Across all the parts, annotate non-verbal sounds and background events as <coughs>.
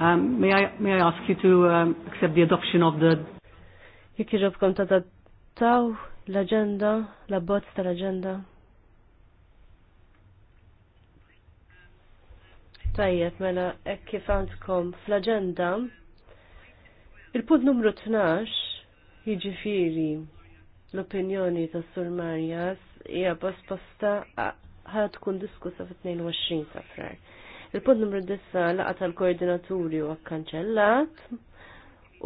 Um, may, I, may I ask you to um, accept the adoption of the... Jek iġobkom ta' taw l-agenda, la bozz tal-agenda. Tajjeb, mela, ek kif għandkom fl-agenda, il-punt numru 12, jiġifiri, l-opinjoni ta' Sur Marjas, hija posposta ħad tkun diskussa fit-22 ta' frar. Il-punt numru dissa laqa tal-koordinaturi u kkanċellat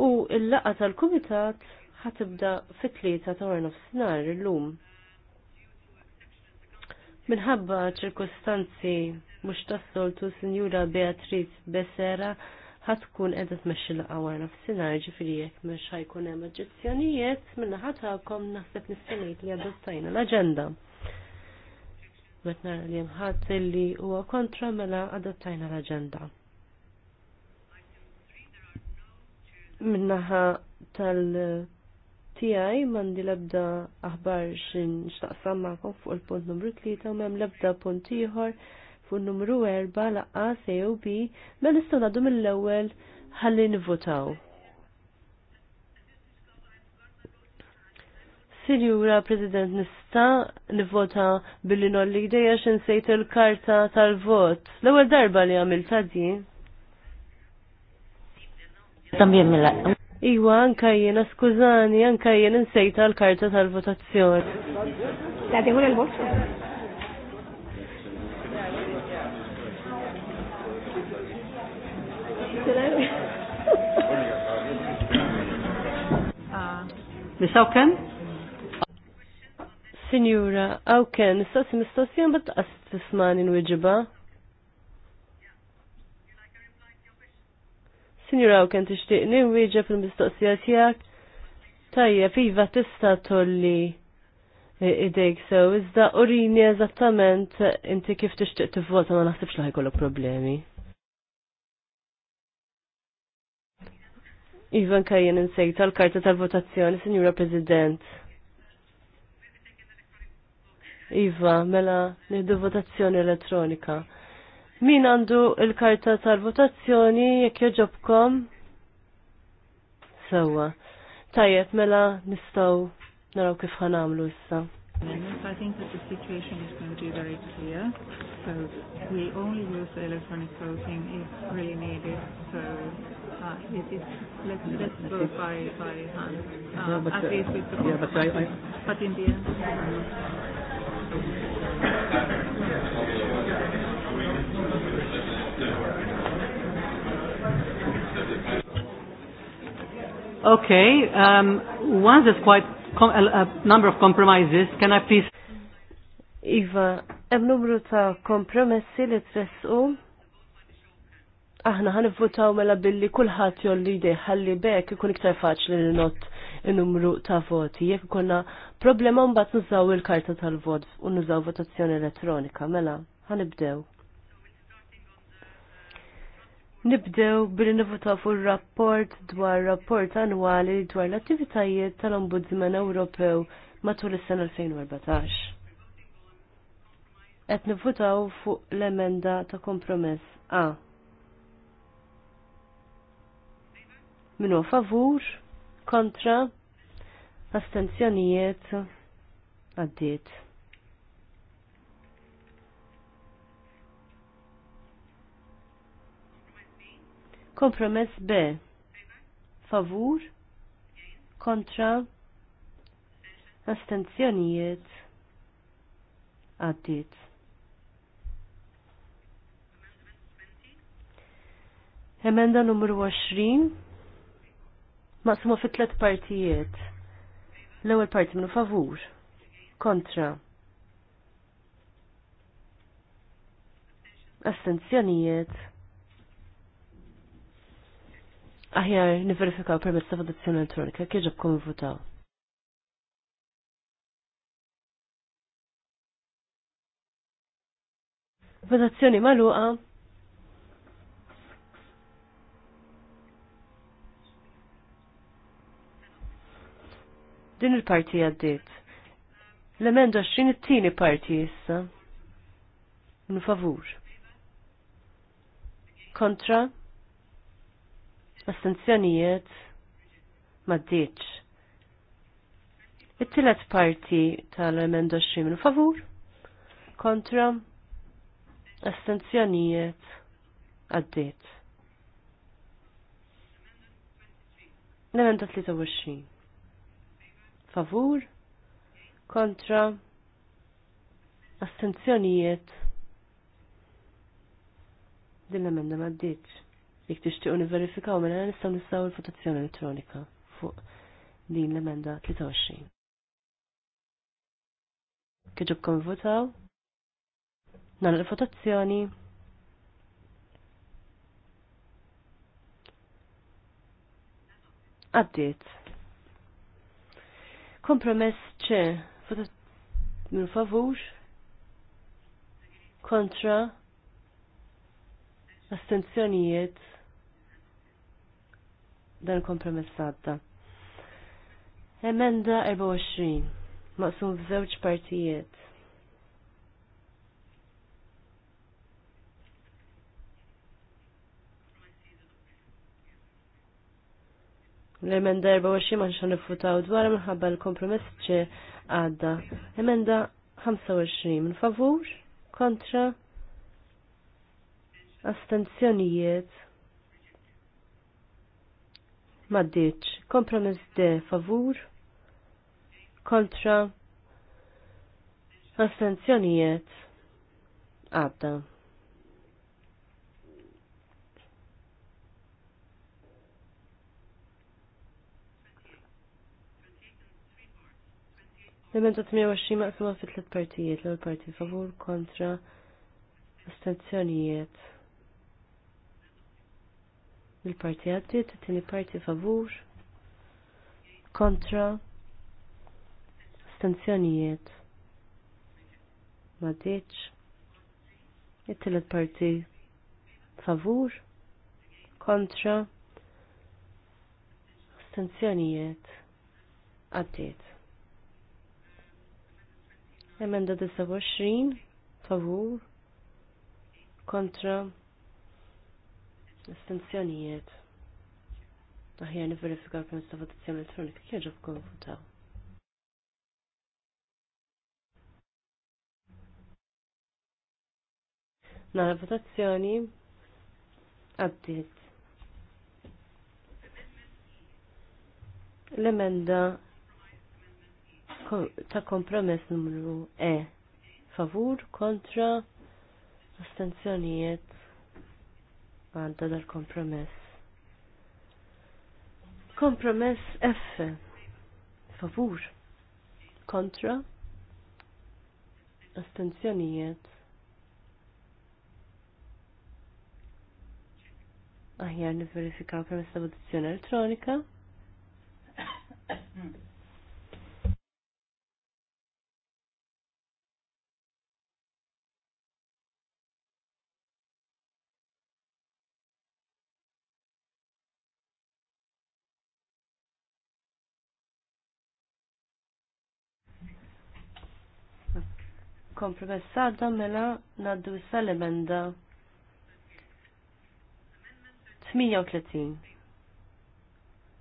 u il-laqa tal-kumitat ħatibda fit-tlieta ta' f-snar l illum. Minħabba ċirkostanzi mhux tas-soltu Sinjura Beatriz Besera ħatkun edha tmexxi laqgħa wara nafsinhar ġifieri jekk mhux ħajkun hemm oġġezzjonijiet minna ħatakom naħseb nistennejt li adottajna l-aġenda metnar nara li jemħat li huwa kontra mela adattajna l-agenda. Minnaħa tal-TI mandi labda aħbar xin xtaqsam ma'kom fuq il-punt numru 3 u mem labda punt ieħor fuq numru 4 laqqa COB mel nistgħu ngħaddu mill-ewwel ħalli nivvotaw. Sinjura President nista nivvota billi nolli għdeja xin sejt il-karta tal-vot. L-ewel darba li għamil tadji. Tambien mela. Iwa, anka jena, skużani, anka jena nsejta l-karta tal-votazzjoni. La tegħu l-vot? Misaw kem? Sinjura, għaw ken, mistaqsi mistaqsi għan bat tismani nwiġiba. Sinjura, għaw ken tishtiqni nwiġa fil-mistaqsija tijak. Tajja, fiva tista tolli idejk sew, iżda urini eżattament inti kif tixtiq tivvota ma naħsibx li ħajkollok problemi. Ivan kajen nsejta l-karta tal-votazzjoni, Sinjura President. Iva, mela nidu votazzjoni elettronika. Min għandu il-karta tal-votazzjoni jekk joġobkom? Sewa. Tajjeb, mela nistgħu naraw kif ħanamlu issa. I think that the situation is going to be very clear. So we only use electronic voting if really needed. So uh, it is let's let's vote by by hand. Uh, no, but, at least uh, with the yeah, but, I, I, but in the end. Okay, um, once there's quite com a, a number of compromises, can I please... Iva, hemm numru ta' kompromessi li tressu. Aħna ħan votaw mela billi kulħadd jolli ħalli bekk ikun iktar faċli li not in-numru ta' voti. Jekk konna Problema mbagħad nużaw il-karta tal-vot u nużaw votazzjoni elettronika, mela, ħanibdew. Nibdew billi nivutaw fuq rapport dwar rapport annwali dwar l-attivitajiet tal-Ombudsman Ewropew matul is-sena 2014. Qed nivutaw fuq l-emenda ta' kompromess A. Minu favur, kontra, astenzjonijiet għaddiet. Kompromess B. Favur kontra astenzjonijiet għaddiet. Emenda numru 20 maqsuma fit tlet partijiet. L-ewwel parti minnu favur. Kontra. Astenzjonijiet. Aħjar niverifikaw permezz ta' votazzjoni elettronika kif ġabkom votaw. Votazzjoni maluqa Din il-parti għaddit. L-emenda 20 it-tieni parti issa. Min favur. Kontra. Astenzjonijiet. Maddiċ. It-tielet parti tal-emenda 20 min favur. Kontra. Astenzjonijiet. Għaddit. L-emenda 23 favur kontra astenzjonijiet din l-emenda ma ddiċ. Jek tixtiqu niverifikaw minna mela, nistaw nistaw il-votazzjoni elettronika fuq din l-emenda 23. Kieġobkom votaw? Nan il-votazzjoni. Għaddiet. Kompromess ċe, votat minn favur, kontra, astenzjonijiet, dan kompromess għadda. Emenda 24, maqsum f'żewġ partijiet. l-emenda 24 ma nxan nifutaw dwar minħabba l-kompromess ċe għadda. Emenda 25 minn favur kontra astenzjonijiet maddiċ. Kompromess de favur kontra astenzjonijiet għadda. L-emenda 28 maqsuma fit tliet partijiet, l parti favur kontra astenzjonijiet. Il-parti għaddiet, it-tieni parti favur kontra astenzjonijiet. Ma ditx. It-tielet parti favur kontra astenzjonijiet. Għaddiet. Emenda 29, favur, kontra, astenzjonijiet. Aħjar niverifika l-permess ta' votazzjoni elettronika kien ġo f'kom votaw. Nara votazzjoni għaddit. L-emenda ta' kompromess numru E. Favur kontra astenzjonijiet għadda dal-kompromess. Kompromess F. Favur kontra astenzjonijiet aħjar niverifikaw permess ta' votazzjoni elettronika. kompromess għadda mela naddu issa l-emenda 38.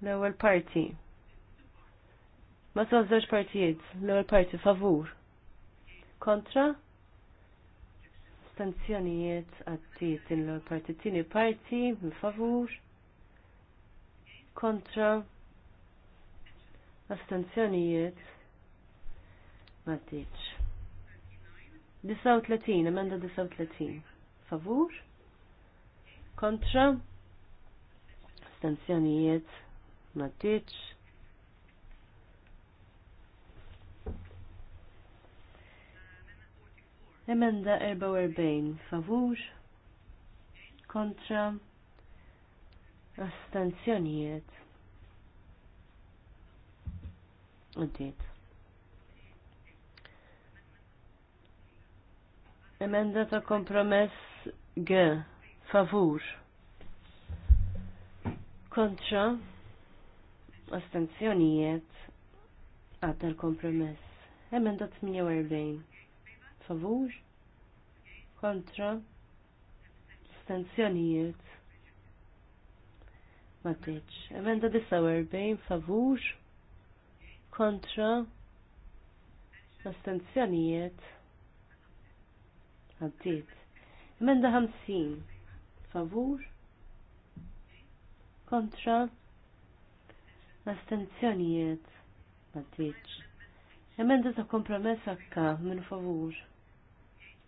L-ewwel parti. Ma sa żewġ partijiet, l-ewwel parti favur. Kontra? Stanzjonijiet għattijiet l ewel parti, tieni parti favur. Kontra? Astenzjonijiet ma ddiċ. 39, emenda 39. Favur? Kontra? Stanzjonijiet? Matiċ? Emenda 44. Favur? Kontra? Astanzjonijiet? Matiċ? Emenda ta' kompromess G. Favur. Kontra. Astenzjonijiet. Għadda l-kompromess. Emenda 48. Favur. Kontra. Astenzjonijiet. Matiċ. Emenda 49. Favur. Kontra. Astenzjonijiet għaddit. Emenda ħamsin, favur kontra astenzjonijiet għaddit. Emenda ta' kompromess akka minn favur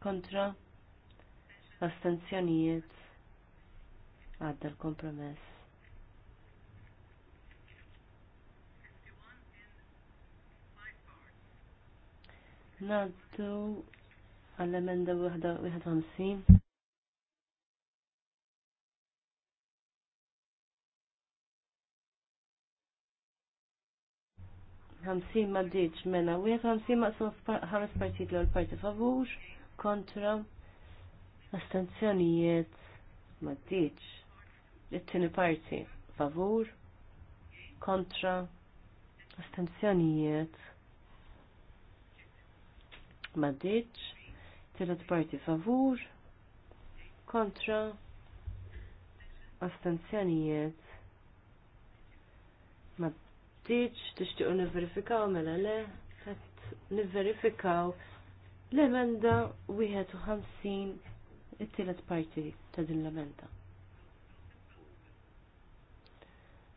kontra astenzjonijiet għadda l-kompromess. Naddu għall-emenda 51. ħamsin ma diċ mena, u jek ħamsin ma ħames partit l parti favur, kontra, astanzjonijiet ma diċ. It-tini parti favur, kontra, astanzjonijiet ma diċ. Tirat parti favur, kontra, astanzjanijiet, ma tiċ, tixtiqu niverifikaw mela le, qed niverifikaw l-emenda 51 it-tielet parti ta' din l-emenda.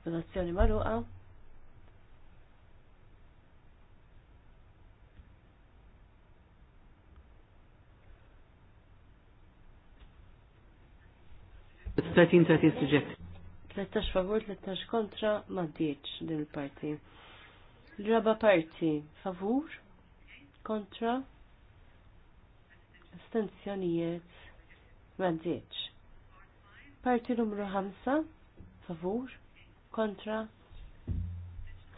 Votazzjoni magħruqa? 13 favur, 13 kontra, ma din il-parti. L-raba parti, favur, kontra, astenzjonijiet, ma Parti numru 5, favur, kontra,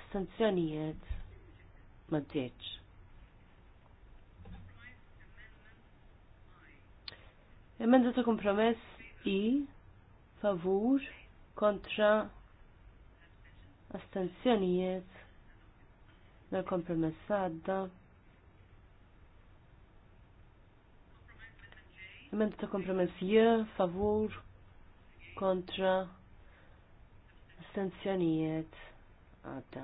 astenzjonijiet, ma ddiċ. Emenda ta' kompromess i favur kontra astenzjonijiet dal kompromess għadda. Emenda ta' kompromess jie, favur, kontra, astenzjonijiet għadda.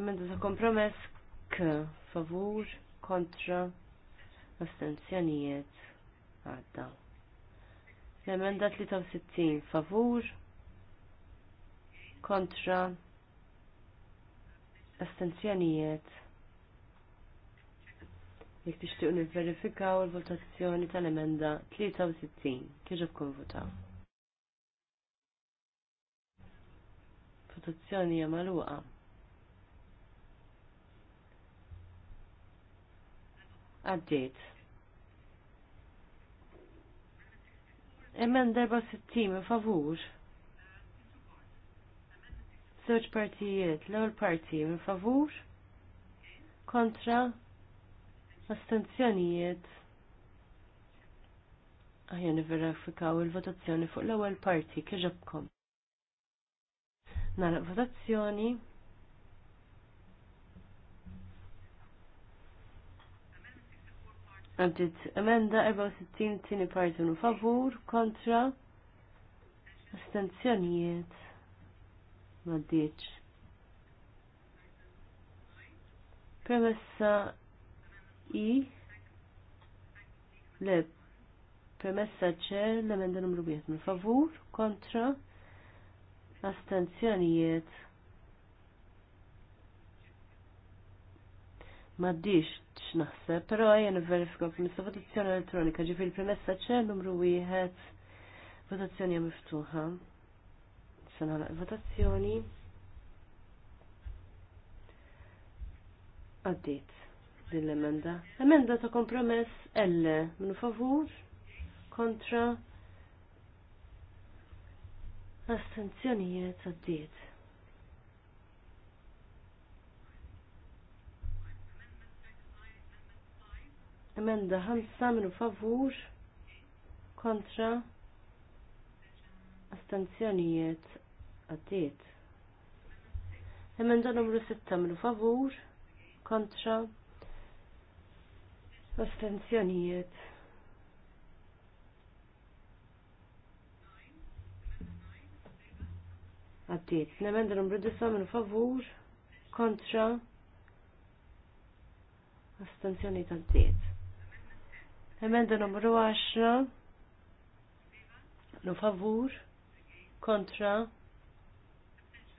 Emenda ta' kompromess k, favur, kontra, astenzjonijiet għadda. L-emenda 63 favur kontra astenzjonijiet. Jek tixtiqu nivverifikaw il-votazzjoni tal-emenda 63 kieġu kun vota. Votazzjoni hija magħluqa. Għaddiet. Emmen darba sittim favur. Żewġ partijiet, l-ewwel parti minn favur kontra astenzjonijiet. Aħja niverifikaw il-votazzjoni fuq l-ewwel parti kieġobkom. Nara votazzjoni. Għandit emenda 64 tini parti favur kontra astenzjonijiet. Maddiċ. Premessa i le premessa ċer l-emenda numru 1 favur kontra astenzjonijiet maddix x'naħseb, però jen verifika permessa votazzjoni elettronika ġifir premessa ċe numru wieħed votazzjoni miftuħa. Sena għal votazzjoni. Għaddit din l-emenda. Emenda ta' kompromess L minu favur kontra astenzjonijiet għaddit. Emenda ħamsa u favur kontra astenzjonijiet għaddiet. Emenda numru 6 minu favur kontra astenzjonijiet. Għaddiet. Nemenda numru 9 minu favur kontra astenzjonijiet għaddiet. Emenda numru 10. Nu favur. Kontra.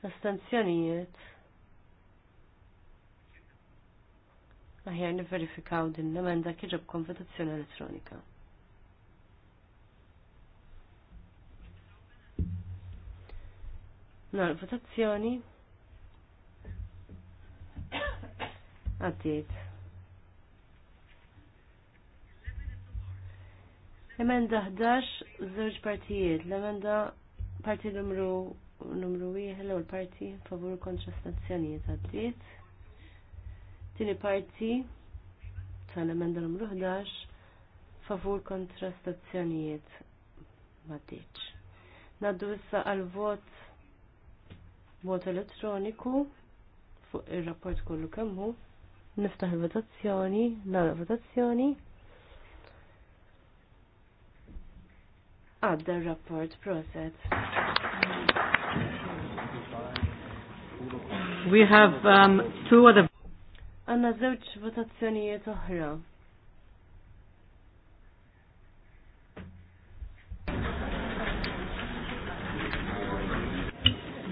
Astanzjonijiet. Aħjar niverifikaw din l-emenda kieġob konvotazzjoni elettronika. nal votazzjoni. <coughs> Għaddiet. Emenda 11 żewġ partijiet. L-emenda parti numru numru 1 l parti favur kontrastazzjonijiet stazzjonijiet għaddiet. Tieni parti tal-emenda numru 11 favur kontrastazzjonijiet stazzjonijiet dritt. Naddu issa għal vot vot elettroniku fuq ir rapport kollu kemm hu. Niftaħ il-votazzjoni, nara votazzjoni. għadda rapport proset. We have um, two other Għanna zewċ votazzjonijiet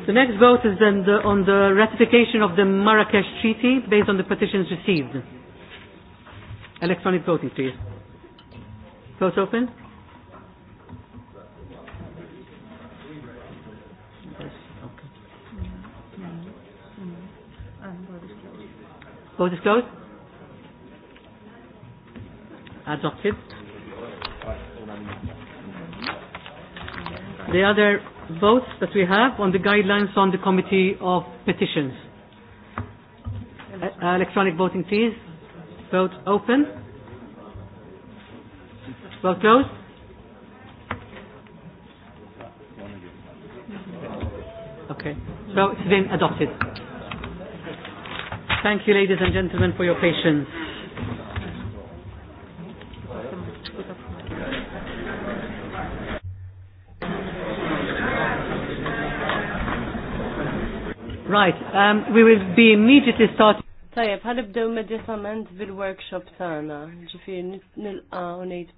The next vote is then the, on the ratification of the Marrakesh Treaty based on the petitions received. Electronic voting, please. Vote open. Vote is closed. Adopted. The other votes that we have on the guidelines on the Committee of Petitions. Uh, electronic voting, please. Vote open. Vote closed. Okay. So it's been adopted. Thank you, ladies and gentlemen, for your patience. Right, um, we will be immediately starting. Tajab, ħanibdew immediatament bil-workshop tagħna. Ġifieri nilqa' u ngħid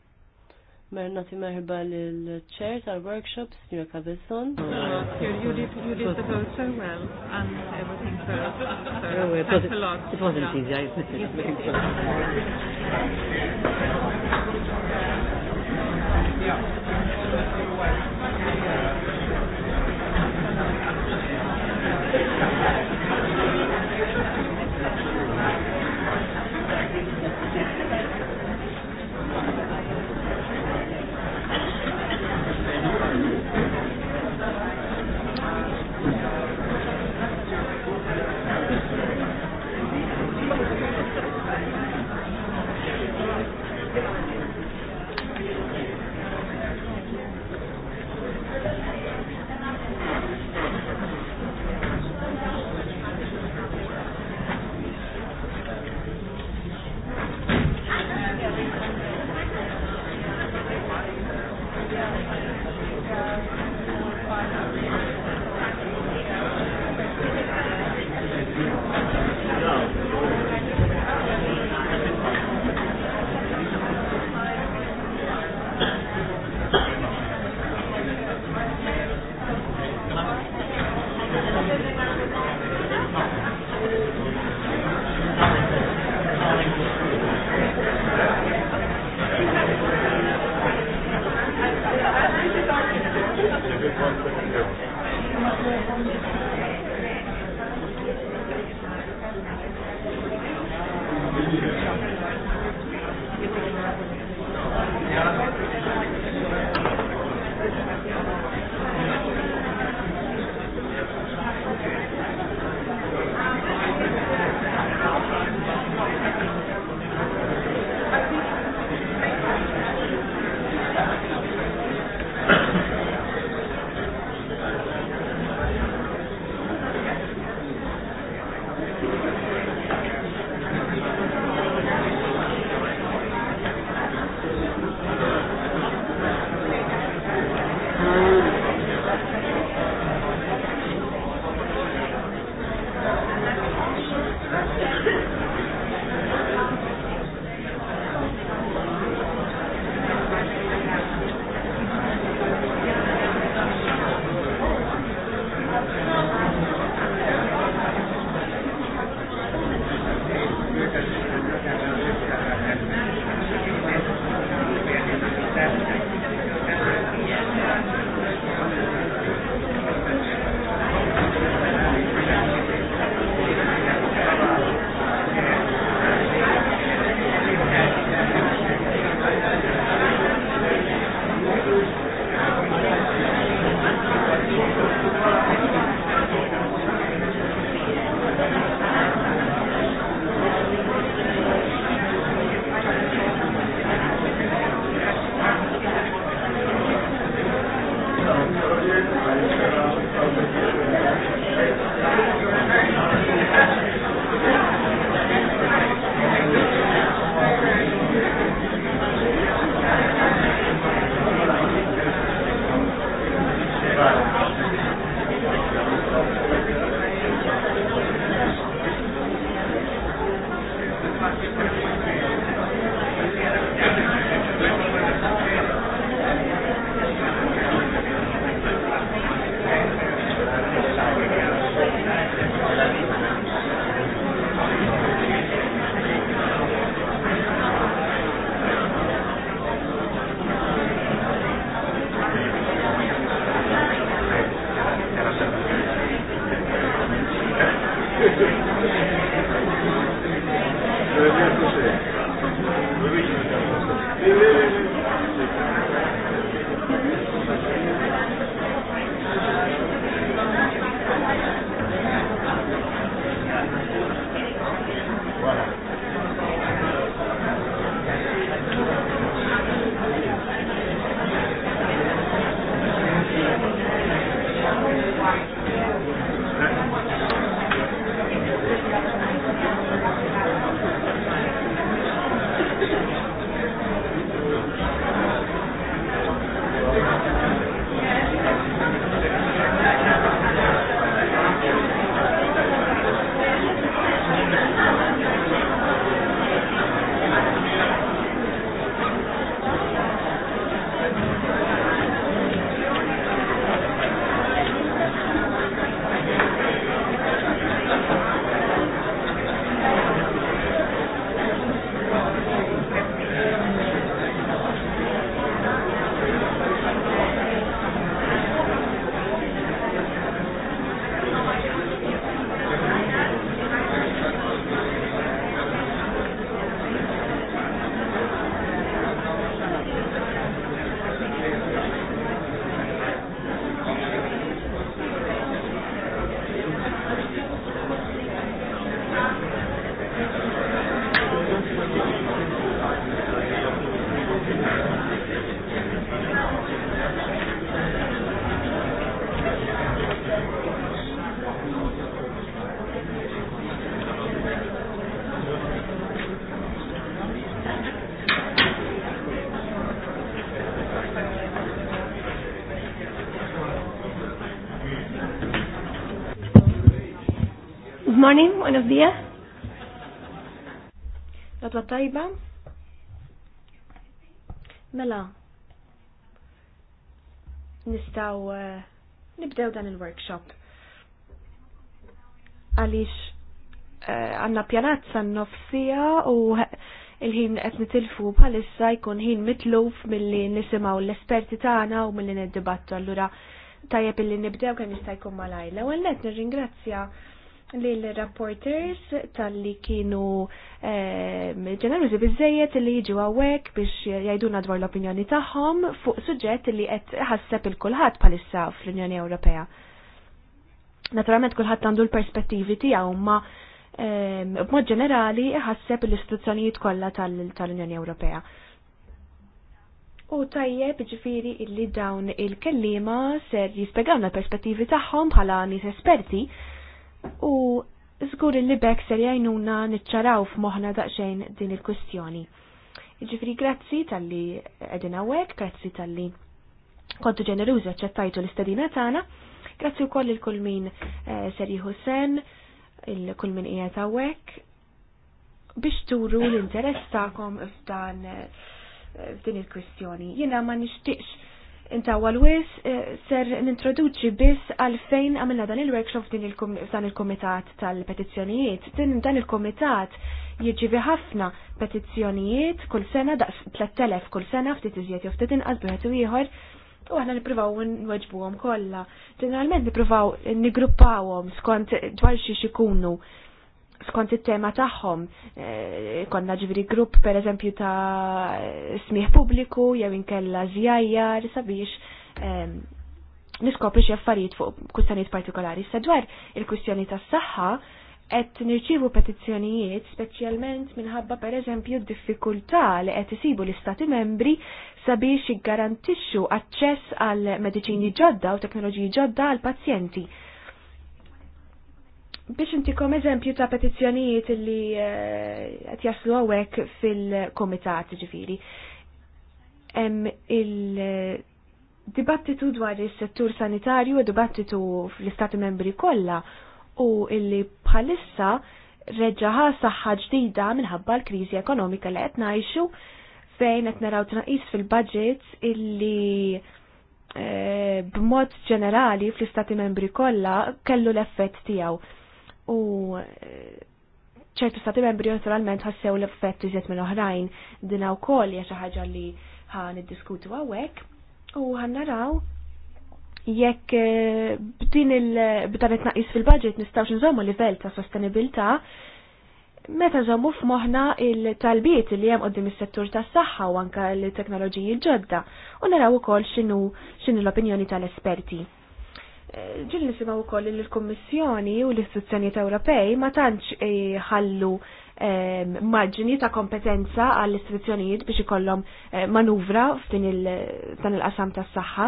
ti merħba l-chair tal-workshop, Signor Cabezon. Oh, you did, you did the so well and everything so, so it oh, thanks a lot. It wasn't easy, I admit it. Yeah. <laughs> Buenos días. Lotwa tajba. Mela. Nistaw eh, nibdew dan il-workshop. Għalix eh, għanna pjanazza n-nofsija u il-ħin qed nitilfu bħalissa jkun ħin mitluf milli nisimgħu l-esperti tagħna u milli niddibattu allura tajjeb illi nibdew kemm jista' jkun malajr. L-ewwel nett nirringrazzja lill-rapporters tal-li kienu ehm, ġenerużi bizzejiet li jiġu għawek biex jajduna dwar l-opinjoni tagħhom fuq suġġett li qed ħasseb il-kulħadd bħalissa fl-Unjoni Ewropea. Naturalment kulħadd għandu l-perspettivi tiegħu ma ehm, b'mod ġenerali ħasseb l-istituzzjonijiet kollha tal-Unjoni Ewropea. U tajjeb ġifiri illi dawn il-kellima ser jispegawna l-perspettivi tagħhom bħala nies esperti u zgur li bekk ser jajnuna niċċaraw f'moħħna daqsxejn din il-kwistjoni. Jiġifieri grazzi tal-li edina wek, grazzi tal-li kontu ġenerużi ċettajtu l-istedina tagħna, grazzi wkoll il kull min eh, ser jieħu sen, il-kull min qiegħed biex turu l-interess tagħkom f'dan eh, f'din il-kwistjoni. Jiena ma nishtiqx intawwa għal wis eh, ser nintroduċi biss għalfejn għamilna dan il-workshop dan il-komitat tal-petizzjonijiet. Dan il-komitat jiġibi ħafna petizzjonijiet kull sena daqs 3000 kull sena ftit iżjed jew ftit inqas biħet u ieħor u aħna nippruvaw nweġbuhom kollha. Ġeneralment nippruvaw nigruppawhom skont dwar xi xikunu skont it-tema tagħhom. Eh, konna ġifieri grupp pereżempju ta' smieħ pubbliku jew inkella żjajjar sabiex niskopri xi affarijiet fuq kwistjonijiet partikolari. Sa dwar il-kwistjoni tas-saħħa qed nirċievu petizzjonijiet speċjalment minħabba pereżempju d-diffikultà li qed isibu l-Istati membri sabiex jiggarantixxu aċċess għal mediċini ġodda u teknoloġiji ġodda għal pazjenti biex intikom eżempju ta' petizzjonijiet li eh, qed jaslu hawnhekk fil-komitat ġifieri. Hemm il-dibattitu dwar is-settur sanitarju u dibattitu fl-istati membri kollha u illi bħalissa reġaħa saħħa ġdida minħabba l-kriżi ekonomika li qed ngħixu fejn qed naraw tnaqis fil-budgets illi eh, b'mod ġenerali fl-istati membri kollha kellu l-effett tiegħu u eh, ċertu stati membri naturalment ħassew l-effett iżjed minn oħrajn dina wkoll hija xi ħaġa li id-diskutu hawnhekk u naraw jekk eh, b'din il b'dan it-tnaqqis fil-budget nistgħux nżommu livell ta' sostenibilità meta nżommu f'moħħna il-talbiet li hemm qudiem is-settur tas-saħħa u anke l-teknoloġiji ġodda u naraw ukoll x'inhu x'inhu l-opinjoni tal-esperti ġil nisimaw ukoll li l-Kommissjoni u l-Istituzzjonijiet Ewropej ma tantx ħallu ehm, marġini ta' kompetenza għall istituzzjonijiet biex ikollhom eh, manuvra f'din il-qasam tas-saħħa.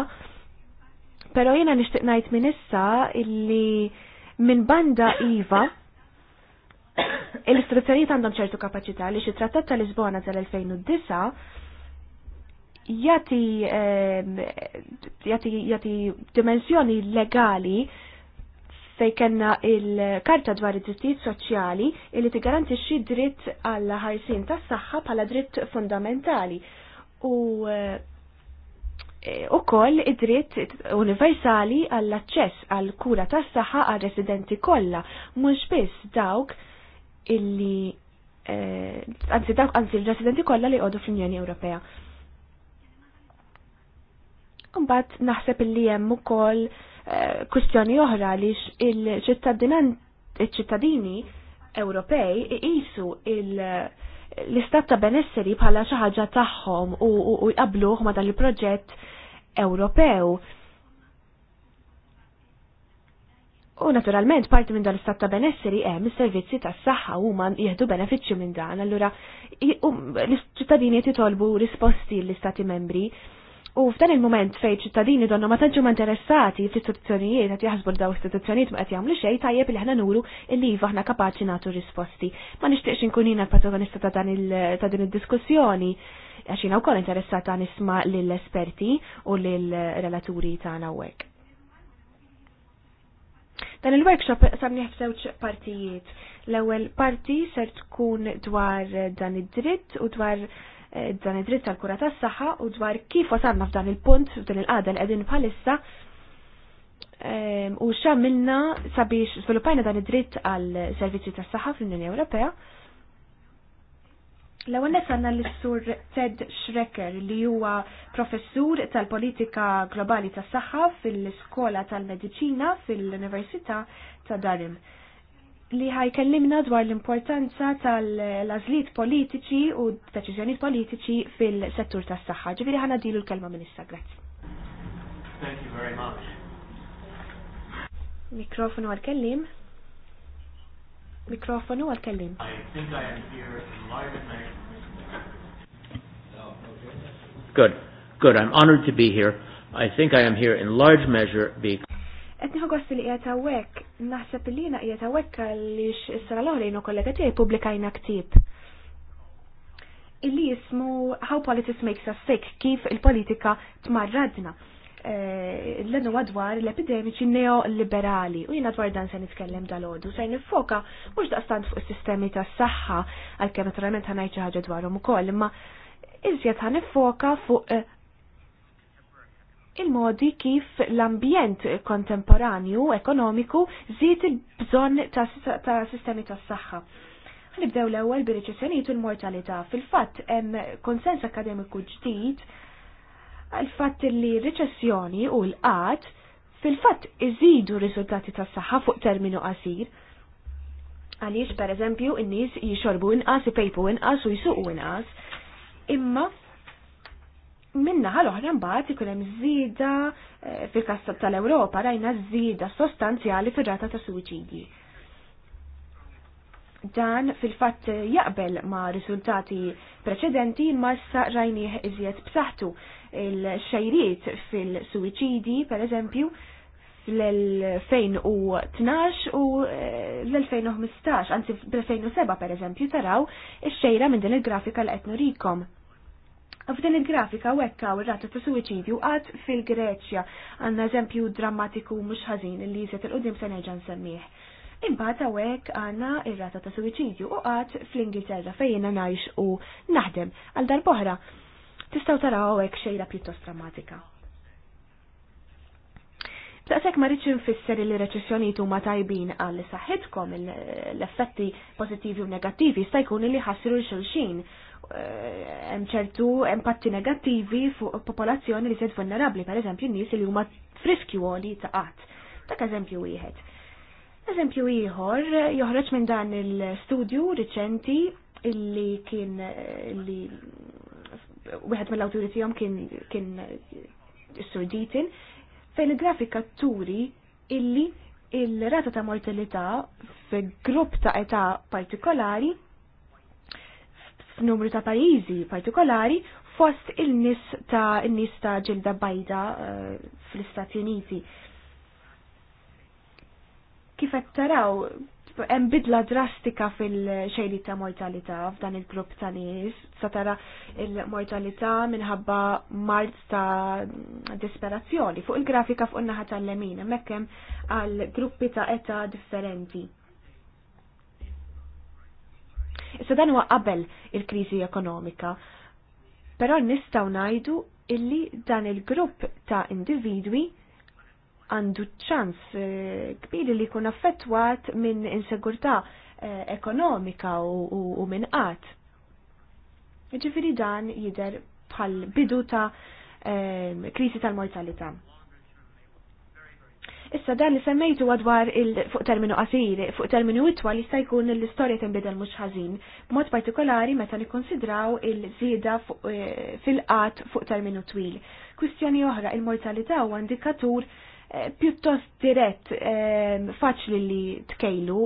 Però jiena nixtieq ngħid minn issa illi minn banda iva <coughs> l-istruzzjonijiet għandhom ċertu kapaċità li xi trattat tal-Lisbona tal-2009 jati, jati, jati dimensjoni legali fejkenna il-karta dwar id-drittijiet soċjali illi tigarantixxi dritt għall ħarsin tas saħħa bħala dritt fundamentali u eh, ukoll id-dritt universali għall aċċess għall kura tas saħħa għal residenti kollha mhux biss dawk illi eh, anzi dawk anzi residenti kollha li jgħodu fl-Unjoni Ewropea imbat naħseb illi hemm ukoll eh, kwistjoni oħra li il-ċittadini Ewropej iqisu l-istat ta' benesseri bħala xi ħaġa tagħhom u jqabluħ ma' dan il-proġett Ewropew. U naturalment parti minn dan l-istat ta' benesseri hemm is-servizzi tas-saħħa huma jieħdu benefiċċju minn dan. Allura l-ċittadini titolbu risposti l-istati membri U f'dan il-moment fejn ċittadini donna ma tantx ma interessati f'istituzzjonijiet qed jaħsbu daw istituzzjonijiet ma qed jagħmlu xejn tajjeb li aħna nuru illi iva aħna kapaċi nagħtu risposti. Ma nixtieqx inkun jiena l-protagonista ta' dan ta' din id-diskussjoni għax jiena wkoll interessata nisma' lill-esperti u lill-relaturi tagħna hawnhekk. Dan il-workshop samniħ f'żewġ partijiet. L-ewwel parti ser tkun dwar dan id-dritt u dwar Eh, dan id-dritt tal-kura tas-saħħa u dwar kif wasalna f'dan il-punt f'dan il li qegħdin bħalissa u x'għamilna sabiex żviluppajna dan id-dritt għal servizzi tas-saħħa fl-Unjoni Ewropea. L-ewwel nies għandna l-sur Ted Schrecker li huwa professur tal-politika globali tas-saħħa fil-Skola tal-Mediċina fil-Università ta' Darim li ħajkellimna dwar l-importanza tal-azliet politiċi u deċiżjonijiet politiċi fil-settur tas saħħa Ġifiri ħana dilu l-kelma minissa, grazzi. Thank you very much. Mikrofonu għal-kellim. Mikrofonu għal-kellim. Good, good. I'm honored to be here. I think I am here in large measure because Etni ħagos li qiegħed hawnhekk, naħseb li jiena qiegħed hawnhekk għaliex is sara l-oħra jiena kollega tiegħi pubblikajna ktieb. Illi jismu How Politics Makes Us Sick, kif il-politika tmarradna. Eh, l-għadu għadwar l-epidemiċi neoliberali u jina dwar dan se nitkellem dal-ħodu, se nifoka mux daqstant fuq sistemi ta' s-saxħa għal-kem naturalment ħanajċi ħagġa dwarom u koll, imma izjiet ħanifoka fuq eh, il-modi kif l-ambjent kontemporanju ekonomiku zid il-bżonn ta', ta sistemi tas-saħħa. Nibdew l-ewwel bir-riċessjonijiet u l-mortalità. Fil-fatt hemm konsens akademiku ġdid għal fatt li riċessjoni u l-qat fil-fatt iżidu r-riżultati tas-saħħa fuq terminu qasir. Għaliex pereżempju n-nies jixorbu inqas, ipejpu inqas u jsuqu inqas. Imma minna ħal oħra mbagħad ikun hemm żieda eh, fil-kassa tal-Ewropa rajna żieda sostanzjali fir-rata ta' suwiċidji. Dan fil-fatt jaqbel ma' riżultati preċedenti ma issa rajnieh iżjed b'saħħtu il-xejriet fil-suwiċidi pereżempju fl-2012 u eh, l-2015, anzi fl-2007 pereżempju taraw ix-xejra minn din il-grafika l-etnurikom. F'din il-grafika wekkaw ir-rata ta' suwiċidju għad fil-Greċja għandna eżempju drammatiku mhux ħażin li jizet il-qudiem se semmiħ. nsemmih. Imbagħad hawnhekk għandna ir-rata ta' suwiċidju u qatt fl-Ingilterra fejn ngħix u naħdem għal darb'oħra. Tistgħu taraw hawnhekk xejra pjuttost drammatika. Daqshekk ma rridx infisser li reċessjonijiet huma tajbin għal saħħitkom l-effetti pożittivi u negattivi sta jkun li ħassru l-xulxin Eh, hemm ċertu impatti negattivi fuq popolazzjoni li sed vulnerabbli, pereżempju n-nies li huma friskju għoli ta' qatt. Dak eżempju wieħed. Eżempju ieħor joħroġ minn dan il-studju riċenti illi kien eh, li wieħed mill-awtoritijom kien kien s sur Deaton fejn il-grafika turi illi il-rata ta' mortalità fi grupp ta' età partikolari f'numru ta' pajjiżi partikolari fost il-nis ta' il-nis ta' ġilda bajda uh, fl-Istati Uniti. Kif qed taraw, hemm bidla drastika fil-xejli ta' mortalità f'dan il-grupp ta' nies, sa tara il-mortalità minħabba mart ta' disperazzjoni fuq il-grafika fuq in-naħa tal-lemin, hemmhekk hemm għal gruppi ta' età differenti. Issa dan huwa qabel il-kriżi ekonomika. Però nistgħu ngħidu illi dan il-grupp ta' individwi għandu ċans eh, kbir li jkun affettwat minn insegurtà eh, ekonomika u minn qatt. Jiġifieri dan jidher bħal bidu ta' eh, kriżi tal-mortalità. Issa dan li semmejtu għadwar fuq terminu qasir, fuq terminu li jista' jkun l-istorja tinbidel mhux ħażin, b'mod partikolari meta nikkonsidraw il-żieda eh, fil-qatt fuq terminu twil. Kwistjoni oħra, il-mortalità huwa indikatur eh, pjuttost dirett eh, faċli li tkejlu,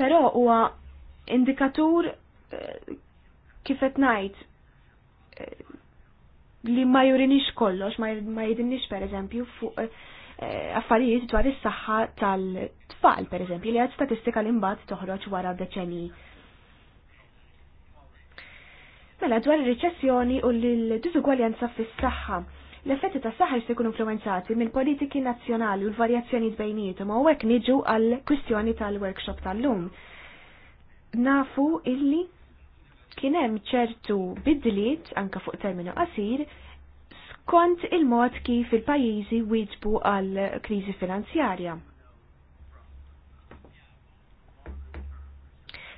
però huwa indikatur kifet ngħid li ma jurinix kollox, ma jidinix per eżempju fuq eh, affarijiet dwar is-saħħa tal-tfal, per eżempju, li għad statistika li mbagħad toħroġ wara deċenji. Mela dwar ir-riċessjoni u l-diżugwaljanza fis-saħħa. L-effetti ta' saħħa jistgħu influenzati mill politiki nazzjonali u l-varjazzjoni bejnietom u hekk niġu għall kwistjoni tal-workshop tal-lum. Nafu illi kien hemm ċertu bidliet anka fuq terminu qasir skont il-mod kif il-pajjiżi wieġbu għal kriżi finanzjarja.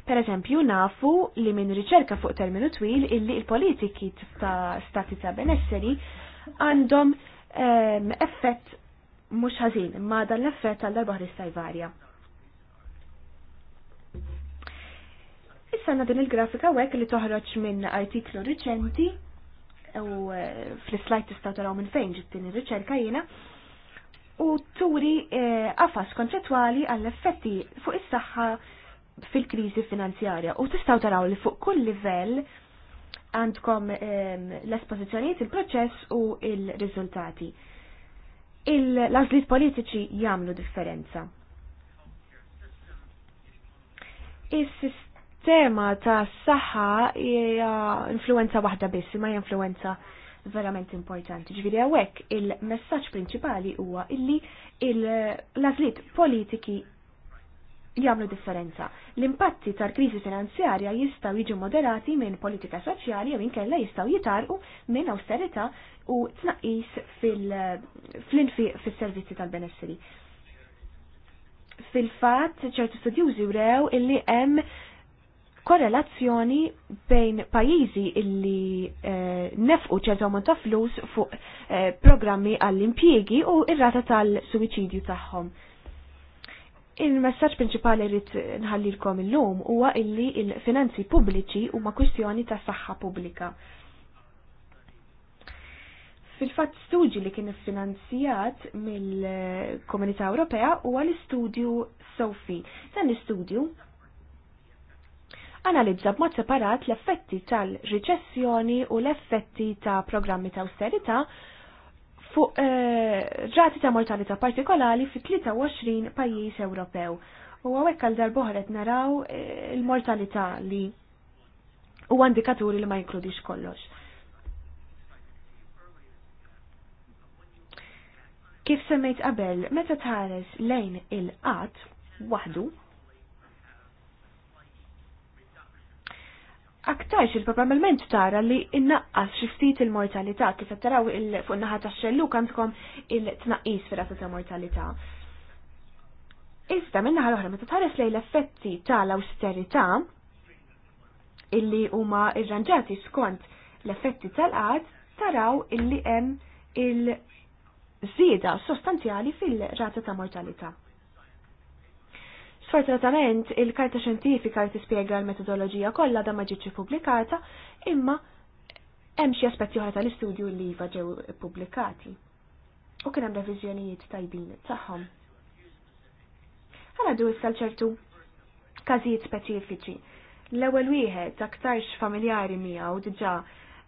Per eżempju, nafu li minn riċerka fuq terminu twil illi il-politiki ta' stati ta' benesseri għandhom ehm, effett mhux ħażin, ma dan l-effett għal darba jvarja. varja. Issa din il-grafika wek li toħroġ minn artiklu riċenti u eh, fl slajt tista' taraw minn fejn ġiet din ir-riċerka jiena u turi eh, afas konċettwali għall-effetti fuq is-saħħa fil-kriżi finanzjarja u tistgħu taraw li fuq kull livell għandkom ehm, l-espożizzjonijiet, il-proċess u il-riżultati. L-għażliet politiċi jagħmlu differenza. Is-sistema tema ta' s-saħħa hija influenza waħda biss, ma hija influenza verament importanti. Ġviri għawek, il-messaġġ prinċipali huwa illi l-azlit politiki jagħmlu differenza. L-impatti tal-kriżi finanzjarja jistgħu jiġu moderati minn politika soċjali jew inkella jistgħu jitarqu minn austerita u tnaqqis fil-infiq fis-servizzi tal-benessri. Fil-fatt ċertu studjużi wrew illi hemm korrelazzjoni bejn pajjiżi illi eh, nefqu ċertu ammont ta' flus fuq eh, programmi għall-impjiegi u ir-rata tal-suwiċidju tagħhom. Il-messaġġ prinċipali rrit nħallilkom illum huwa illi il-finanzi pubbliċi huma kwistjoni ta' saħħa pubblika. Fil-fatt studju li kien iffinanzjat mill-Komunità Ewropea huwa l-istudju Sofi. Dan l-istudju analizza b'mod separat l-effetti tal-riċessjoni u l-effetti ta' programmi ta' austerità fuq eh, rati ta' mortalità partikolari fi 23 pajjiż Ewropew. U għawek għal darboħret naraw eh, il-mortalità li u indikaturi li ma jinkludix kollox. Kif semmejt qabel, meta tħares lejn il-qat waħdu, aktarx il-parlament tara li innaqqas xi ftit il-mortalità kif qed taraw fuq naħa tax xellu kantkom il-tnaqqis fir-rata ta' mortalità. Iżda minn-naħa l-oħra meta tħares lejn l-effetti tal-awsterità illi huma irranġati skont l-effetti tal-qad taraw illi hemm il-żieda sostanzjali fil-rata ta' mortalità. Sfortunatament, il-karta xjentifika li tispjega l-metodoloġija kollha da ma ġietx ippubblikata, imma hemm xi aspetti oħra tal-istudju li iva ġew ippubblikati. U kien hemm reviżjonijiet tajbin tagħhom. Ħala du issa ċertu każijiet speċifiċi. L-ewwel wieħed aktarx familjari miegħu diġà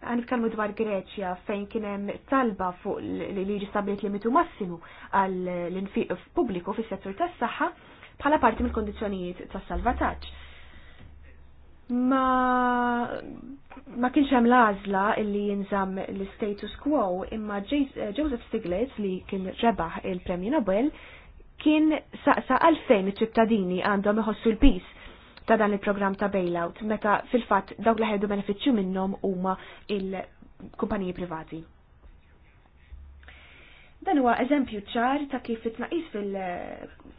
għan nitkellmu dwar Greċja fejn kien hemm talba fuq li jiġi stabbilit limitu massimu għal l-infiq pubbliku fis-settur tas-saħħa bħala parti mill kondizjonijiet tas-salvataġġ. Ma ma kienx hemm l-għażla li jinżamm l-status quo imma eh, Joseph Stiglitz li kien rebaħ il-Premju Nobel kien saqsa għalfejn iċ-ċittadini għandhom iħossu l peace ta' dan il-programm ta' bailout meta fil-fatt dawk li ħedu benefiċċju minnhom huma il-kumpaniji privati. Dan huwa eżempju ċar ta' kif it-tnaqis fil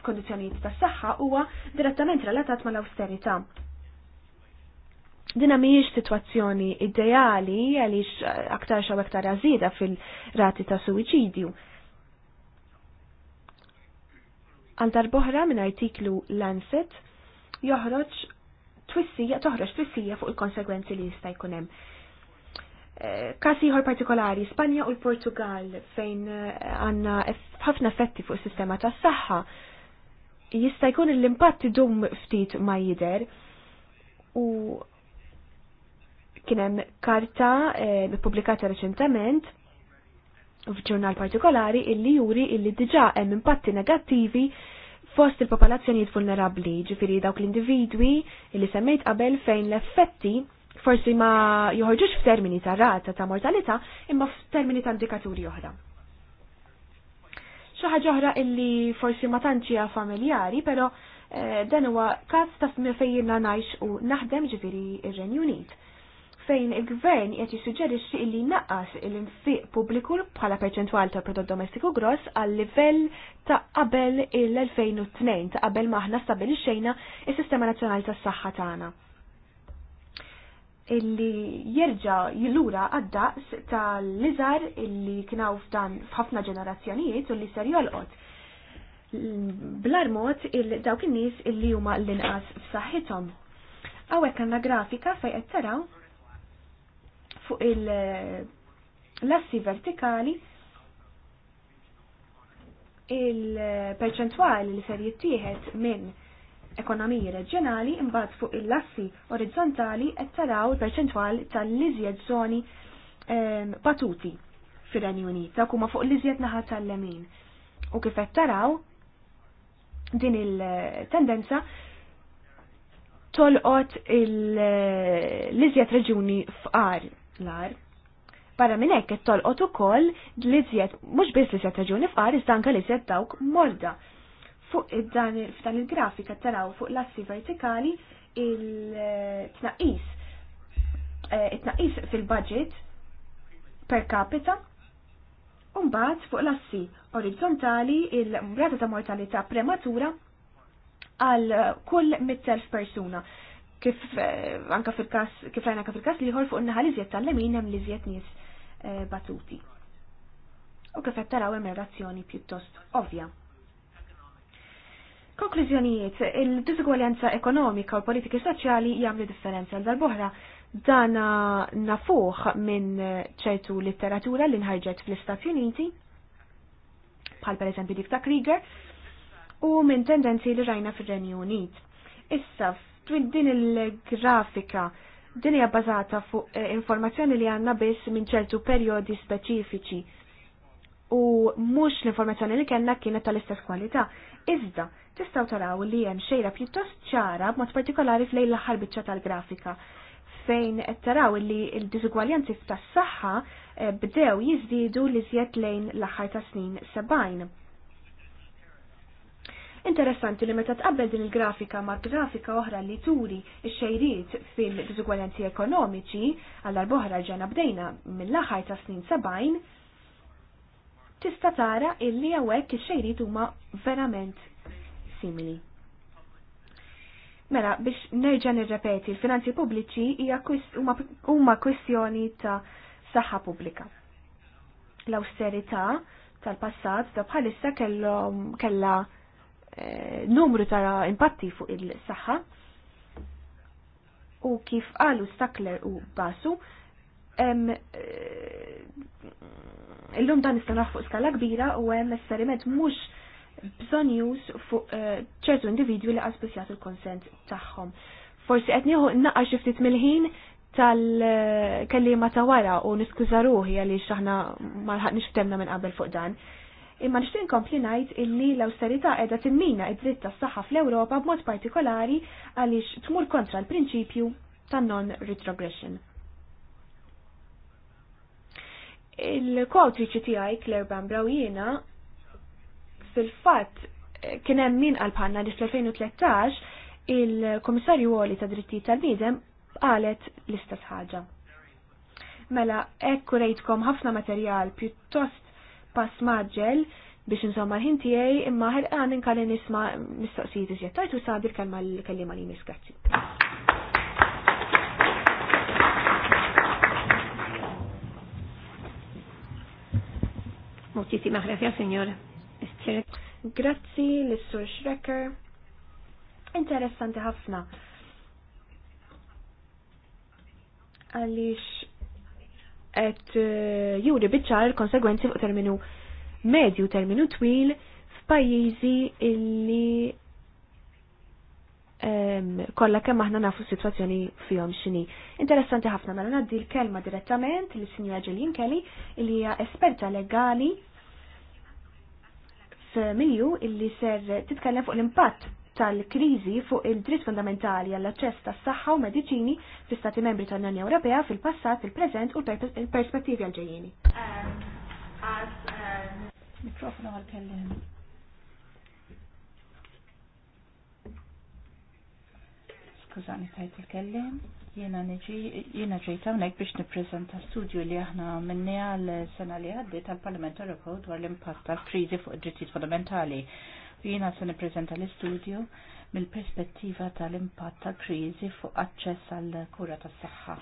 kondizjonijiet tas saħħa huwa direttament relatat mal-austerità. Dina mhijiex sitwazzjoni ideali għaliex aktar xaw aktar għazida fil-rati ta' suwiċidju għal darboħra minn artiklu Lancet joħroġ twissija, toħroġ twissija fuq il-konsegwenzi li jista' jkun hemm. Eh, Każ ieħor partikolari, Spanja u l-Portugal fejn eh, għandna ħafna effetti fuq is-sistema tas-saħħa jista' jkun l-impatt idum ftit ma jidher u kien hemm karta eh, pubblikata reċentament f'ġurnal partikolari illi juri illi diġà hemm impatti negattivi fost il-popolazzjonijiet vulnerabli, ġifiri dawk l-individwi li semmejt qabel fejn l-effetti forsi ma joħorġux f'termini ta' rata ta' mortalità imma f'termini ta' indikaturi oħra. Xi ħaġa oħra illi forsi ma tantx hija familjari, però eh, dan huwa każ ta' fejn ngħix u naħdem ġifieri ir-Renju Unit fejn il-gvern qed jissuġġerixxi li naqqas l-infiq pubbliku bħala perċentwal ta' prodott domestiku gross għal livell ta' qabel il-2002 ta' qabel ma aħna stabilixxejna is-Sistema Nazzjonali tas-Saħħa tagħna. Illi jerġa' jilura għad-daqs tal-liżar illi kienaw f'dan f'ħafna ġenerazzjonijiet u li ser jolqot blarmot il dawk in-nies illi huma l-inqas f'saħħithom. Għawek għanna grafika fej qed taraw fuq il-lassi eh, vertikali il-perċentwali li ser jittieħed minn ekonomiji reġjonali imbagħad fuq il-lassi orizzontali qed taraw il-perċentwal tal-iżjed żoni patuti ehm, fir-Renju Unit dak huma fuq l-iżjed naħa tal-lemin. U kif qed taraw din il-tendenza tolqot eh, l-iżjed reġuni f'qar l-ar. Barra minn hekk qed tolqot ukoll li żjed mhux biss li se taġuni fqar iżda anke li żjed dawk morda. Fuq dan f'dan il-grafika taraw fuq l-assi vertikali il tnaqis eh, it tnaqis fil-budget per capita Umbat fuq l-assi orizzontali il-rata ta' mortalità prematura għal kull 100.000 persuna kif eh, anka fil-kas kif rajna fil-kas li jħor fuq in-naħa tal-lemin hemm li żjed nies eh, batuti. U kif qed taraw hemm relazzjoni pjuttost ovvja. Konklużjonijiet, il-diżugwaljanza ekonomika u politiki soċjali jagħmlu differenza dal-boħra dan nafuħ minn ċertu litteratura li nħarġet fl-Istati Uniti, bħal per eżempju dik ta' Krieger, u minn tendenzi li rajna fir-Renju Unit. Issa din il-grafika din hija bbażata fuq eh, informazzjoni li għandna biss minn ċertu perjodi speċifiċi u mhux l-informazzjoni li kellna kienet tal-istess kwalità. Iżda, tistgħu taraw li hemm xejra pjuttost ċara b'mod partikolari flejn l-aħħar biċċa tal-grafika fejn qed taraw li l-diżugwaljanzi tas-saħħa eh, bdew jiżdiedu li żjed lejn l-aħħar ta' snin sebgħin Interessanti li meta tqabbel din il-grafika ma' grafika oħra li turi x-xejriet fil-diżugwaljanzi ekonomiċi għall boħra ġena bdejna mill-aħħar ta' snin 70, tista' tara illi hawnhekk ix-xejriet huma verament simili. Mela, biex nerġa' nirrepeti, l finanzi pubbliċi huma kwistjoni ta' saħħa pubblika. L-austerità tal-passat ta' bħalissa kellha Eh, numru ta' impatti fuq il-saħħa u kif qalu Stakler u Basu eh, illum dan istanaħ fuq skala kbira u hemm esperiment mhux bżonn jus fuq eh, ċertu individwi li qas il l-konsent tagħhom. Forsi qed nieħu naqqa' xi ftit mill-ħin tal-kellima ta' wara u niskuża ruħi għaliex aħna ma lħaqniex ftemna minn qabel fuq dan imma nixtieq inkompli ngħid illi l-awsterità qiegħda timmina id-dritt tas-saħħa fl-Ewropa b'mod partikolari għaliex tmur kontra l-prinċipju ta' non retrogression. Il-kwawtriċi tiegħi Claire Bambraw fil-fatt kien hemm min qal li fl-2013 il-Komissarju Għoli ta' Drittijiet tal bidem qalet l-istess ħaġa. Mela, ekkurejtkom ħafna materjal pjuttost pass maġġel biex insomma ħin tiegħi imma ħerqan inkalli nisma' mistoqsijiet iżjed tajt u sabir kalma l-kellima li misgrazzi. Muċċisima maħrefja, Signor. Grazzi l-Sur Schrecker. Interessanti ħafna. Għalix qed eh, juri il konsegwenzi fuq terminu medju terminu twil f'pajjiżi illi um, kollha kemm aħna nafu s-sitwazzjoni fihom x'inhi. Interessanti ħafna mela ngħaddi l-kelma direttament lis sinjora Ġilin Kelly illi hija esperta legali f'Milju illi ser titkellem fuq l-impatt tal-kriżi fuq il-dritt fundamentali għall-aċċess tas-saħħa u mediċini fi stati membri tal-Unjoni Ewropea fil-passat, fil preżent u l-perspettivi għal-ġejjieni. Mikrofonu għal-kellim. Skużani tajt il-kellim. Jena neġi, jena ġejta unek biex niprezenta studju li aħna minni għal sena li għaddi tal-Parlament Ewropew dwar l-impatt tal-krizi fuq id-drittijiet fundamentali jina se nippreżenta l-istudju mill-perspettiva tal-impatt tal-kriżi fuq aċċess għal kura tas-saħħa.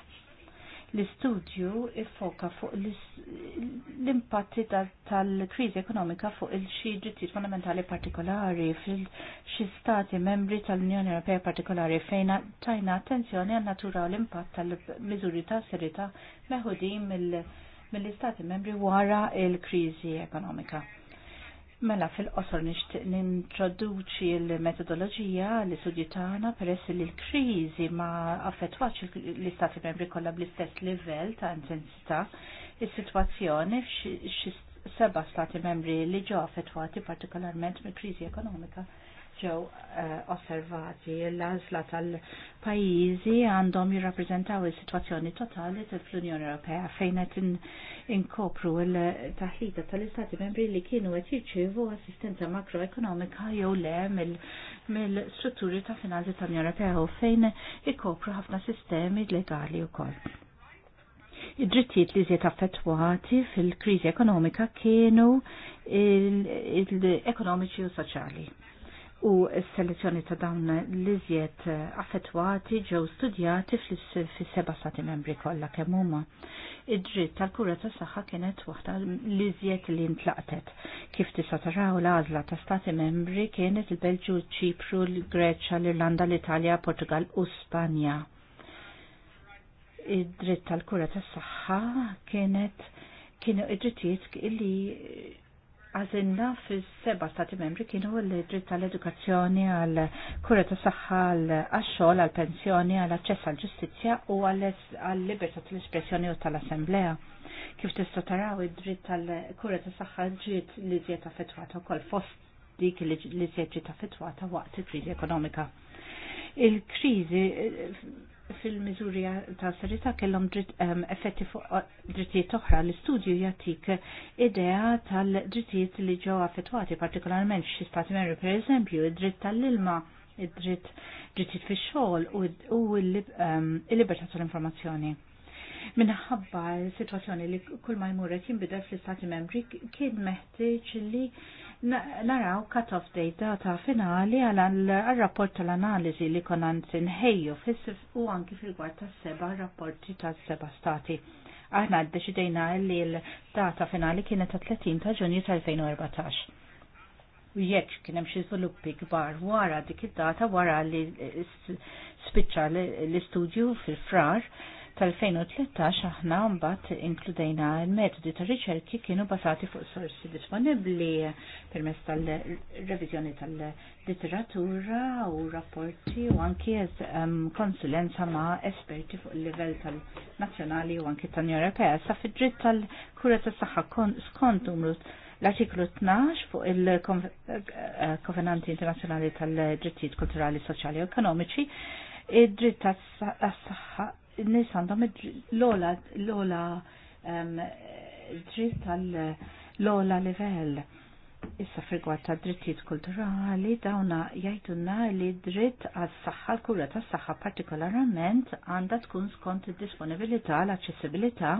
L-istudju ifoka fuq l-impatti tal-kriżi ekonomika fuq il-xi ġittijiet fondamentali partikolari fil-xi stati membri tal-Unjoni Ewropea partikolari fejn tajna attenzjoni għal natura u l-impatt tal-miżuri ta' serita meħudin mill-istati membri wara il-kriżi ekonomika Mela fil-qosor nixtieq nintroduċi l-metodoloġija li tagħna, peress li l-kriżi ma affettwax l-istati membri kollha bl-istess livell ta' intensità. Is-sitwazzjoni f'xi seba' stati membri li ġew affettwati partikolarment mill-kriżi ekonomika ġew eh, osservati l-għażla tal-pajjiżi għandhom jirrappreżentaw is-sitwazzjoni totali tal-Unjoni Ewropea fejn qed inkopru l-taħlita tal-Istati membri li kienu qed jirċievu assistenza makroekonomika jew le mill-strutturi ta' finanzi tal-Unjoni Ewropea u fejn ikopru ħafna sistemi legali wkoll id-drittijiet li żiet affettwati fil-kriżi ekonomika kienu l-ekonomiċi u soċjali u s-selezzjoni ta' dawn l-iżjed affettwati ġew studjati fis-seba' stati membri kollha kemm huma. Id-dritt tal-kura tas saħħa kienet waħda l-iżjed li ntlaqtet. Kif tista' taraw l-għażla ta' stati membri kienet il-Belġu, ċipru, l-Greċja, l-Irlanda, l-Italja, Portugal u Spanja. Id-dritt tal-kura tas saħħa kienet kienu id-drittijiet li għazinna fis seba stati membri kienu l-dritt tal edukazzjoni għall-kura ta' saħħa, għal xol għall-pensjoni, għall-aċċess għall-ġustizja u għall-libertà tal-espressjoni u tal-assemblea. Kif testo taraw id-dritt tal kura ta' saħħa ġiet li ġiet u wkoll fost dik li ġiet ġiet affettwata waqt il-kriżi ekonomika. Il-kriżi fil-miżuri ta' serjetà kellhom ehm, effetti fuq eh, drittijiet oħra. L-istudju jagħtik idea tal-drittijiet li ġew affettwati, partikolarment xi stati membri pereżempju id-dritt tal-ilma, id-dritt drittijiet fix-xogħol u ehm, l-libertà tal-informazzjoni. Minħabba situazzjoni li kull ma jmur qed jinbidel fl-Istati Membri kien meħtieġ li naraw cut-off date data finali għal rapport tal-analizi li konan sinħejju u anki fil gwart ta' seba rapporti ta' seba stati. Aħna d-deċidejna li l-data finali kienet ta' 30 ta' ġunju tal-2014. U jekk kien hemm xi żviluppi kbar wara dik id-data wara li spiċċa l-istudju fil-frar, tal-2013 aħna mbagħad inkludejna l-metodi ta' riċerki kienu basati fuq sorsi disponibbli permezz tal-reviżjoni tal-literatura u rapporti u anki konsulenza ma' esperti fuq il-livell tal-nazzjonali u anki tan-Ewropea sa fid-dritt tal-kura tas-saħħa skont numru L-artiklu 12 fuq il-Kovenanti eh, eh, Internazjonali tal-Drittijiet Kulturali, Soċjali u Ekonomiċi id-dritt tas saħħa nisan nis għandhom l-ola l-ola dritt tal l-ola livell. Issa frigwa ta' drittijiet kulturali dawna jajtunna li dritt għas saħħa l-kura ta' saħħa partikolarament għanda tkun skont disponibilità l-accessibilità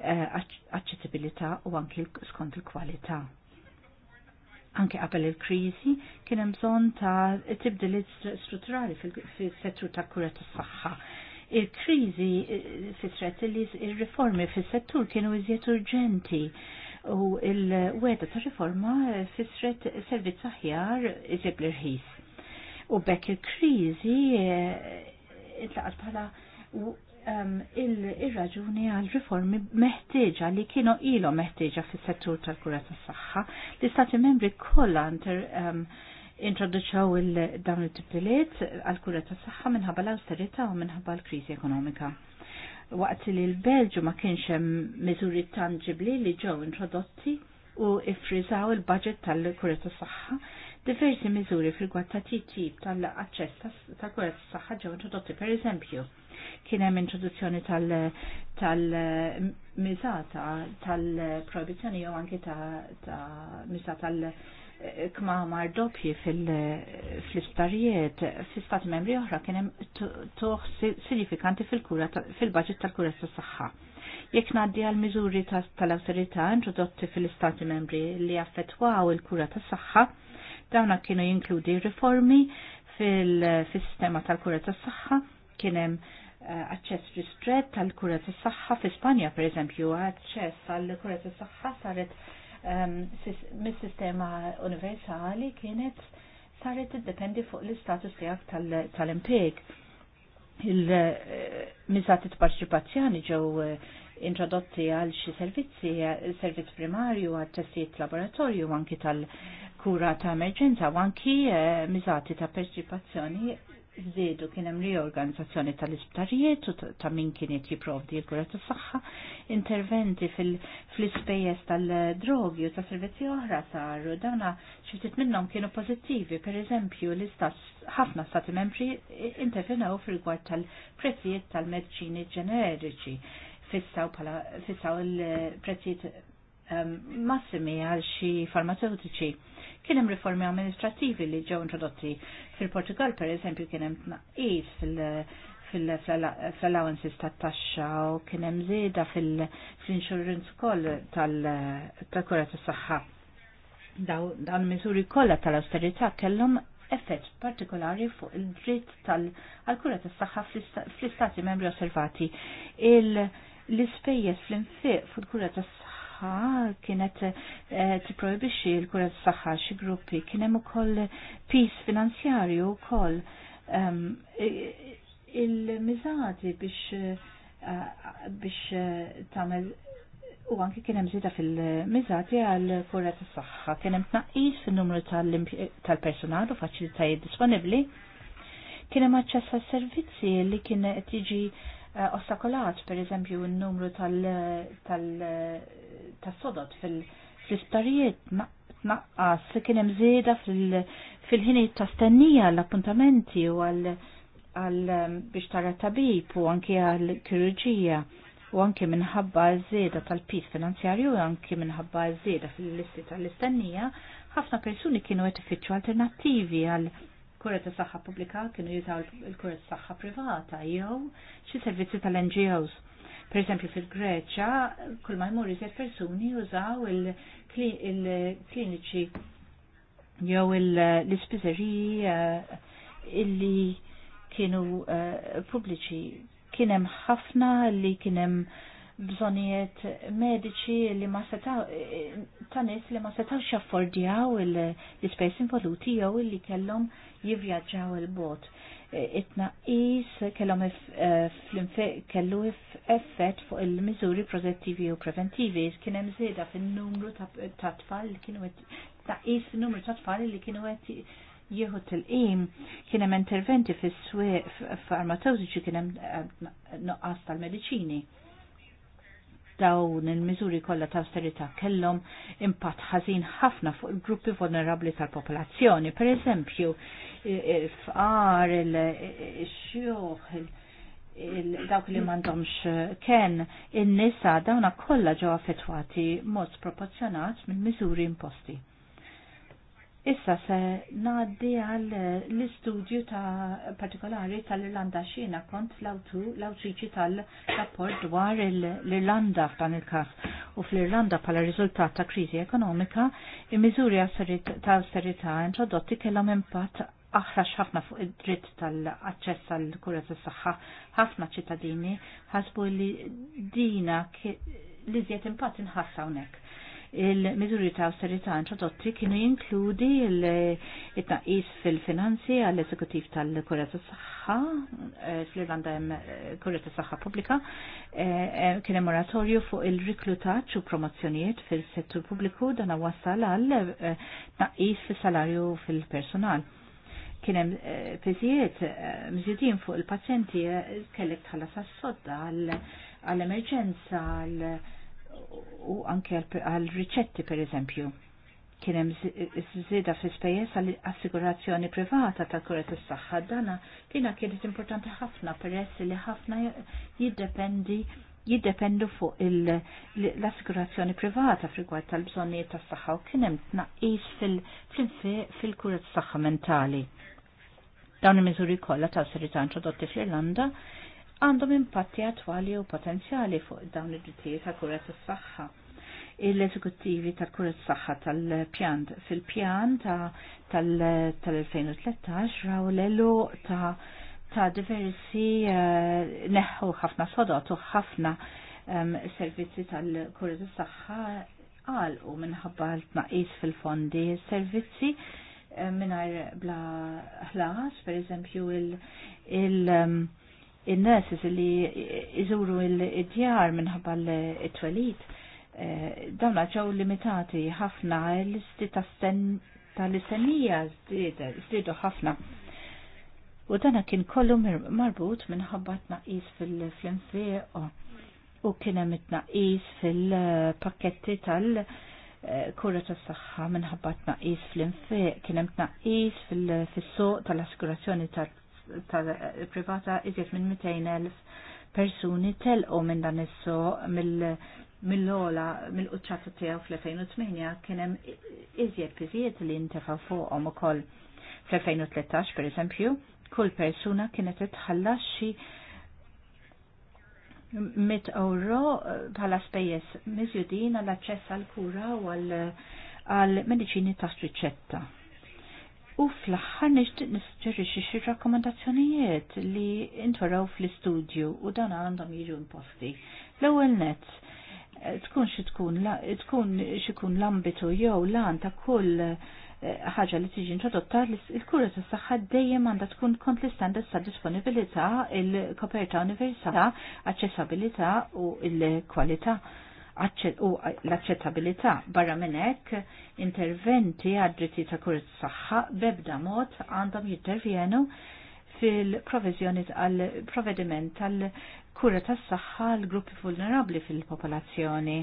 eh, accessibilità u anki skont il-kwalità. Anke qabel il-krizi kien hemm bżonn ta' tibdil strutturali fis-settru ta' kura tas-saħħa Il-kriżi fitret li il-riformi fis-settur kienu iżjed urġenti u il-weda ta' riforma fisret servizz aħjar iżjed l-irħis. U bekk il-kriżi eh, intlaqat bħala ehm, il-raġuni għal riformi meħtieġa li kienu ilhom meħtieġa fis-settur tal-kura tas-saħħa li stati membri kollha ehm, introduċaw il-dawn il-tibdiliet għal-kura ta' saħħa minħabba l-austerita u minħabba l-krizi ekonomika. Waqt li l-Belġu ma kienx hemm miżuri tangibli li ġew introdotti u ifriżaw il-budget tal-kura ta' saħħa, diversi miżuri fil-gwatt ta' titjib tal-aċċess tal-kura ta' saħħa ġew introdotti. Per eżempju, kien hemm introduzzjoni tal-miżata tal-proibizzjoni jew anke ta' miżata tal-, tal, tal, tal, tal, tal, tal, tal, tal kmamar doppji fil-isptarijiet fil stati membri oħra kien hemm toħ sinifikanti fil-kura fil-baġit tal-kura tas-saħħa. Jekk ngħaddi għal miżuri tal-awtorità introdotti fil-istati membri li affettwaw il-kura tas-saħħa, dawna kienu jinkludi riformi fil-sistema tal-kura tas-saħħa, kien hemm eh, aċċess ristret tal-kura tas-saħħa fi Spanja pereżempju, aċċess għall kura tas-saħħa saret Ehm, mis-sistema universali kienet saret tiddependi fuq l-istatus tiegħek tal-impjeg. Il-miżati eh, t-parċipazzjoni ġew eh, introdotti għal xi servizzi, eh, servizz primarju għal testijiet laboratorju anki tal-kura ta' emerġenza u anki miżati ta' parċipazzjoni żdiedu kien hemm riorganizzazzjoni tal-isptarijiet u ta' min kien qed jipprovdi l-kura tas-saħħa, interventi fl-ispejjeż tal-drogi u ta' servizzi oħra saru dawna xiftit ftit minnhom kienu pożittivi, pereżempju l istas ħafna stati membri intervenaw fil-rigward tal-prezzijiet tal medċini ġeneriċi fissaw fissaw il-prezzijiet ehm, massimi għal xi farmaceutiċi kien hemm riformi amministrativi li ġew introdotti fil-Portugal pereżempju kien hemm tnaqqis fil- fil-allowances ta' taxxa u kien hemm żieda fil-insurance koll tal-kura tas-saħħa. Dawn miżuri kollha tal-austerità kellhom effett partikolari fuq il-dritt tal-kura tas-saħħa fl-istati membri osservati. l-ispejjeż fl-infiq fuq il kura tas saħħa kienet eh, tipprojbixxi l-kura tas-saħħa xi gruppi kien hemm ukoll pis finanzjarju wkoll ehm, il-miżati biex eh, biex eh, tagħmel u anki kien hemm żieda fil-miżati għal kura tas-saħħa. Kien hemm tnaqqis fin-numru tal-personal u faċilitajiet disponibbli. Kien hemm aċċess għas-servizzi li kien qed Eh, ostakolat, per eżempju, n-numru tal-sodot fil-isptarijiet tnaqqas li kien hemm żieda fil-ħinijiet ta' stennija l-appuntamenti u għal eh, biex tara tabib u anke għal kirurġija u anke minħabba żieda tal-pis finanzjarju u anke minħabba żieda fil-listi tal-istennija ħafna persuni kienu qed ifittxu alternattivi għal kura ta' saħħa pubblika kienu jużaw il-kura ta' saħħa privata jew xi servizzi tal-NGOs. Per eżempju fil-Greċja, kull ma jmur iżjed persuni jużaw il-kliniċi jew l-ispiżeriji eh, illi kienu eh, pubbliċi. Kien hemm ħafna li kien hemm bżonijiet medici li ma setaw, ta' nis li ma setaw xaffordjaw l-ispejs involuti jew li kellhom jivvjaġġaw il-bot. E, it is kellhom e, kellu effett fuq il-miżuri protettivi u preventivi kien hemm żieda fin-numru ta' tfal li kienu qed taqis numru ta' tfal li kienu qed jieħu til im kien hemm interventi fis-swieq farmaceutiċi kien hemm e, noqqas tal-mediċini dawn il-miżuri kollha ta' austerità kellhom impatt ħażin ħafna fuq il-gruppi vulnerabbli tal-popolazzjoni, pereżempju il-fqar, il-xjuħ, dawk li mandomx ken in-nisa dawna kollha ġew affettwati mod sproporzjonat mill-miżuri imposti. Issa se naddi għal l-istudju ta' partikolari tal-Irlanda xina kont l-awtriċi tal-rapport dwar l-Irlanda f'dan il-kas u fl-Irlanda pala riżultat ta' kriżi ekonomika, il-miżuri ta' austerita' introdotti kellhom impatt aħrax ħafna fuq id-dritt tal-aċċess għal kura tas saħħa ħafna ċittadini ħasbu li dina li zjed impatt inħassa hawnhekk il-miżuri ta' austerità introdotti kienu jinkludi il-tnaqis fil-finanzi għall-eżekutiv tal-Korea tas saħħa eh, fl-Irlanda hemm eh, Korea tas saħħa pubblika eh, kien hemm moratorju fuq il riklutaċ u promozzjonijiet fil-settur pubbliku dan wassal għal tnaqis fis-salarju fil-personal kienem fizijiet mżidin fuq il-pazjenti kellek tħallas għas-sodda għall-emerġenza, għall u anke għal riċetti per eżempju. Kienem zida fi spejjeż għal assigurazzjoni privata ta' kura tas saħħa dana kiena kienet importanti ħafna peress li ħafna jiddependi jiddependu fuq l-assigurazzjoni privata frigward tal-bżonnijiet tas saħħa u kien hemm tnaqqis fil-kura tas saħħa mentali. Dawn il-miżuri kollha ta' s-sirita introdotti fl-Irlanda għandhom impatti attwali u potenzjali fuq dawn id-drittijiet ta' kura tas saħħa l-eżekuttivi tal-kura s tal-pjan fil-pjan tal-2013 raw l-elu ta' ta' diversi eh, neħu ħafna sodot u ħafna ehm, servizzi tal-kura s-saxħa għal u minħabba l-tnaqis fil-fondi servizzi eh, minar bla ħlas, per eżempju il- ehm, in nes li iżuru id-djar minħabba l twelit eh, dawna ġew limitati ħafna l-isti tal-istennija żdiedu ħafna. U dana kien kollu marbut minħabba tnaqis fil-infeq u kien hemm it-tnaqis fil-pakketti tal- eh, kura tas saħħa minħabba tnaqis fl-infiq, kien hemm tnaqis fil suq tal-assigurazzjoni privata iżjed minn 200.000 persuni telqu minn dan is-so mill-ola mill-quċċata tiegħu fl-2008 kien hemm iżjed piżijiet li ntefgħu fuqhom ukoll. Fl-2013 pereżempju, kull persuna kienet titħallas xi mit euro bħala spejjeż miżjudin għall aċċess għall kura u għall medicini ta' riċetta. U fl-axħar nixtieq nisġerixi xi rakkomandazzjonijiet li intwaraw fl-istudju u dan għandhom jiġu imposti. L-ewwel net eh, tkun xi tkun tkun xikun l-ambitu jew lan ta' kull eh, ħaġa li tiġi introdotta il-kura tas saħħa dejjem għandha tkun kont l-istandards ta' disponibilità, il-koperta universalità, aċċessabilità u l il kwalità u l-accettabilità barra minnek interventi għad-dritti ta' kurs saħħa bebda mod għandhom jittervjenu fil-provizjoni tal provediment tal-kura tas saħħa l gruppi vulnerabli fil-popolazzjoni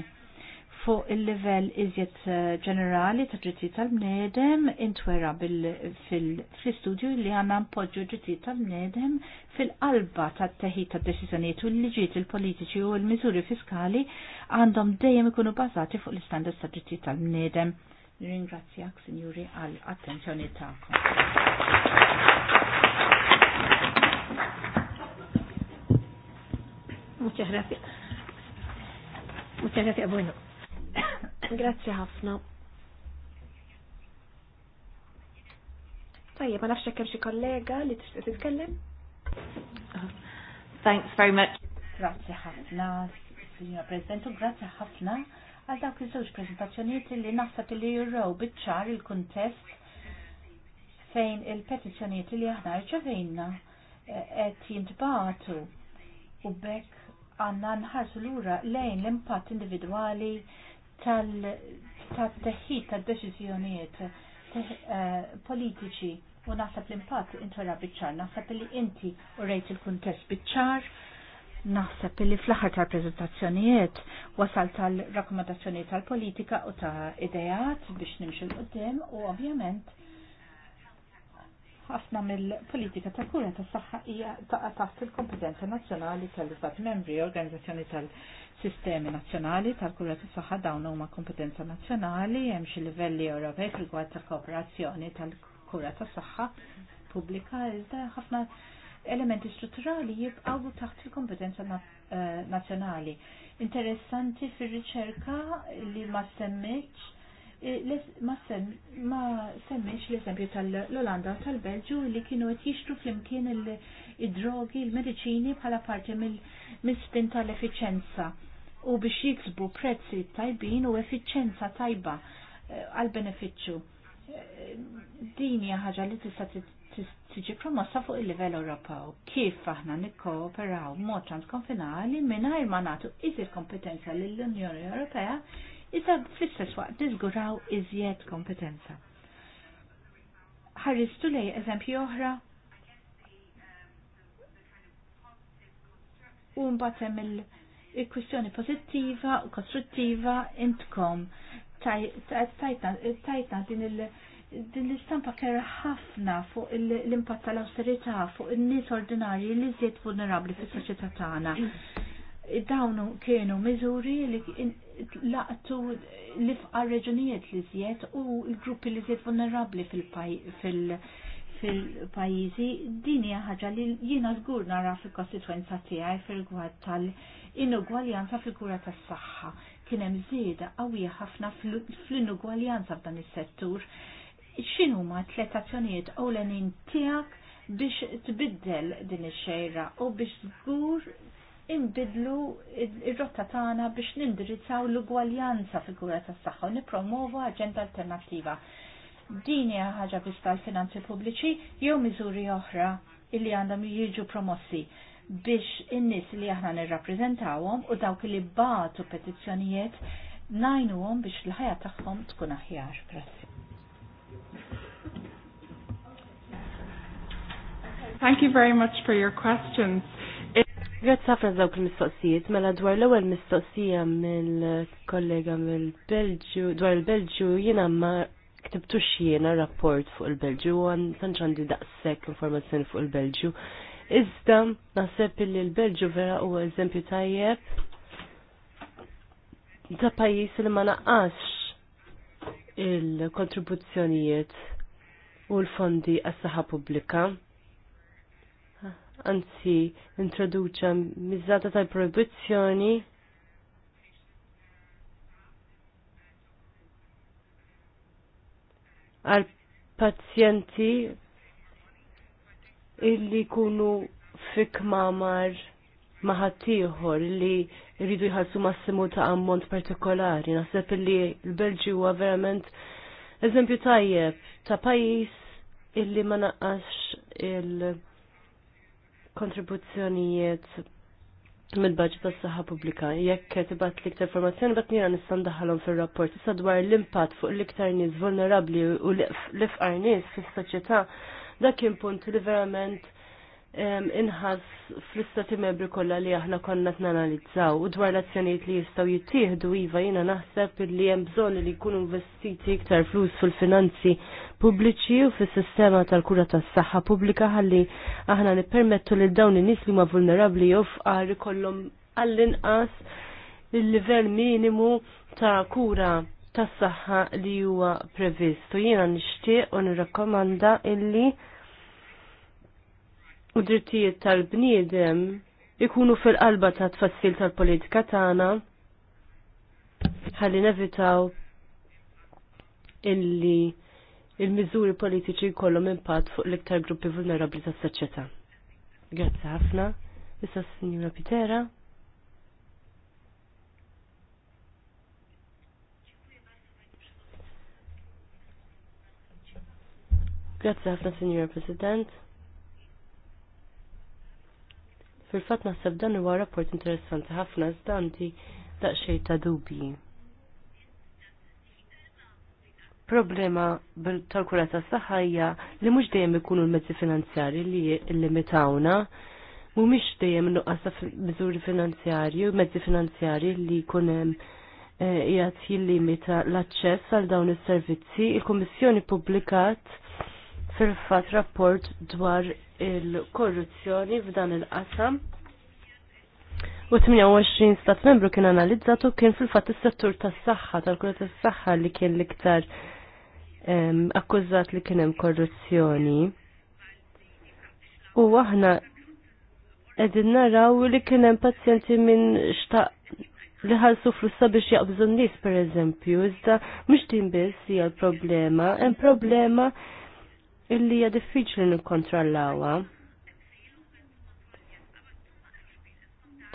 fuq il-livell iżjed eh, ġenerali ta' ġitti tal-bnedem intwera fil studio li għanna mpoġġu ġitti tal-bnedem fil-qalba ta' teħi ta' deċiżjonijiet u l-liġiet il-politiċi u l-miżuri fiskali għandhom dejjem ikunu bazati fuq l-istandards ta' ġitti tal-bnedem. Ringrazzjak, Sinjuri, għal attenzjoni ta'kom. Muchas gracias. Muchas gracias. Bueno. Grazzi ħafna. Tajjeb, ma nafx hekk hemm xi kollega li tixtieq titkellem. Thanks very much. Grazzi ħafna, Signora President, u grazzi ħafna għal dawk iż-żewġ prezentazzjonijiet li naħseb li jurrew biċ-ċar il-kuntest fejn il-petizzjonijiet li aħna rċevejna eh, qed jintbagħtu u bekk għandna nħarsu lura lejn l-impatt individwali tal-teħid tad-deċiżjonijiet eh, politiċi u naħseb l-impatt intwera biċċar, naħseb li inti u rejt il-kuntest biċċar, naħseb li fl-aħħar tal-preżentazzjonijiet wasal tal rakkomandazzjonijiet tal-politika u ta' idejat biex nimxil l-qoddim u ovvjament ħafna mill-politika tal kura tas saħħa hija taqa' taħt il-kompetenza nazzjonali tal-Istat membri, organizzazzjoni tal-sistemi nazzjonali tal-kura tas saħħa dawn huma kompetenza nazzjonali, hemm xi livelli Ewropej rigward tal-kooperazzjoni tal-kura tas saħħa pubblika iżda ħafna elementi strutturali jibqgħu taħt il-kompetenza eh, nazzjonali. Interessanti fir-riċerka li ma semmitx Eh, ma semmix l-eżempju tal-Olanda tal-Belġu li kienu qed jixtru flimkien id-drogi, il-mediċini bħala parti mill-mistin tal-efficienza u biex jiksbu prezzi tajbin u effiċjenza tajba eh, għal-beneficju. Eh, din hija ħaġa li tista' tiġi promossa fuq il-livell Ewropew. Kif aħna nikkooperaw mod transkonfinali mingħajr ma nagħtu iżir kompetenza lill-Unjoni Ewropea Iżda fl-istess waqt niżguraw iżjed kompetenza. Ħarristu lej eżempju oħra u mbatem il-kwistjoni pozittiva u kostruttiva intkom tajtna din il- din l-istampa kera ħafna fuq l-impatt tal-austerità fuq in-nies ordinarji li żied vulnerabbli fis-soċjetà tagħna dawnu kienu miżuri li laqtu li fqa reġunijiet li zjed u l-gruppi li zjed vulnerabli fil-pajizi din hija ħaġa li jiena żgur nara fil-kostituenza tiegħi fil-gwad tal-inugwaljanza fil-kura tas-saħħa. Kien hemm żieda qawwija ħafna fl-inugwaljanza f'dan is-settur. X'inhu ma tliet azzjonijiet ewlenin tiegħek biex tbiddel din ix-xejra u biex żgur imbidlu il rotta tagħna biex nindirizzaw l-ugwaljanza fil-kura tas-saħħa u nippromovu aġenda alternattiva. Din hija ħaġa biex tal-finanzi pubbliċi jew miżuri oħra illi għandhom jiġu promossi biex in-nies li aħna nirrappreżentawhom u dawk li batu petizzjonijiet najnuhom biex l-ħajja tagħhom tkun aħjar. Grazzi. Thank you very much for your questions. Grazzi safra dawk il-mistoqsijiet, mela dwar l-ewwel mistoqsija mill-kollega mill belġu dwar il-Belġju jiena ma ktibtux jiena rapport fuq il belġu u tantx għandi daqshekk informazzjoni fuq il-Belġju. Iżda naħseb li l belġu vera huwa eżempju tajjeb ta' pajis li ma naqqax il-kontribuzzjonijiet u l-fondi għas-saħħa pubblika anzi introduċa mizzata tal-proibizzjoni għal pazjenti illi kunu fik mamar maħatiħor li rridu jħassu massimu ta' ammont partikolari. Naħseb illi l-Belġi huwa verament eżempju tajjeb ta' pajis illi ma naqqax il- kontribuzzjonijiet mill-budget tas saħħa pubblika. Jekk tibgħat l-iktar informazzjoni bat nira nistan daħalhom fir-rapport issa dwar l-impatt fuq l-iktar nies vulnerabbli u l-ifqar nies fis-soċjetà dak kien punt li verament inħass fl-istati membri kollha li aħna konna t-nanalizzaw u dwar l-azzjonijiet li jistgħu jittieħdu iva jiena naħseb li hemm bżonn li jkunu investiti iktar flus fil-finanzi pubbliċi u fis-sistema tal-kura tas-saħħa pubblika ħalli aħna nippermettu lil dawn in-nies li huma vulnerabbli jew f'qari ikollhom għall-inqas il-livell minimu ta' kura tas-saħħa li huwa previst. U jiena nixtieq u nirrakkomanda illi u drittijiet tal-bniedem ikunu fil-qalba ta' tfassil tal-politika tagħna ħalli nevitaw illi il-miżuri politiċi jkollhom impatt fuq l-iktar gruppi vulnerabbli tas-soċjetà. Grazzi ħafna. Issa Sinjura Pitera. Grazzi ħafna, Sinjura President. Fil-fatt naħseb dan huwa rapport interessanti ħafna, iżda għandi daqsxejn ta' dubji problema tal-kura tas saħħajja li mhux dejjem ikunu l-mezzi finanzjarji li limitawna mhumiex dejjem nuqqas ta' miżuri finanzjarji u mezzi finanzjarji li jkun hemm jgħat eh, jillimita l-aċċess għal dawn is-servizzi. Il-Kummissjoni publikat fil-fat rapport dwar il-korruzzjoni f'dan il-qasam. U 28 stat membru kien analizzat u kien fil-fat is-settur tas-saħħa tal-kura tas-saħħa li kien l-iktar akkużat li kienem korruzzjoni. U aħna edin naraw li kienem pazjenti minn xtaq li ħalsu flussa biex jaqbżu nis per eżempju, iżda mux din biss hija l-problema, hemm problema illi hija diffiċli nikkontrollawha.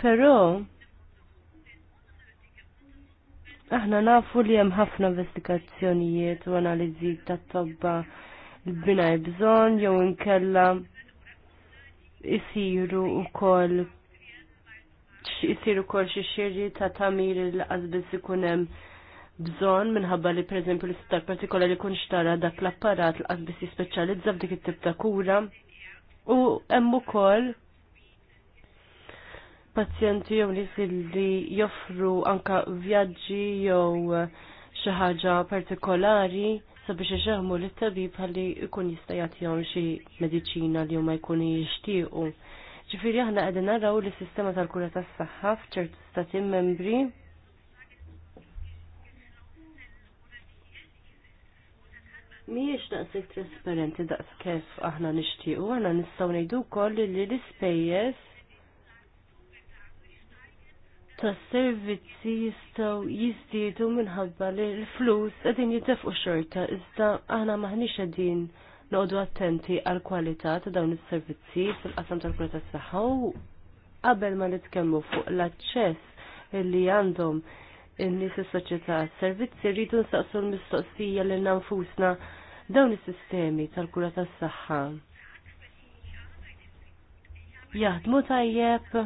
Però Aħna nafu li hemm ħafna investigazzjonijiet u analiżi tat-tobba l-bina bżonn jew inkella isiru wkoll isiru wkoll xi xirri ta' tagħmir il-qasbis ikun hemm bżonn minħabba li pereżempju l-isptar partikolari kun xtara dak l-apparat l-qasbis jispeċjalizza f'dik it-tip ta' kura. U hemm ukoll pazjenti jew nies li joffru anka vjaġġi jew xi ħaġa partikolari sabiex iġaħmu li tabib ħalli jkun jista' jagħtihom xi mediċina li huma jkunu jixtiequ. Ġifieri aħna qegħdin naraw li s-sistema tal-kura tas-saħħa f'ċertu stati membri Miex daqsik trasparenti daqs kif aħna nixtiequ, aħna nistgħu ngħidu wkoll li l-ispejjeż ta' servizzi jistaw jizdiedu minħabba li l-flus għedin jitefqu xorta, iżda aħna maħniex għedin noqdu attenti għal kwalità ta' dawn is-servizzi fil-qasam tal-kura tas-saħħa u qabel ma nitkellmu fuq l-aċċess li għandhom il-nis is-soċjetà servizzi rridu nsaqsu l-mistoqsija li nanfusna dawn is-sistemi tal-kura tas-saħħa. Jaħdmu tajjeb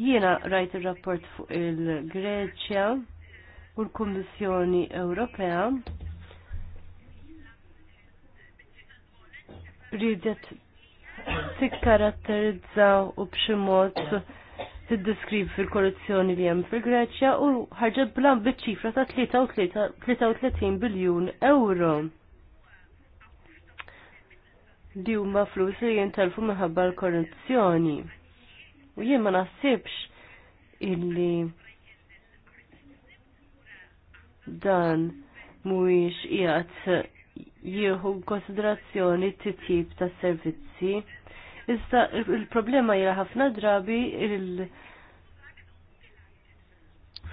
Jiena rajt il-rapport fuq il-Greċja u l-Kommissjoni Ewropea ridet tikkaratterizza u b'xi mod tiddiskrivi fil-korruzzjoni li hemm fil-Greċja u ħarġet blan biċ-ċifra ta' 33 biljun euro li huma flus li jintalfu minħabba l-korruzzjoni. U jien ma naħsibx illi dan mhuwiex qiegħed jieħu konsiderazzjoni t-tip ta' servizzi. Iżda il-problema hija ħafna drabi il-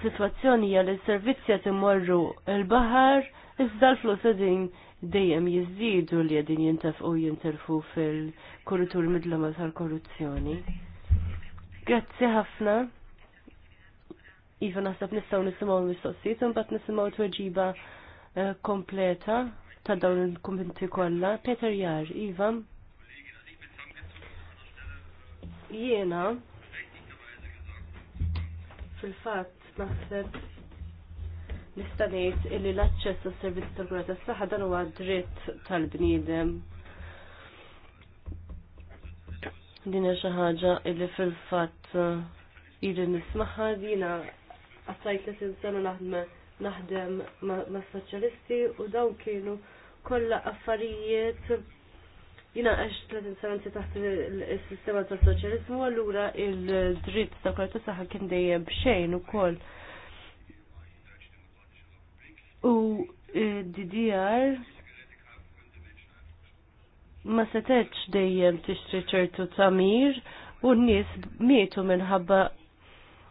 situazzjoni hija li s-servizzi qed imorru l-baħar iżda l-flus qegħdin dejjem jiżdiedu li qegħdin jintefqu jinterfu fil-kuritur midlama tal-korruzzjoni. Grazzi ħafna. Iva naħseb nistgħu nisimgħu l-mistoqsijiet u mbagħad nisimgħu tweġiba eh, kompleta ta' dawn il-kummenti kollha. Peter Jar, Iva. Jiena fil-fatt naħseb nista' ngħid illi l-aċċess għas-servizzi tal-kura tas-saħħa dan huwa dritt tal-bniedem Din xi ħaġa li fil-fatt eh, ili nismaħħa dina għattajt li sinsanu naħdem ma' soċjalisti u dawn kienu kollha affarijiet jina għax 30 sena taħt il-sistema ta' soċjalizmu allura il-dritt ta' kol saħħa kien dejjem b'xejn ukoll. U eh, DDR ma setetx dejjem tixtri ċertu tamir u n-nies mietu minħabba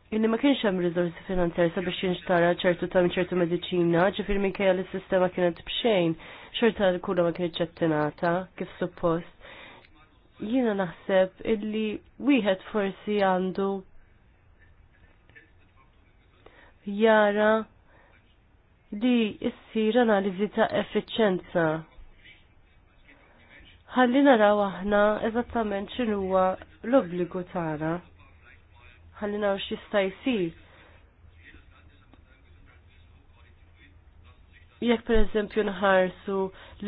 Inni ma kienx hemm rizorsi finanzjarji sabiex jinxtara ċertu ta' ċertu mediċina, ġifier minn li s-sistema kienet b'xejn, xorta li kura ma kienx ċettinata kif suppost. Jiena naħseb illi wieħed forsi għandu jara li issir analiżi ta' effiċenza ħalli naraw aħna eżattament x'inhuwa l-obbligu tagħna. Ħalli naraw x'jista' jsir. Jekk pereżempju nħarsu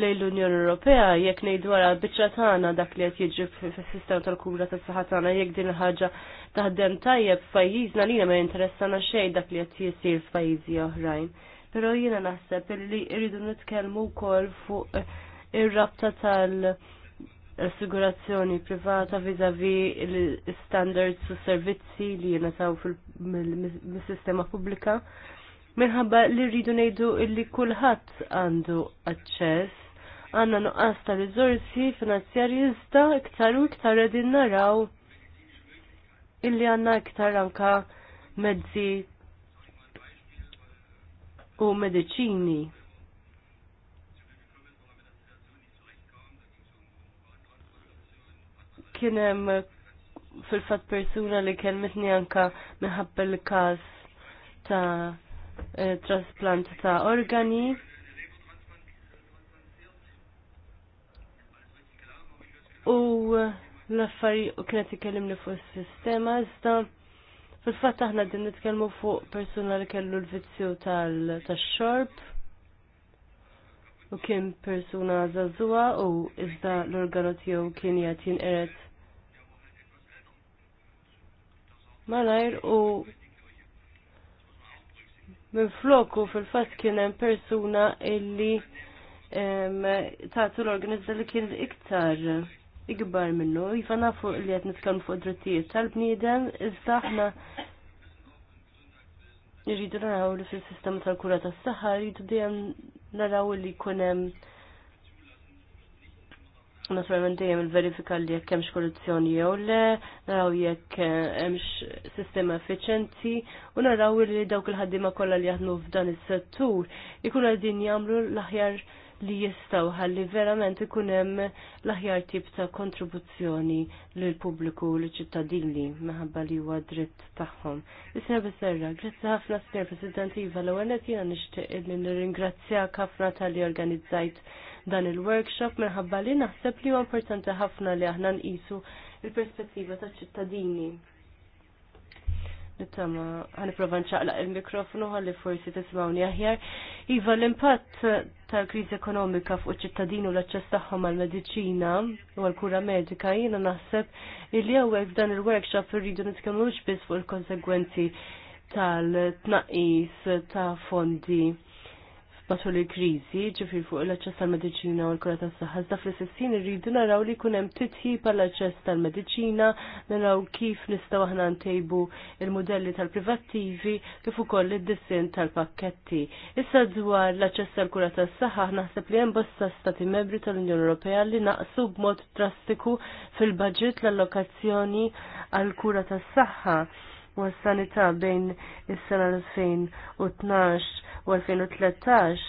lejn l-Unjoni Ewropea, jekk ngħidu wara biċċa tagħna dak li qed jiġi fis-sistema tal-kura tas-saħħa tagħna jekk din ħaġa taħdem tajjeb f'pajjiżna lina ma jinteressana xejn dak li qed jisir f'pajjiżi oħrajn. Però jiena naħseb li rridu nitkellmu wkoll fuq ir-rabta tal- assigurazzjoni privata vis-a-vis l-standards u servizzi li jenataw fil-sistema pubblika minħabba li rridu nejdu illi kullħat għandu aċċess għanna nuqqas ta' rizorsi finanzjari jizda iktar u iktar għedin naraw illi għanna iktar anka mezzi u medicini. kien hemm fil-fatt persuna li mitni anka minħabba l-każ ta' eh, trasplant ta' organi. U l-affari u kienet ikellimni fuq is-sistema iżda fil-fatt aħna din nitkellmu fuq persuna li kellu l-vizzju tal-xorb. u kien persuna zazua u iżda l-organu tiegħu kien jagħtin eret malajr u minn floku fil-fat kienem persuna illi taħtu l-organizza li kien iktar ikbar minnu, jifa nafu li għet nitkellmu fuq drittijiet tal-bniedem, iżda aħna irridu naraw li fil-sistema tal-kura tas-saħħa jridu dejjem naraw li kunem hemm Naturalment dejjem il-verifika li jekk hemmx korruzzjoni jew le, naraw jekk eh, hemmx sistema effiċenti u naraw li dawk il-ħaddiema kollha li jaħdmu f'dan is-settur ikunu qegħdin jagħmlu l-aħjar li jistaw ħalli verament ikun hemm l-aħjar tip ta' kontribuzzjoni l pubbliku u l-ċittadini meħabba li huwa dritt tagħhom. Isna Biserra, grazzi ħafna Sir President Iva l-ewwel qed jiena nixtieq li nirringrazzjak ħafna tal-li organizzajt dan il-workshop minħabba li naħseb li huwa importanti ħafna li aħna nqisu il-perspettiva taċ-ċittadini nittama ħaniprofa nċaqlaq il-mikrofonu ħalli forsi tismawni aħjar. Iva l-impatt tal-kriżi ekonomika fuq ċittadinu l-aċċess tagħhom għall-mediċina u għall-kura medika jiena naħseb illi hawnhekk f'dan il-workshop irridu nitkellmu biss fuq il-konsegwenzi tal-tnaqqis ta' fondi matul il-kriżi, ġifir fuq l-aċċess tal-mediċina u l-kura tas-saħħa, iżda fl sessin irridu naraw li jkun hemm titjib għall aċċess tal-mediċina, naraw kif nistgħu aħna ntejbu il-modelli tal-privattivi kif ukoll id-dissin tal-pakketti. Issa dwar l-aċċess tal-kura tas-saħħa naħseb li hemm bosta stati membri tal-Unjoni Ewropea li naqsu b'mod drastiku fil-budget l-allokazzjoni għal-kura tas-saħħa u s-sanità bejn is-sena 2012 u 2013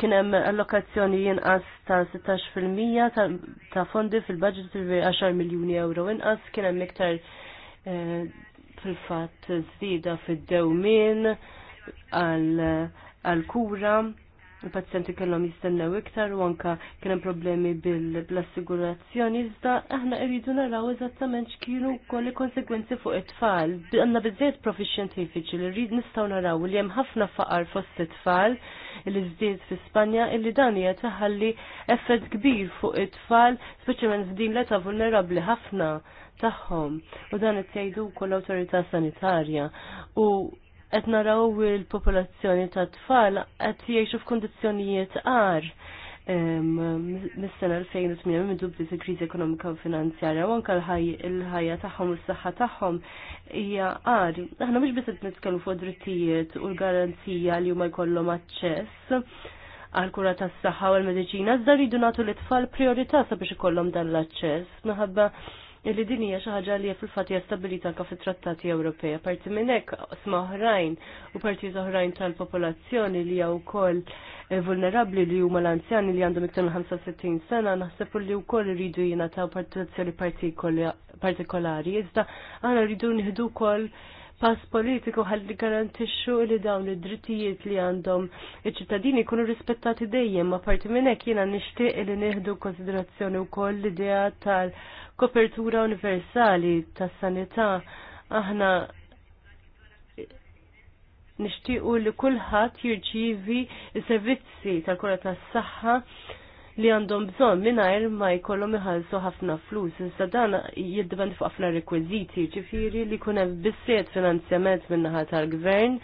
kien hemm allokazzjoni jinqas ta' 16% ta' fondi fil-budget bi 10 miljuni euro inqas kien hemm iktar eh, fil-fatt żdida fid-dewmien għal kura il-pazjenti kellhom jistennew iktar u anka kien hemm problemi bil-assigurazzjoni iżda aħna rridu naraw eżattament x'kienu wkoll konsegwenzi fuq it-tfal. Għandna biżżejjed profi xjentifiċi li rrid nistgħu naraw li hemm ħafna faqar fost it-tfal li żdied fi Spanja illi dan hija taħalli effett kbir fuq it-tfal, speċjalment f'din l-età vulnerabbli ħafna tagħhom. U dan qed jgħidu wkoll l-awtorità sanitarja. U qed naraw il-popolazzjoni ta' tfal qed jgħixu f'kundizzjonijiet għar mis-sena 2008 minn dubdi il kriżi ekonomika u finanzjarja u anke l-ħajja tagħhom u s-saħħa tagħhom hija għar. Aħna mhux biss qed nitkellmu fuq drittijiet u l-garanzija li huma jkollhom aċċess għal kura tas saħħa u l-medicina, iżda rridu nagħtu l-itfal priorità sabiex ikollhom dan l-aċċess. Naħabba illi din hija xi ħaġa li fil-fatt hija stabilita anke fit-trattati Ewropej. Parti minn hekk sma oħrajn u partijiet oħrajn tal-popolazzjoni li hija wkoll eh, vulnerabbli li huma l-anzjani li għandhom iktar minn 65 sena naħseb li wkoll iridu jingħataw protezzjoni partikolari. Iżda aħna rridu nieħdu wkoll pass politiku ħalli garantixxu li dawn id-drittijiet li għandhom iċ-ċittadini jkunu rispettati dejjem, ma parti minn hekk jiena nixtieq li nieħdu konsiderazzjoni wkoll l-idea tal- kopertura universali tas sanità aħna nixtiequ li kulħadd jirċievi s-servizzi tal-kura tas-saħħa li għandhom bżon minnajr ma jkollhom iħallsu ħafna flus. Iżda dan jiddibend fuq ħafna rekwiżiti, ġifieri li jkun hemm bissiet finanzjament min-naħa tal-gvern,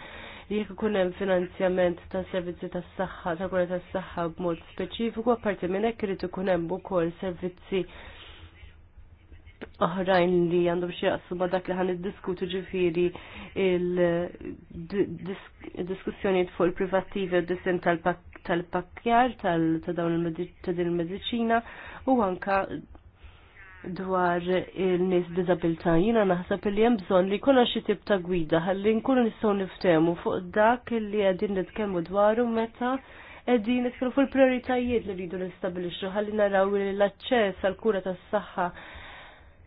jekk ikun hemm finanzjament ta' servizzi tas-saħħa, ta' kura tas-saħħa b'mod speċifiku, apparti minn hekk irid ikun hemm ukoll servizzi oħrajn li għandhom xie għassu ma' dak li ħan iddiskutu ġifieri il-diskussjonijiet fuq il-privattivi u disin tal-pakkjar ta' dawn il medicina u għanka dwar il-nis dizabilta. jina naħseb li hemm bżonn li jkollna xi tip ta' gwida ħalli nkunu nistgħu niftemu fuq dak li qegħdin nitkemmu dwaru meta qegħdin nitkellmu fuq il-prioritajiet li rridu nistabilixxu ħalli naraw li l-aċċess għall kura tas-saħħa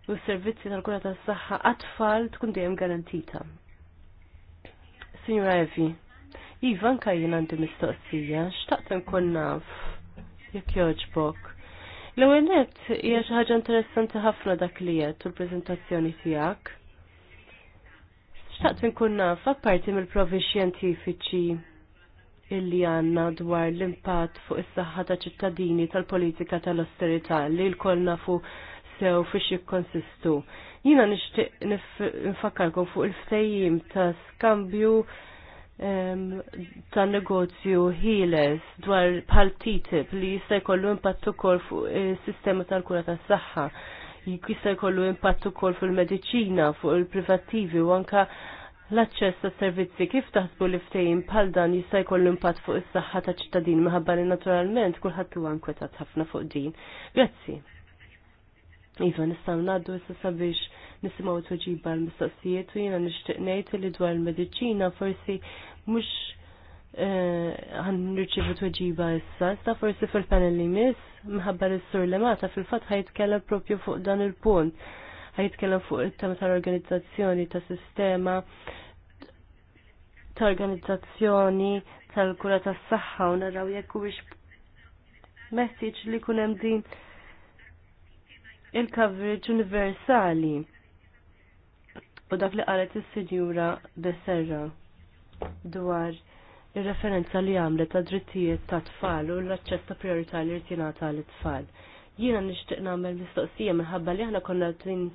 u s-servizzi tal-kura tas-saħħa għat-tfal tkun dejjem garantita. Signora Evi, Iva anka jien għandi mistoqsija, xtaqt konna naf jekk joġbok. L-ewwel nett hija xi ħaġa interessanti ħafna dak li qed u l-preżentazzjoni tiegħek. Xtaqt nkun naf apparti mill-provi xjentifiċi illi għanna dwar l-impatt fuq is-saħħa ta' ċittadini tal-politika tal-austerità li l-kol nafu sew fiex jikkonsistu. Jina nishtiq nifakkarkom fuq il-ftejjim ta' skambju ta' negozju ħieles dwar bħal TTIP li jista' jkollu impatt ukoll fuq is-sistema tal-kura tas-saħħa. Jista' jkollu impatt ukoll fil-mediċina, fuq il-privattivi u anka l-aċċess tas servizzi kif taħsbu li ftehim bħal dan jista' jkollu impatt fuq is-saħħa ta' ċittadin minħabba li naturalment kulħadd huwa inkwetat ħafna fuq din. Grazzi. Iva, nistaw naddu issa sabiex nisimaw tweġiba l-mistoqsijiet u jena nishtiqnejt ngħid li dwar il-mediċina forsi mhux għan eh, nirċivu tweġiba issa, sta forsi fil-panel li mis, mħabbar il sur Lemata fil-fatt kella propju fuq dan il-punt. Ħajtkellem fuq it-tema tal-organizzazzjoni ta' sistema ta' organizzazzjoni tal-kura tas-saħħa u naraw jekk huwiex meħtieġ li kunem hemm din il-coverage universali. U dak li qalet is-Sinjura Besserra dwar ir-referenza li għamlet ta' drittijiet ta' tfal u l-aċċess ta' priorità li rtinata għal tfal. Jiena nixtieq nagħmel mistoqsija minħabba li aħna konna tin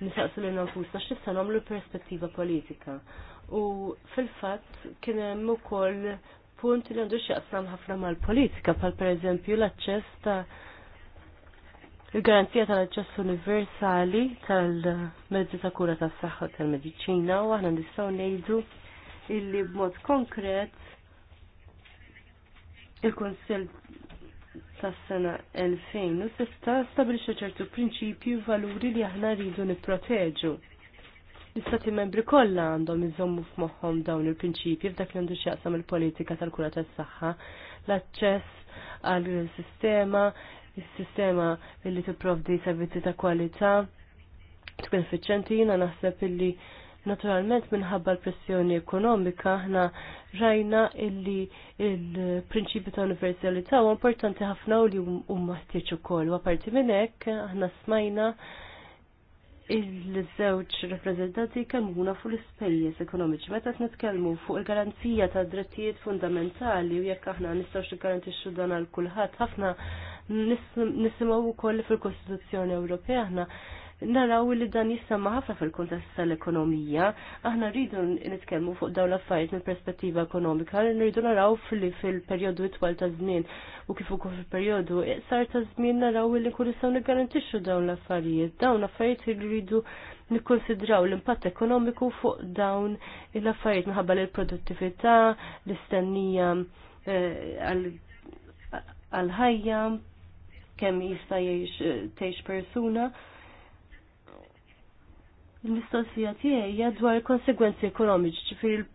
nisaqsu lil nafusna x'issa nagħmlu perspettiva politika. U fil-fatt kien hemm ukoll punt li għandu x'jaqsam ħafna mal-politika, bħal pereżempju l-aċċess ta' il-garanzija tal-aċċess universali tal-mezzi ta' kura tas saħħa tal-mediċina u aħna nistgħu ngħidu illi b'mod konkret il-Konsell tas-sena 2006 stabilixa ċertu prinċipji u valuri li aħna rridu nipproteġu l-istati membri kollha għandhom iżommu f'moħħom dawn il-prinċipji f'dak li għandu x'jaqsam il-politika tal-kura tas-saħħa, l-aċċess għall sistema il-sistema illi tipprovdi servizzi ta' kwalità tkun effiċenti jina naħseb illi naturalment minħabba l-pressjoni ekonomika ħna rajna illi il-prinċipju ta' universalità huwa importanti ħafna u li huma ħtieġ ukoll. U għaparti minn hekk aħna smajna il-żewġ rappreżentati kemmuna fuq l-ispejjeż ekonomiċi. Meta qed nitkellmu fuq il-garanzija ta' drittijiet fundamentali u jekk aħna nistgħux niggarantixxu dan għal kulħadd ħafna u wkoll fil-Kostituzzjoni Ewropea aħna naraw li dan jissama ħafna fil-kontest tal-ekonomija, aħna rridu nitkellmu fuq dawn l-affarijiet minn perspettiva ekonomika, rridu naraw fil perjodu itwal ta' żmien u kif ukoll fil-perjodu iqsar ta' żmien naraw li nkunu nistgħu niggarantixxu dawn l-affarijiet, dawn l-affarijiet li rridu nikkonsidraw l-impatt ekonomiku fuq dawn l-affarijiet minħabba l produttività l-istennija eh, għal-ħajja, kemm jista' jgħix eh, persuna. L-mistoqsija tiegħi hija dwar konsegwenzi ekonomiċi, ġifieri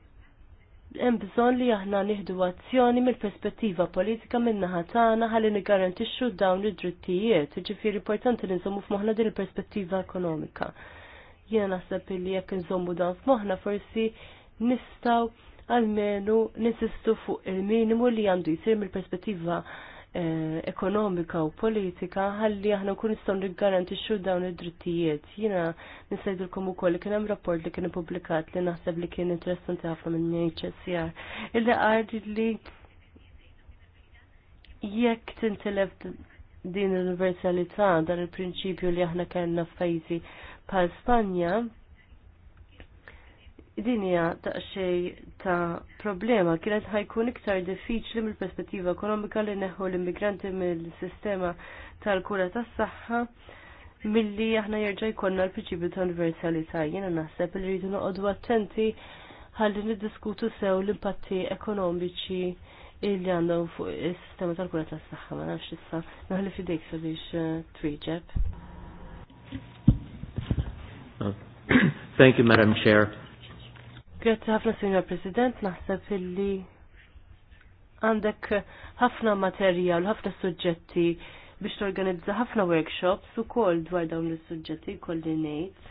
hemm bżonn li aħna nieħdu azzjoni mill-perspettiva politika min-naħa tagħna ħalli nigarantixxu dawn id-drittijiet, ġifieri importanti li nżommu f'moħħna din il-perspettiva ekonomika. Jiena naħseb li jekk nżommu dan f'moħħna forsi nistgħu għalmenu ninsistu fuq il-minimu li għandu jisir mill-perspettiva Eh, ekonomika u politika ħalli aħna nkun nistgħu niggarantixxu dawn id-drittijiet. Jiena nisajdilkom ukoll li kien hemm rapport li kien ippubblikat li naħseb li kien interessanti ħafna minn HSR Illi qari li jekk tintilef din l-universalità dan il-prinċipju li aħna kellna f'pajjiżi bħal Spanja, dinja ta' xej ta' problema kienet ħajkun iktar diffiċli mill-perspettiva ekonomika li neħu l-immigranti mill-sistema tal-kura tas-saħħa milli aħna jerġa' jkollna l-prinċipju ta' universalità. Jiena naħseb li rridu noqogħdu attenti ħalli niddiskutu sew l-impatti ekonomiċi illi għandhom fuq is-sistema tal-kura tas-saħħa ma nafx issa naħli fidejk sabiex eh, twieġeb. Thank you, Madam Chair. Grazie ħafna, Signor President, naħseb illi għandek ħafna materjal, ħafna suġġetti biex torganizza ħafna workshops u kol dwar dawn is-suġġetti kolli ngħid.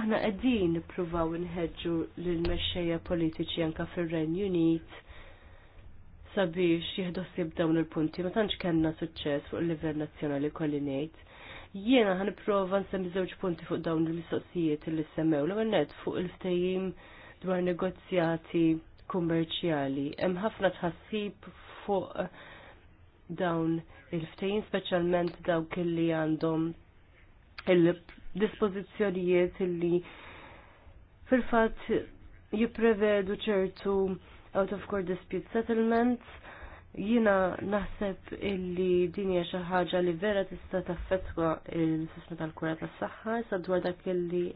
Aħna qegħdin nippruvaw inħeġġu l mexxejja politiċi anke fir-Renju Unit sabiex jieħdu ssib dawn il-punti ma tantx kellna suċċess fuq il-livell nazzjonali kolli ngħid. Jiena ħanipprova nsemmi żewġ punti fuq dawn il-mistoqsijiet li semmew l-ewwel fuq il-ftehim il ftajim il ftehim dwar negozjati kummerċjali. Hemm ħafna tħassib fuq dawn il-ftejn speċjalment dawk li għandhom il-dispożizzjonijiet li fil-fatt jipprevedu ċertu out of court dispute settlements jina naħseb illi din hija xi ħaġa li vera tista' taffettwa il-sistema tal-kura tas-saħħa sa dwar dak illi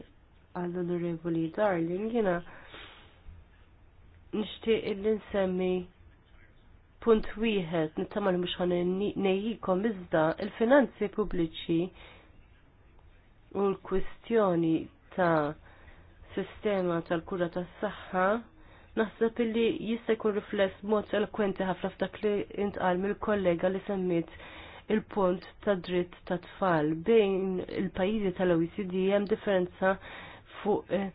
għall-Onorevoli Darling, jina nishtiq illi nsemmi punt wieħed li mhux ħan nejjikom iżda il-finanzi pubbliċi u l-kwistjoni ta' sistema tal-kura tas-saħħa naħseb illi jista' jkun rifless mod elokwenti ħafna f'dak li intqal mill-kollega li semmit il-punt ta' dritt ta' tfal bejn il-pajjiżi tal-OECD hemm differenza fuq eh,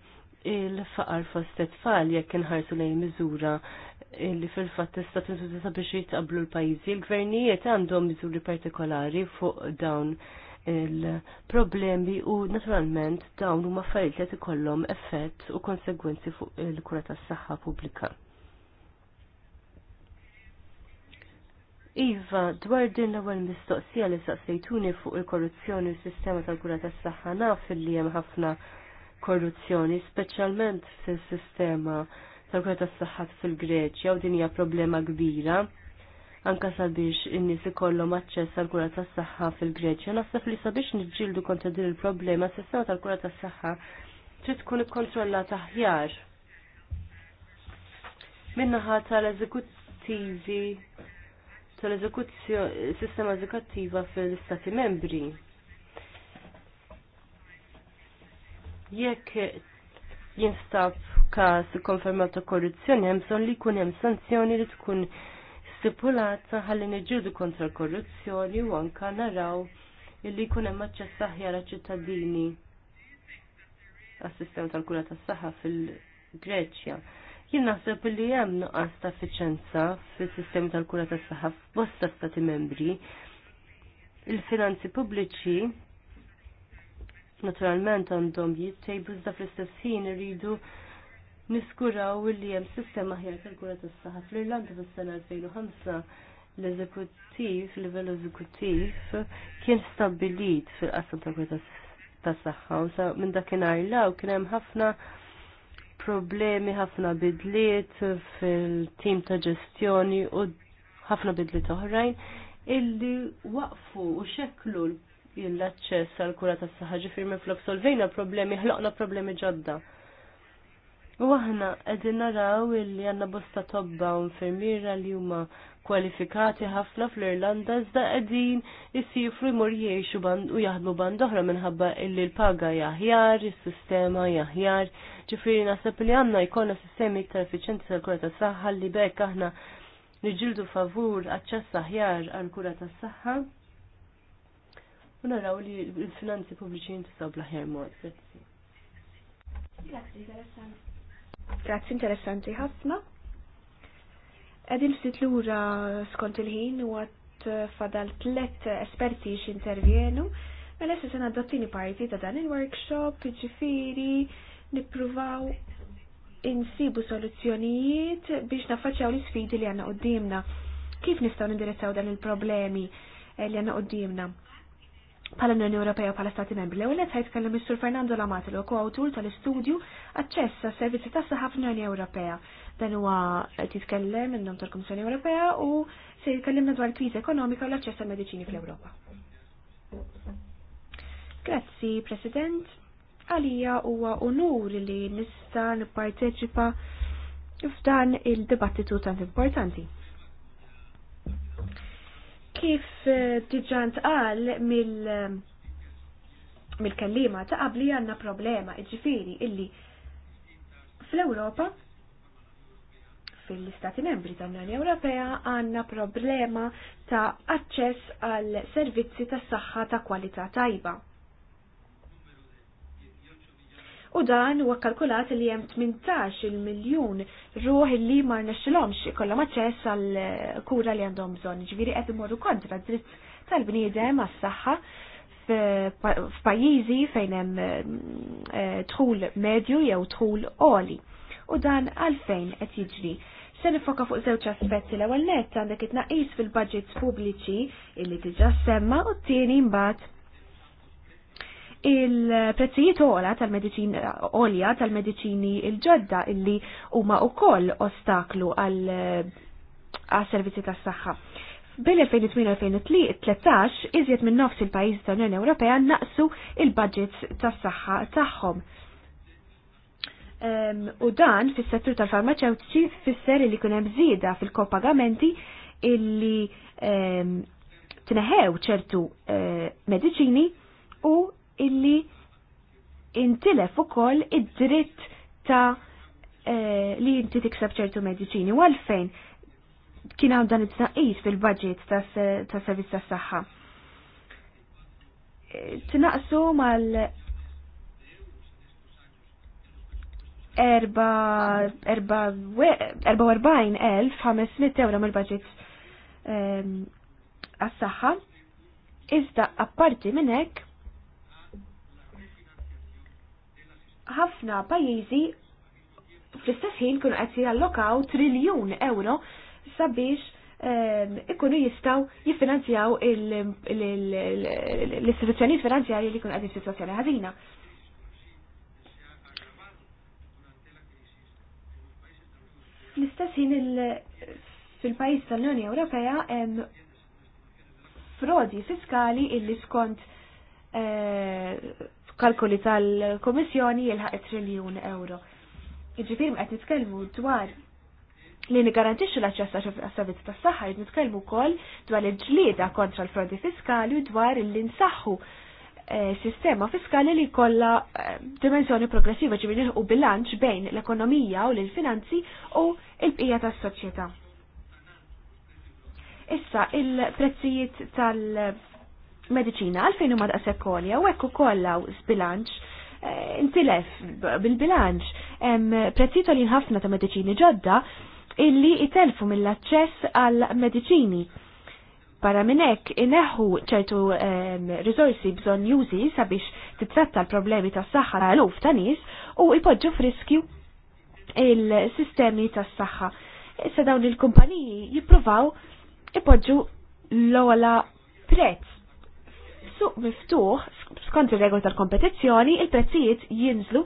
il-faqar fost tfal jekk inħarsu lejn miżura eh, li fil-fatt tista' tintuża biex jitqablu l-pajjiżi. Il-gvernijiet għandhom miżuri partikolari fuq dawn il-problemi u naturalment dawn huma affarijiet li ikollhom effett u konsegwenzi fuq il-kura tas-saħħa pubblika. Iva, dwar din l-ewwel mistoqsija li saqsejtuni fuq il-korruzzjoni u s-sistema tal-kura tas-saħħa naf li hemm ħafna korruzzjoni, speċjalment fil-sistema tal-kura tas-saħħat fil-Greċja u din hija problema kbira. Anka sabiex in-nies ikollhom aċċess għall kura tas-saħħa fil-Greċja, naħseb li sabiex niġġieldu kontra din il-problema s-sistema tal-kura tas-saħħa trid tkun ikkontrollata aħjar. Minnaħa tal-eżekuttivi tal-eżekuzzjoni sistema eżekuttiva fil-Stati membri. jekk jinstab kas konfermata korruzzjoni hemm bżonn li jkun hemm sanzjoni li tkun stipulata ħalli niġġieldu kontra korruzzjoni u anka naraw illi jkun hemm aċċess aħjar ċittadini għas-sistema tal-kura tas-saħħa fil-Greċja. Jien naħseb li hemm nuqqas ta' effiċenza fis-sistema tal-kura tas-saħħa f'bosta stati membri. Il-finanzi pubbliċi naturalment għandhom jittejbu iżda fl-istess ħin iridu niskuraw li hemm sistema ħjar tal-kura tas-saħħa fl-Irlanda fis-sena 2005 l-eżekuttiv, livell eżekuttiv kien stabbilit fil-qasam tal-kura tas-saħħa u minn dakinhar law kien hemm ħafna problemi, ħafna bidliet fil-tim ta' ġestjoni u ħafna bidliet oħrajn illi waqfu u xeklu l l-aċċess għal kura tas saħħa ġifir minn flok solvejna problemi, ħloqna problemi ġodda. U aħna qegħdin naraw li għandna bosta tobba u infermiera li huma kwalifikati ħafna fl-Irlanda iżda qegħdin isifru jmur jgħixu u jaħdmu band oħra minħabba illi l-paga jaħjar, is-sistema jaħjar, ġifieri naħseb li għandna jkollna sistemi iktar effiċenti tal-kura tas-saħħa li bekk aħna niġildu favur aċċess aħjar għal kura tas-saħħa u naraw li l-finanzi pubbliċi jintisaw bl-aħjar mod. Grazzi. interessanti. Grazzi, interessanti ħafna. sit l lura skont il-ħin u għat fadal tlet esperti intervjenu. Mela se sena dottini parti ta' dan il-workshop, ġifiri, nippruvaw insibu soluzzjonijiet biex naffaċċaw l-sfidi li għanna għoddimna. Kif nistaw nindirizzaw dan il-problemi eh, li għanna għoddimna? Pala l-Unjoni Ewropea u pala Stati Membri l-ewwel qed kellem is-Sur Fernando Lamatelo u tal-istudju aċċess għas servizzi tas saħħa fl-Unjoni Ewropea. Dan huwa qed jitkellem minnhom tal-Kummissjoni Ewropea u se jitkellimna dwar kriżi ekonomika u l-aċċess tal-mediċini fl-Ewropa. Grazzi, President. Għalija huwa unur li nista' nipparteċipa f'dan il-dibattitu tant importanti. Kif eh, tiġant għal mill eh, mill-kellima ta' qabli għanna problema iġifiri illi fl-Europa fil-Stati Membri ta' Unjoni Ewropea għanna problema ta' aċċess għal servizzi ta' saħħa ta' kwalità tajba u dan huwa kalkulat li hemm 18 il miljun ruħ li ma rnexxilhomx ikollhom aċċess għal eh, kura li għandhom bżonn. Ġifieri qed imorru kontra dritt tal-bniedem għas-saħħa f'pajjiżi fejn hemm eh, tħul medju jew dħul għoli. U dan għalfejn qed jiġri. Se nifoka fuq żewġ aspetti l-ewwel nett għandek it-tnaqqis fil-budgets pubbliċi illi diġà semma u t-tieni mbagħad il-prezzijiet ola tal-medicin olja tal-medicini il-ġodda illi huma wkoll ostaklu għal eh, servizzi tas-saħħa. Bil-2008-2013 iżjed minn nofs il-pajjiżi tal-Unjoni Ewropea naqsu il-budgets tas-saħħa tagħhom. Ehm, u dan fis-settur tal-farmaceutiċi fisser li kun hemm żieda fil-kopagamenti illi ehm, tneħew ċertu eh, medicini u illi intilef ukoll id-dritt ta' eh, li inti tikseb ċertu mediċini. U għalfejn kien hawn dan it-tnaqqis fil-budget ta', ta servizz tas saħħa. Eh, tnaqsu mal erba elf euro mill-budget eh, għas-saħħa. Iżda apparti minn hekk ħafna pajjiżi fl-istess ħin kienu qed jallokaw triljun euro sabiex ehm, ikunu jistaw jiffinanzjaw l-istituzzjonijiet finanzjarji li jkunu qed f'sitwazzjoni ħażina. Fl-istess ħin fil-pajjiż tal-Unjoni Ewropea hemm frodi fiskali illi skont eh, kalkoli tal-Komissjoni jilħaq triljun euro. Iġifieri qed nitkellmu dwar li nigarantixu l-aċċess għas-servizz tas-saħħa jrid nitkellmu wkoll dwar il-ġlieda kontra l-frodi fiskali u dwar li nsaħħu eh, sistema fiskali li kolla eh, dimensjoni progressiva ġifieri u bilanċ bejn l-ekonomija u l-finanzi u l-bqija tas-soċjetà. Issa il-prezzijiet tal- mediċina għalfejn huma daqshekk kolja u hekk ukoll bilanċ eh, intilef bil-bilanċ prezzito li ħafna ta' mediċini ġodda illi itelfu mill-aċċess għal mediċini. Para minnek ineħu ċertu ehm, risorsi bżon jużi sabiex titratta l-problemi ta' s-saxħa ta' luf ta' nis u ipoġġu friskju il-sistemi ta' s-saxħa. Issa dawn il-kumpaniji jipruvaw ipoġġu l-ola prezz suq miftuħ, skont ir-regoli tal-kompetizzjoni, il-prezzijiet jinżlu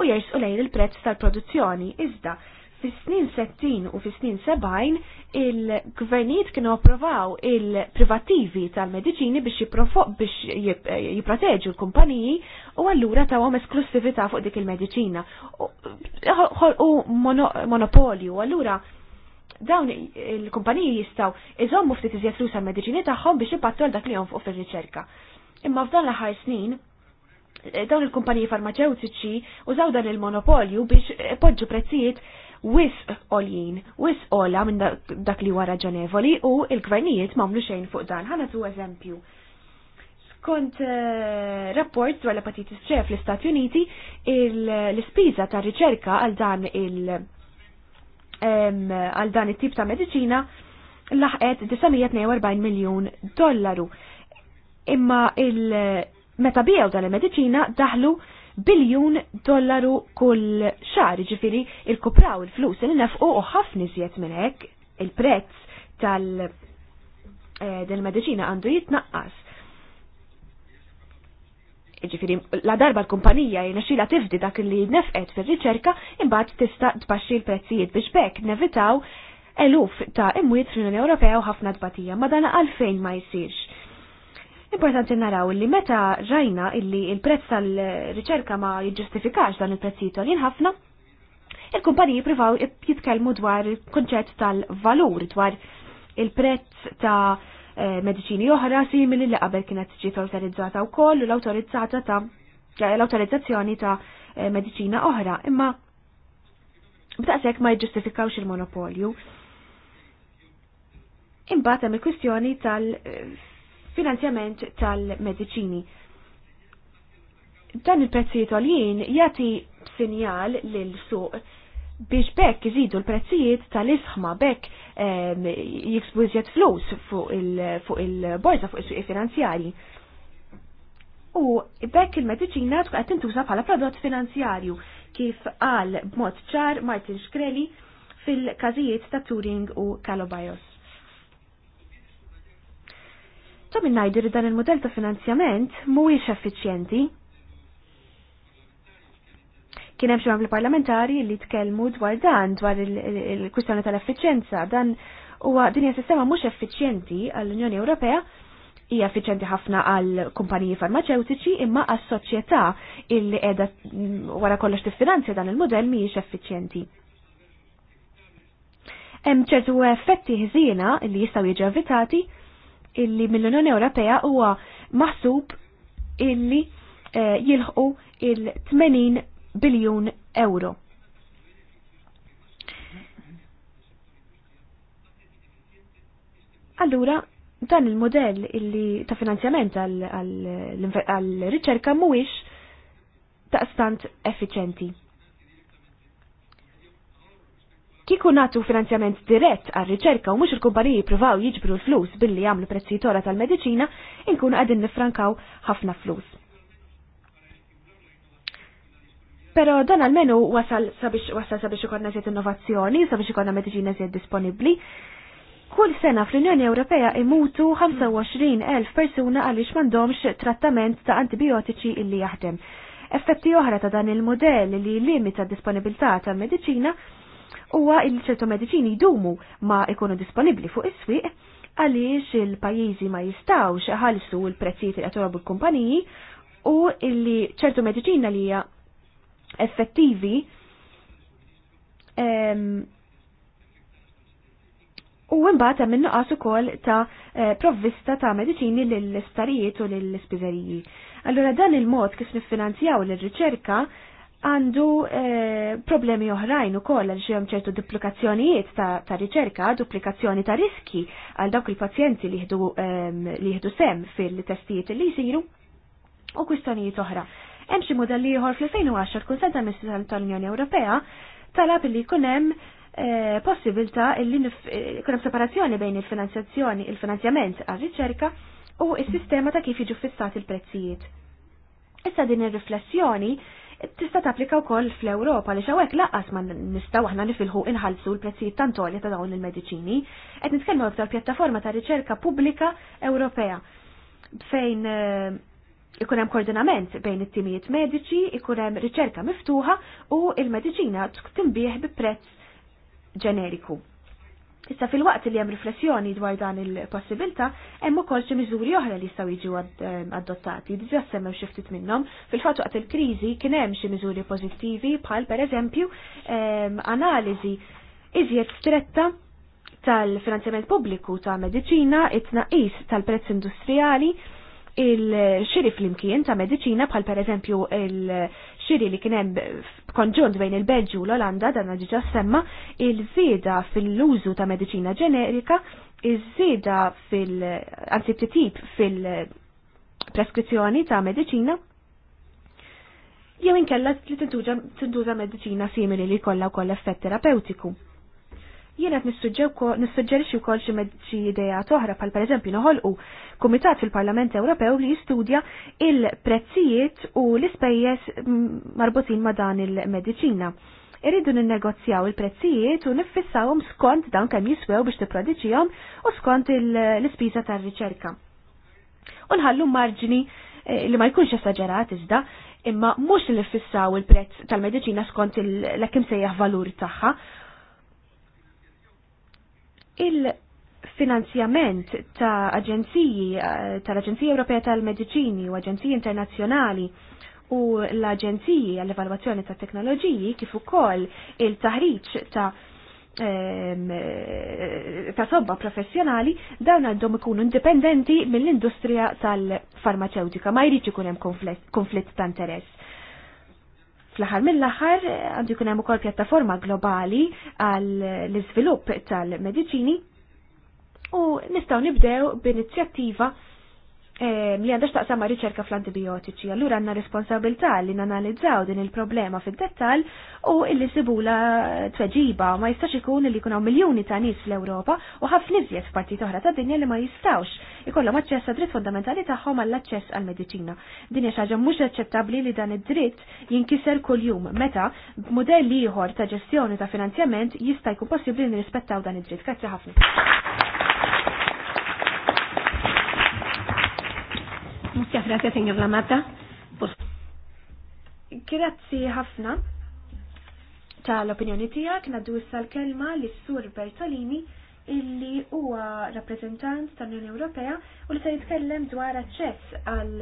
u jersqu lejn il-prezz tal-produzzjoni. Iżda, fis-snin 60 u fis-snin 70 il-gvernijiet kienu approvaw il-privattivi tal-mediċini biex biex jiproteġu l-kumpaniji u allura tawhom esklusività fuq dik il-mediċina u monopolju u allura dawn il-kumpaniji jistaw iżommu ftit iżjed flus għal mediċini tagħhom biex impattu għal dak li jonfuq fir-riċerka. Imma f'dan l-aħħar snin eh, dawn il-kumpaniji farmaceutiċi użaw dan il-monopolju biex poġġu prezzijiet wis għoljin, wis ola minn dak li wara ġonevoli u il-gvernijiet mamlu xejn fuq dan. tu eżempju. Skont eh, rapport dwar l-epatitis C fl-Istati Uniti, l-ispiża ta' riċerka għal dan il- għal dan it-tip ta' medicina laħqet 942 miljon dollaru. Imma il- meta bijaw dan il-medicina daħlu biljun dollaru kull xar, ġifiri il-kupraw il-flus il nafqu u ħafna iżjed minn hekk il-prezz tal- eh, din il-medicina għandu jitnaqqas. Ġifiri, la darba l-kumpanija xila tifdi dak li nefqet fil-riċerka imbagħad tista' tbaxxi l-prezzijiet biex bekk nevitaw eluf ta' imwiet fl-Unjoni Ewropea u ħafna tbatija, ma dan għalfejn ma jsirx. Importanti naraw li meta rajna illi il-prezz tal-riċerka ma jiġġustifikax dan il-prezzijiet għalin ħafna, il-kumpaniji privaw jitkellmu dwar il-konċett tal-valur, dwar il-prezz ta' Eh, mediċini oħra simili li qabel kienet ġiet autorizzata wkoll u l-autorizzata ta' l-autorizzazzjoni ta' eh, mediċina oħra, imma b'daqshekk ma jġustifikawx il-monopolju. Imbagħad hemm il-kwistjoni tal-finanzjament eh, tal-mediċini. Dan il-prezzijiet jien jagħti sinjal lil suq biex bekk iżidu l-prezzijiet tal-isħma bekk ehm, jiksbu jizjet flus fuq il-borza fuq is-suq finanzjari. U bekk il-medicina tkun qed tintuża bħala prodott finanzjarju kif qal b'mod ċar Martin Shkreli fil-każijiet ta' Turing u Kalobajos. Ta' minn li dan il-modell ta' finanzjament mhuwiex effiċjenti Kien hemm xi parlamentari li tkellmu dwar dan dwar il-kwistjoni tal-effiċjenza. Dan huwa din hija sistema mhux effiċjenti għall-Unjoni Ewropea hija effiċjenti ħafna għal kumpaniji farmaceutiċi imma għas soċjetà illi qiegħda mm, wara kollox tiffinanzja dan il-mudell mhijiex effiċjenti. Hemm ċertu effetti ħżiena li jistgħu jiġu evitati illi mill-Unjoni Ewropea huwa maħsub illi eh, jilħqu il-80 biljun euro. Allura, dan il-modell illi ta' finanzjament għal-riċerka mhuwiex stant effiċenti. Kiku natu finanzjament dirett għal riċerka u mux il-kumpaniji provaw jiġbru l-flus billi jagħmlu prezzitora tal-medicina, inkun għadin nifrankaw ħafna flus. Pero dan almenu wasal sabiex wasal sabiex ikonna żied innovazzjoni, sabiex ikonna mediċina żied disponibbli. Kull sena fl-Unjoni Ewropea imutu 25,000 persuna għaliex m'għandhomx trattament ta' antibiotiċi illi jaħdem. Effetti oħra ta' dan il-modell li limita disponibilità ta' mediċina huwa il ċertu mediċini jdumu ma ikunu disponibbli fuq is-swieq għaliex il-pajjiżi ma jistawx ħalsu l-prezzijiet li qed l kumpaniji u illi ċertu mediċina li hija effettivi ehm, U mbagħad hemm innuqas ukoll ta' eh, provvista ta' mediċini lill-istarijiet u lill-ispiżeriji. Allura dan il-mod kif niffinanzjaw l-riċerka għandu eh, problemi oħrajn ukoll għal xiem hemm ċertu duplikazzjonijiet ta' riċerka, duplikazzjoni ta' riski għal dawk il-pazjenti li jieħdu ehm, sem fil-testijiet li jsiru u kwistjonijiet oħra. Hemm xi mudell ieħor fl-2010 kun senta mis-sistema tal-Unjoni Ewropea talab li jkun hemm eh, possibilità li eh, jkun hemm separazzjoni bejn il-finanzjazzjoni, il-finanzjament għar-riċerka u s-sistema ta' kif jiġu fissati l-prezzijiet. Issa din ir-riflessjoni tista' tapplika wkoll fl-Ewropa li xawek laqqas ma nistgħu aħna nifilħu inħallsu l-prezzijiet tantolja ta' dawn il-mediċini, qed nitkellmu aktar pjattaforma ta' riċerka pubblika Ewropea fejn eh, ikun hemm koordinament bejn it-timijiet mediċi, ikun hemm riċerka miftuħa u il-mediċina timbieħ bi prezz ġeneriku. Issa fil-waqt li hemm riflessjoni dwar dan il-possibilità, hemm ukoll xi miżuri oħra li jistgħu jiġu ehm, adottati. Diġà semmew xi ftit minnhom. Fil-fatt waqt il-kriżi kien hemm xi miżuri pożittivi bħal pereżempju ehm, analiżi iżjed stretta tal-finanzjament pubbliku ta' mediċina, it-tnaqqis tal-prezz industrijali, il-xiri fl-imkien ta' medicina bħal per eżempju il-xiri li kienem konġunt bejn il-Belġu u l-Olanda dan ġiġa semma il-żieda fil-użu ta' medicina ġenerika, il-żieda fil- anzi fil-preskrizzjoni ta' medicina jew inkella li tintuża medicina simili li kollha wkoll effett terapeutiku. Jienet nissuġġerixi u wkoll xi ideja toħra pal per eżempju noħolqu Kumitat fil-Parlament Ewropew li jistudja il-prezzijiet u l-ispejjeż marbutin ma' dan il-mediċina. Irridu ninnegozjaw il-prezzijiet u niffissawhom skont dan kemm jiswew biex tipprodiġihom u skont l-ispiża tar-riċerka. Unħallu marġini eh, li ma jkunx esagerat iżda, imma mhux li fissaw il-prezz tal-mediċina skont l-ekim sejjaħ valur tagħha, Il-finanzjament ta' aġenziji, eh, tal-Aġenzija Ewropea tal-Mediċini u Aġenziji Internazzjonali u l-Aġenziji għall-Evalwazzjoni ta' Teknoloġiji kif ukoll il-taħriġ ta' ehm, eh, ta' sobba professjonali dawn għandhom ikunu indipendenti mill-industrija tal-farmaceutika ma jridx ikun hemm konflitt ta' interess fl-aħħar mill-aħħar għandu jkun hemm ukoll pjattaforma globali għall iżvilupp tal-mediċini u nistgħu nibdew b'inizjattiva Ehm, li għandax taqsam ma' riċerka fl-antibiotiċi, allura għanna responsabilità li nanalizzaw din il-problema fil-dettal u illi sibula tweġiba ma jistax ikun li kunaw miljoni ta' nis fl-Europa u ħafna iżjed f'parti oħra ta' dinja li ma jistawx ikollhom aċċess għad dritt fundamentali tagħhom għall-aċċess għall-mediċina. Din hija xaġa mhux aċċettabbli li dan id-dritt jinkiser kuljum meta b'mudell ieħor ta' ġestjoni ta' finanzjament jista' jkun possibbli nirrispettaw dan id-dritt. Grazzi ħafna. Muchas gracias, señor Lamata. Pues... Grazzi ħafna tal-opinjoni tijak naddu issa l-kelma li sur Bertolini illi huwa rappresentant tal-Unjoni Ewropea u li se jitkellem dwar aċċess għal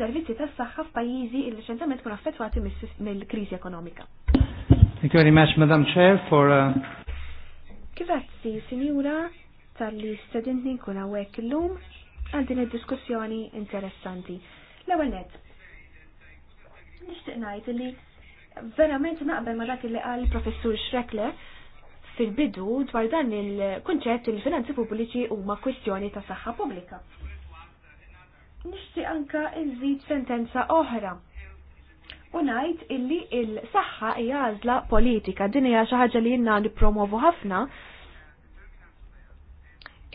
servizzi tas saħħa f'pajjiżi illi ċentament kun affettwati mill-kriżi ekonomika. Thank you very much, Madam Chair, for... Uh, Grazzi, Sinjura, tal-li stedintni kun għawek l-lum għandin din id-diskussjoni interessanti. L-ewwel nett. Nixtieq ngħid li verament naqbel ma dak li qal professur Schreckler fil-bidu dwar dan il-kunċett il-finanzi pubbliċi huma kwestjoni ta' saħħa pubblika. Nixtieq anka nżid sentenza oħra unajt illi il-saxħa hija għażla politika. Din hija xi ħaġa li jinna nippromovu ħafna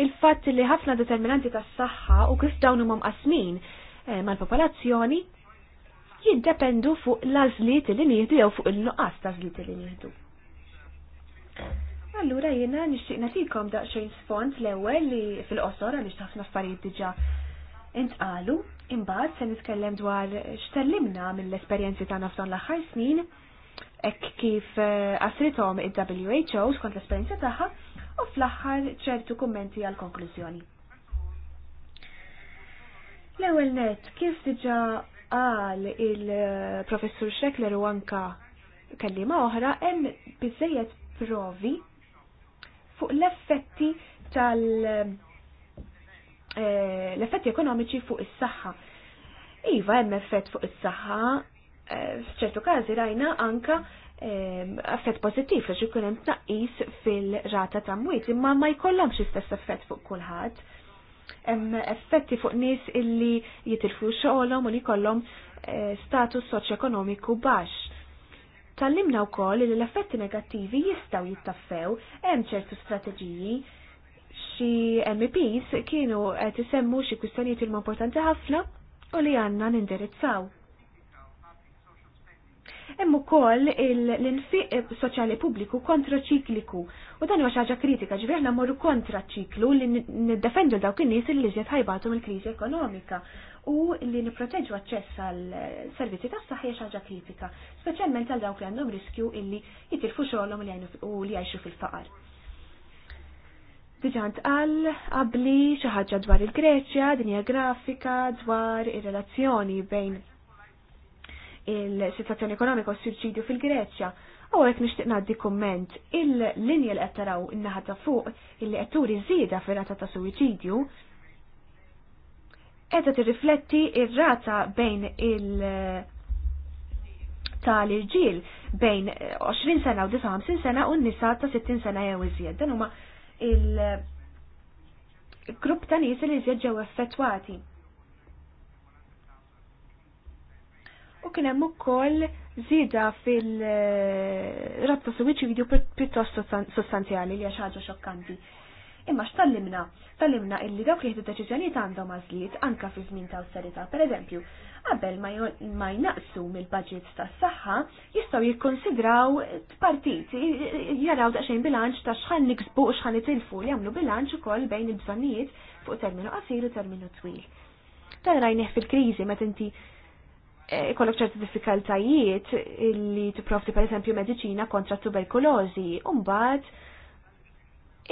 il-fatt li ħafna determinanti tas saħħa u kif dawn huma mqasmin eh, mal-popolazzjoni jiddependu fuq l-għażliet li nieħdu jew fuq il-nuqqas ta' żliet li nieħdu. Allura jiena nixtieq nagħtikom daqsxejn sfond l-ewwel li fil-qosor għaliex ħafna affarijiet diġà intqalu, imbagħad se nitkellem dwar x'tellimna mill-esperjenzi tagħna f'dan l-aħħar snin hekk kif qasrithom eh, il-WHO skont l-esperjenza tagħha u fl-aħħar ċertu kummenti għal konklużjoni. L-ewwel net kif diġà qal il-professur Schreckler u anka kellima oħra hemm biżejjed provi fuq l-effetti tal eh, l-effetti ekonomiċi fuq is-saħħa. Iva hemm effett fuq is-saħħa, eh, f'ċertu każi rajna anka effett pozittiv għax ikun hemm tnaqqis fil-rata ta' mwiet imma ma jkollhomx istess effett fuq kulħadd. Hemm effetti fuq nies illi jitilfu xogħolhom u li jkollhom eh, status soċjoekonomiku baxx. Tallimna wkoll li l-effetti negattivi jistgħu jittaffew hemm ċertu strateġiji xi MEPs kienu qed isemmu xi kwistjonijiet ilma importanti ħafna u li għandna nindirizzaw. Immu kol l-infiq soċjali pubbliku kontra ċikliku. U dan huwa xi ħaġa kritika, ġifier morru mmorru kontra ċiklu li niddefendu dawk in-nies li ġiet ħajbatu mill-kriżi ekonomika u li nipproteġu aċċess għal servizzi ta' saħħa xaġa ħaġa kritika, speċjalment għal dawk li għandhom riskju illi jitilfu xogħolhom u li jgħixu fil-faqar. Diġant għal qabli xi ħaġa dwar il-Greċja, dinja grafika dwar ir-relazzjoni bejn il-situazzjoni ekonomika u s-suċidju fil-Greċja. U għek nishtiq naddi komment, il-linja li għattaraw innaħata fuq il-li għatturi zida fil-rata ta' suċidju, t tirrifletti il-rata bejn il- tal-irġil bejn 20 sena u 59 sena u n-nisa ta' 60 sena jew iżjed. Dan huma il-grupp ta' nies li iżjed ġew effettwati. u kien hemm ukoll żieda fil-rabta suwiċidju pjuttost sostanzjali li għax ħaġa xokkanti. Imma x'tallimna? Tallimna illi dawk li ħdu deċiżjonijiet għandhom għażliet anke fi żmien ta' awsterità. Pereżempju, qabel ma jnaqsu mill-budget tas-saħħa, jistgħu jikkonsidraw partit, jaraw daqsxejn bilanċ ta' x'ħan niksbu u x'ħan itilfu li jagħmlu bilanċ ukoll bejn il-bżonnijiet fuq terminu qasir u terminu twil. Dan rajnieh fil-kriżi meta inti Eh, ikollok ċerti diffikultajiet li tipprovdi per eżempju medicina kontra tuberkulozi, mbagħad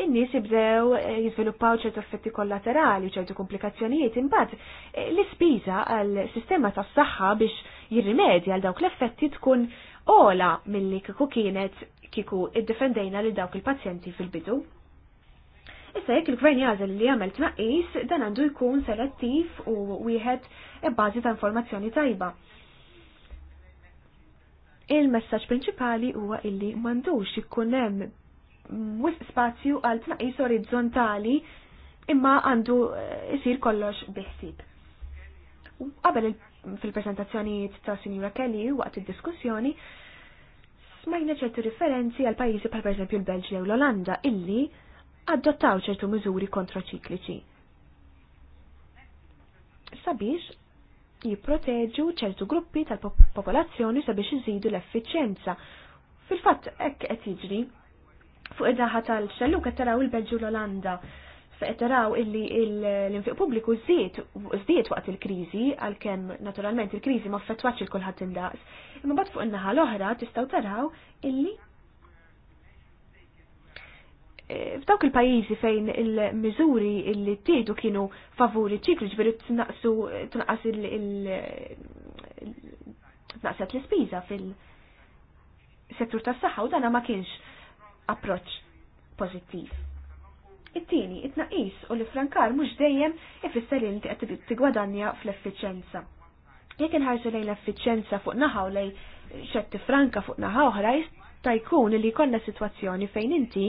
in-nies jibdew eh, jiżviluppaw ċertu effetti kollaterali, ċertu komplikazzjonijiet, imbagħad eh, l-ispiża għal sistema tas-saħħa biex jirrimedja għal dawk l-effetti tkun ola milli kieku kienet kieku iddefendejna lil dawk il-pazjenti fil-bidu. Issa jekk il-gvern jagħżel li jagħmel tnaqqis, dan għandu jkun selettiv u wieħed bażi ta' informazzjoni tajba. Il-messaġġ prinċipali huwa illi m'għandux ikun hemm wisq spazju għal tnaqqis orizzontali imma għandu eh, isir kollox biħsib. Qabel fil-presentazzjonijiet ta' Sinjura Kelly waqt id-diskussjoni, smajna ċertu referenzi għal pajjiżi bħal pereżempju l-Belġja u l-Olanda illi adottaw ċertu miżuri kontraċikliċi. Sabiex jipproteġu ċertu gruppi tal-popolazzjoni sabiex iżidu l-effiċenza. Fil-fatt hekk qed jiġri fuq id-daħa tal-xellu qed taraw il-Belġu l-Olanda qed taraw illi l-infiq pubbliku żdiet waqt il-kriżi għalkemm naturalment il-kriżi ma ffettwaċ il kulħadd indaqs. Imma bad fuq in-naħa l-oħra tistgħu taraw illi Eh, f'dawk il-pajjiżi fejn il-miżuri li tiedu kienu favuri ċiklu ġbiri tnaqsu eh, tnaqas il-tnaqsat l-ispiża fil-settur tas-saħħa u dana ma kienx approċċ pożittiv. It-tieni, it-naqis u l-frankar mhux dejjem ifisser li inti qed tigwadanja fl-effiċenza. Jekk inħarsu lejn l-effiċenza fuq naħa u lejn xetti franka fuq naħa oħra jista' jkun li jkollna sitwazzjoni fejn inti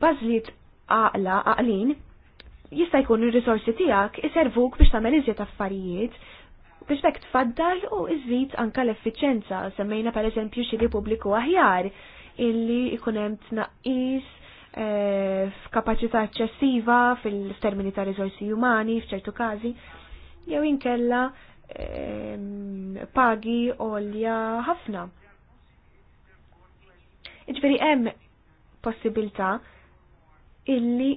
bażlit għaqla għaqlin jista' jkun ir-risorsi tiegħek iservuk biex tagħmel iżjed affarijiet biex bekk tfaddal u iżid anka l-effiċenza. Semmejna per eżempju xiri pubbliku aħjar illi jkun hemm tnaqqis eh, f'kapaċità eċċessiva fil-termini ta' riżorsi umani f'ċertu każi, jew inkella ehm, pagi olja ħafna. Iġveri hemm possibilità illi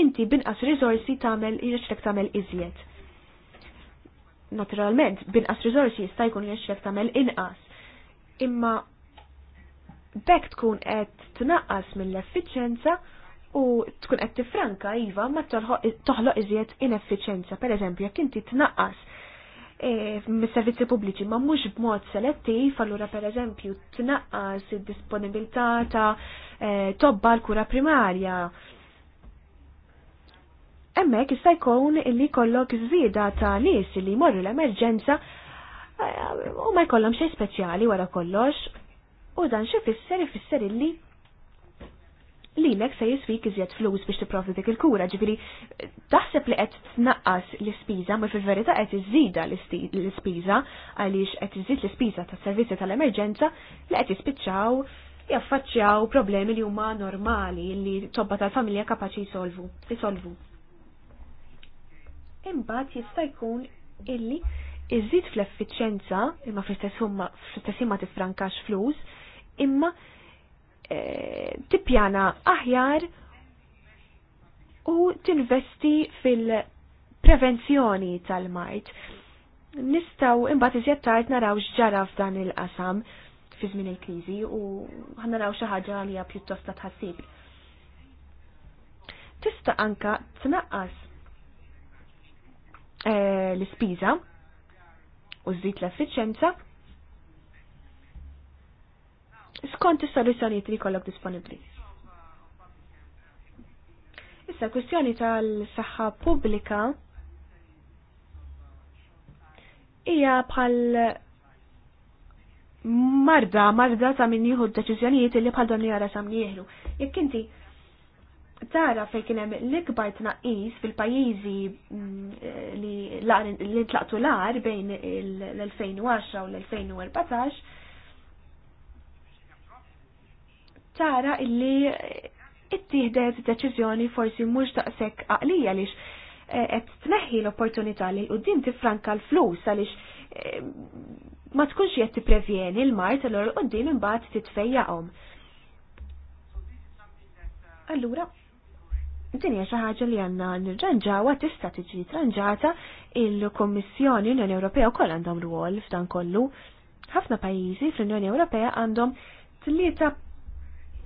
inti binqas risorsi tagħmel jirċrek tagħmel iżjed. Naturalment, binqas risorsi jista' jkun jirċrek tagħmel inqas. Imma bekk tkun qed tnaqqas mill-effiċenza u tkun qed tifranka iva ma toħloq iżjed ineffiċenza. Pereżempju, jekk inti tnaqqas e, mis-servizzi pubbliċi ma mhux b'mod selettiv, allura pereżempju tnaqqas id-disponibilità ta' e, tobba l-kura primarja, Emmek issa jkun illi kollok zvida ta' nies li jmorru l-emerġenza eh, u ma jkollhom xejn speċjali wara kollox u dan xe fisser ifisser illi lilek se jiswik iżjed flus biex tipprovdi dik il-kura, ġifiri taħseb li qed tnaqqas l-ispiża, ma fil-verità qed iżida l-ispiża għaliex qed iżid l-ispiża tas-servizzi tal-emerġenza li qed jispiċċaw jaffaċċjaw problemi li huma normali li tobba tal-familja kapaċi jisolvu imbagħad jista' jkun illi iżid fl-effiċenza imma fl-istess ma tifrankax flus imma eh, tippjana aħjar u tinvesti fil-prevenzjoni tal-mart. Nistaw imbagħad iżjed tard naraw x'ġara f'dan il-qasam fi żmien il-kriżi u naraw xi ħaġa li hija pjuttost ta' tħassib. Tista' anka tnaqqas Eh, l-ispiża u żżid l-effiċenza skont is-soluzzjonijiet li jkollok disponibbli. Issa kwistjoni tal-saħħa pubblika hija bħal marda, marda ta' min jieħu d-deċiżjonijiet li bħal dan jara jara min jieħlu. Jekk inti tara fej kien hemm l-ikbar tnaqqis fil-pajjiżi mm, eh, li ntlaqtu l għar bejn l-2010 u l-2014 tara illi ittieħdet deċiżjoni forsi mhux daqshekk għaqlija għaliex eh, qed tneħħi l-opportunità li quddiem tifranka l-flus għaliex eh, ma tkunx qed tipprevjeni l-mart allura quddiem imbagħad titfejjaqhom. Allura, din hija xi ħaġa li għandna nirranġawha tista' tiġi tranġata il-Kommissjoni Unjoni Ewropea wkoll għandhom rwol f'dan kollu. Ħafna pajjiżi fl-Unjoni Ewropea għandhom tlieta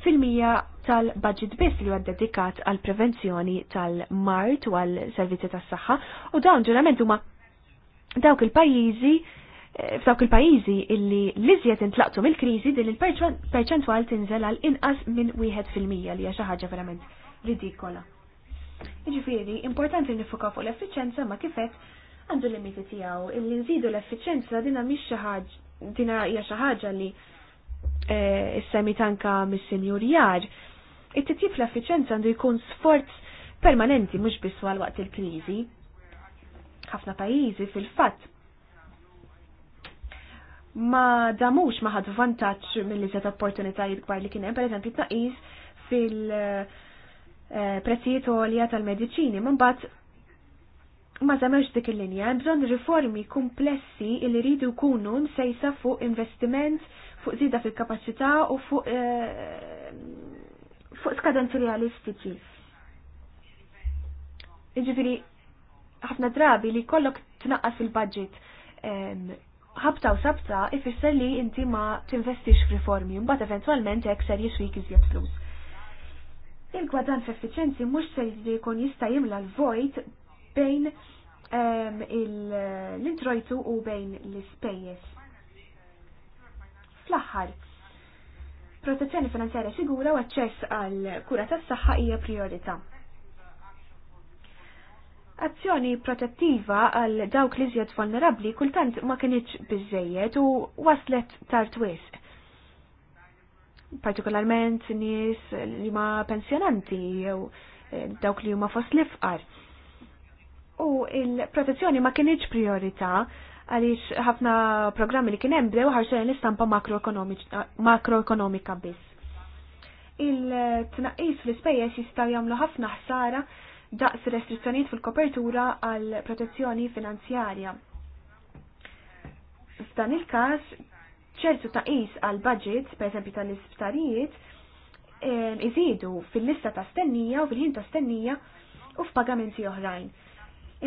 fil-mija tal-budget biss li huwa dedikat għal prevenzjoni tal-mart u għal servizzi tas-saħħa u dawn ġurament huma dawk il-pajjiżi eh, f'dawk il-pajjiżi illi l-iżjed intlaqtu mill-kriżi din il-perċentwal tinżel għal inqas minn wieħed fil-mija li hija xi ħaġa verament ridikola. Jiġifieri, importanti nifuka fuq l-effiċenza ma kifet għandu limiti tiegħu. Illi nżidu l-effiċenza dina mhix xi ħaġa dina hija xi ħaġa li eh, issemi tanka mis-senjur jar. It-titjib l-effiċenza għandu jkun sforz permanenti mhux biss għal waqt il-kriżi. Ħafna pajjiżi fil-fatt ma damux ma ħadu vantaġġ mill-li opportunitajiet kbar li kien hemm, t tnaqis fil- uh, Eh, prezzijiet għolja tal-medicini, man bat ma zamerġ dik il-linja, bżon riformi komplessi li rridu kunu nsejsa fuq investiment, fuq zida fil-kapacità u fuq eh, fuq skadenzi realistiċi. Iġifiri, ħafna drabi li kollok tnaqqas il-budget ħabta u sabta ifisser li inti ma tinvestix f'riformi, mbagħad eventwalment hekk ser jixwik iżjed flus il-gwadan f'effiċenzi mhux se jkun jista' jimla l-vojt bejn l-introjtu u bejn l-ispejjeż. Fl-aħħar, protezzjoni finanzjarja sigura u aċċess għal kura tas-saħħa hija priorità. Azzjoni protettiva għal dawk li zjed vulnerabbli kultant ma kienieċ biżejjed u waslet tard wisq partikolarment nies li ma pensjonanti jew eh, dawk li huma fost l-ifqar. U il-protezzjoni ma kienieċ priorità għaliex ħafna programmi li kien hemm bdew ħarsu l-istampa eh, makroekonomika biss. Il-tnaqqis fl-ispejjeż jistgħu jagħmlu ħafna ħsara daqs restrizzjonijiet fil-kopertura għal protezzjoni finanzjarja. F'dan il-każ ċertu is għal budget, per eżempju tal-isptarijiet, iżidu fil-lista ta' stennija u fil-ħin ta' stennija u f'pagamenti oħrajn.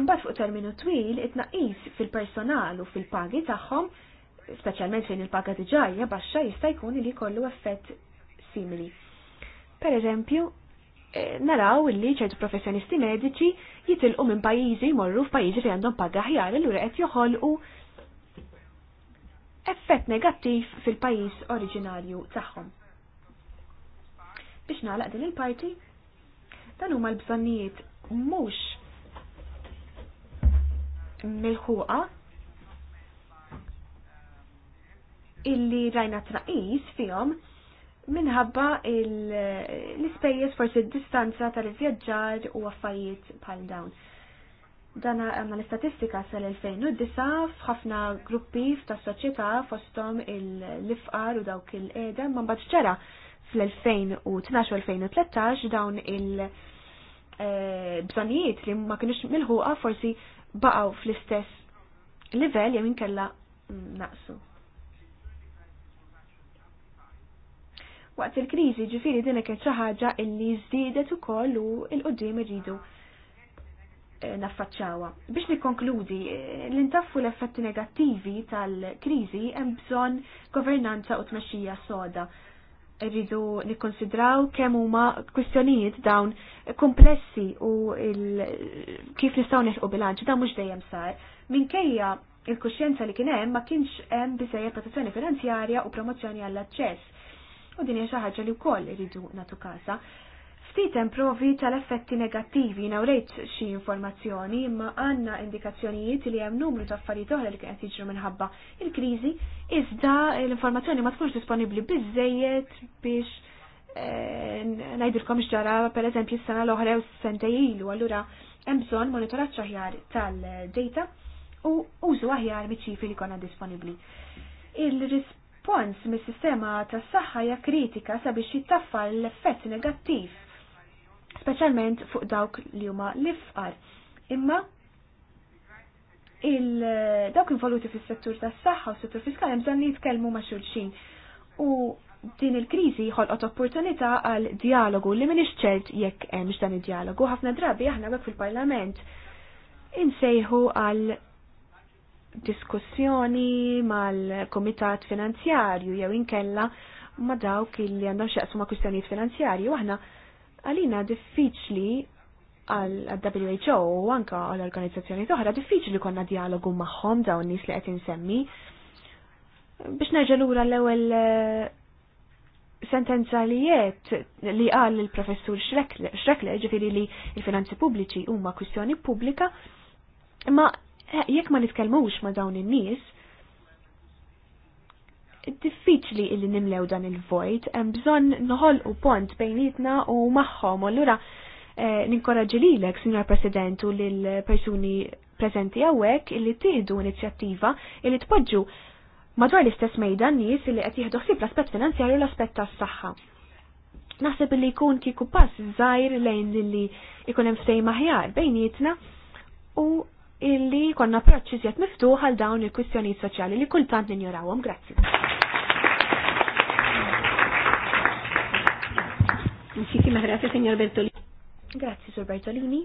Imbagħad fuq terminu twil, it-tnaqqis fil-personal u fil-pagi tagħhom, speċjalment fejn il-paga diġajja baxxa jista' jkun li jkollu effett simili. Per eżempju, eh, naraw li ċertu professjonisti mediċi jitilqu minn pajjiżi jmorru f'pajjiżi li għandhom paga ħjar l qed joħolqu effett negattiv fil-pajis oriġinarju tagħhom. Biex nagħlaq din il-parti, dan huma l-bżonnijiet mhux mill illi rajna tnaqis fihom minħabba l-ispejjeż forsi d-distanza tal-vjaġġar u affarijiet bħal dawn. Dan għanna eh, l-istatistika sal-2009 f'ħafna gruppi f'ta' soċjetà fostom il-lifqar u dawk il edem man mbagħad fl-2012 u 2013 dawn il- eh, bżanijiet li ma kienux milħuqa forsi baqaw fl-istess livell jew kella naqsu. Waqt il-kriżi ġifiri din kien ħaġa illi żdiedet ukoll u l qudiem irridu Eh, naffaċċawa. Biex nikkonkludi, eh, l-intaffu l-effetti negattivi tal-krizi hemm bżonn governanza u tmexxija soda. Rridu nikkonsidraw kemm huma kwistjonijiet dawn komplessi u kif nistgħu neħqu bilanċ, dan mhux dejjem sar. Minkejja il-kuxjenza li kien hemm ma kienx hemm biżejjed protezzjoni finanzjarja u promozzjoni għall-aċċess. U din hija xi ħaġa li wkoll irridu nagħtu każa ftit hemm provi tal-effetti negattivi nawrejt xi informazzjoni imma għandna indikazzjonijiet li hemm numru ta' affarijiet oħra li qed jiġru minħabba il-kriżi iżda l-informazzjoni ma tkunx disponibbli biżejjed biex eh, ngħidilkom x'ġara pereżempju s-sena l-oħra u s-sentej ilu allura hemm bżonn monitoraġġ aħjar tal-data u użu aħjar miċ li konna disponibbli. il rispons mis sistema tas saħħa hija kritika sabiex jittaffa l-effett negattiv speċjalment fuq dawk li huma l-ifqar. Imma il dawk involuti fis-settur tas-saħħa u settur fiskali hemm bżonn li jitkellmu ma' xulxin. U din il-kriżi ħolqot opportunità għal dialogu li min ċelt jekk hemm dan id-dialogu. Ħafna drabi aħna hekk fil-Parlament insejħu għal diskussjoni mal-Komitat Finanzjarju jew inkella ma' dawk li għandhom xaqsu ma' kwistjonijiet finanzjarji aħna Għalina diffiċli għal-WHO u anka għal-organizzazzjoni toħra diffiċli konna dialogu maħħom dawn nis li qed insemmi. Biex nerġa' lura l-ewwel eh, sentenza li jiet li qal il-professur Xrekle, ġifiri li l-finanzi pubbliċi huma kwistjoni pubblika, imma eh, jekk ma nitkellmux ma dawn in-nies, diffiċli illi nimlew dan il-vojt, hemm bżonn u pont bejnietna u magħhom. Allura eh, ninkoraġġi lilek, Sinjor President, u lill-persuni preżenti hawnhekk illi tieħdu inizjattiva illi tpoġġu madwar l-istess mejda nies illi qed jieħdu ħsieb l-aspett finanzjarju u l-aspett tas-saħħa. Naħseb illi jkun kieku pass żgħir lejn illi jkun hemm ftehim aħjar bejnietna u illi konna approċċi siet miftuħ għal dawn il-kwistjonijiet soċjali li kultant ninjorawhom. Grazzi. Muchísimas gracias, señor Bertolini. Grazie, Sor Bertolini.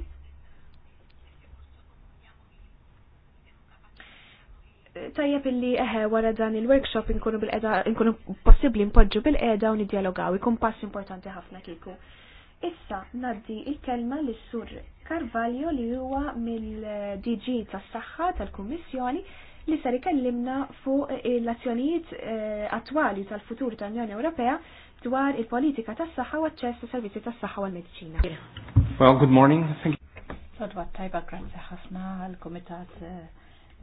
Tajjeb illi eħe wara dan il-workshop inkunu bil-qeda, inkunu possibli npoġġu bil-qeda u nidjalogaw, ikun pass importanti ħafna kieku. Issa naddi il-kelma l sur Carvalho li huwa mill-DG tas-saħħa tal-Kummissjoni li sar ikellimna fuq l-azzjonijiet eh, attwali tal-futur tal-Unjoni Ewropea dwar il-politika tas-saħħa u aċċess ta' servizzi tas-saħħa l mediċina Well, good morning. Thank you. Sodwa tajba grazzi ħafna għal-Komitat eh,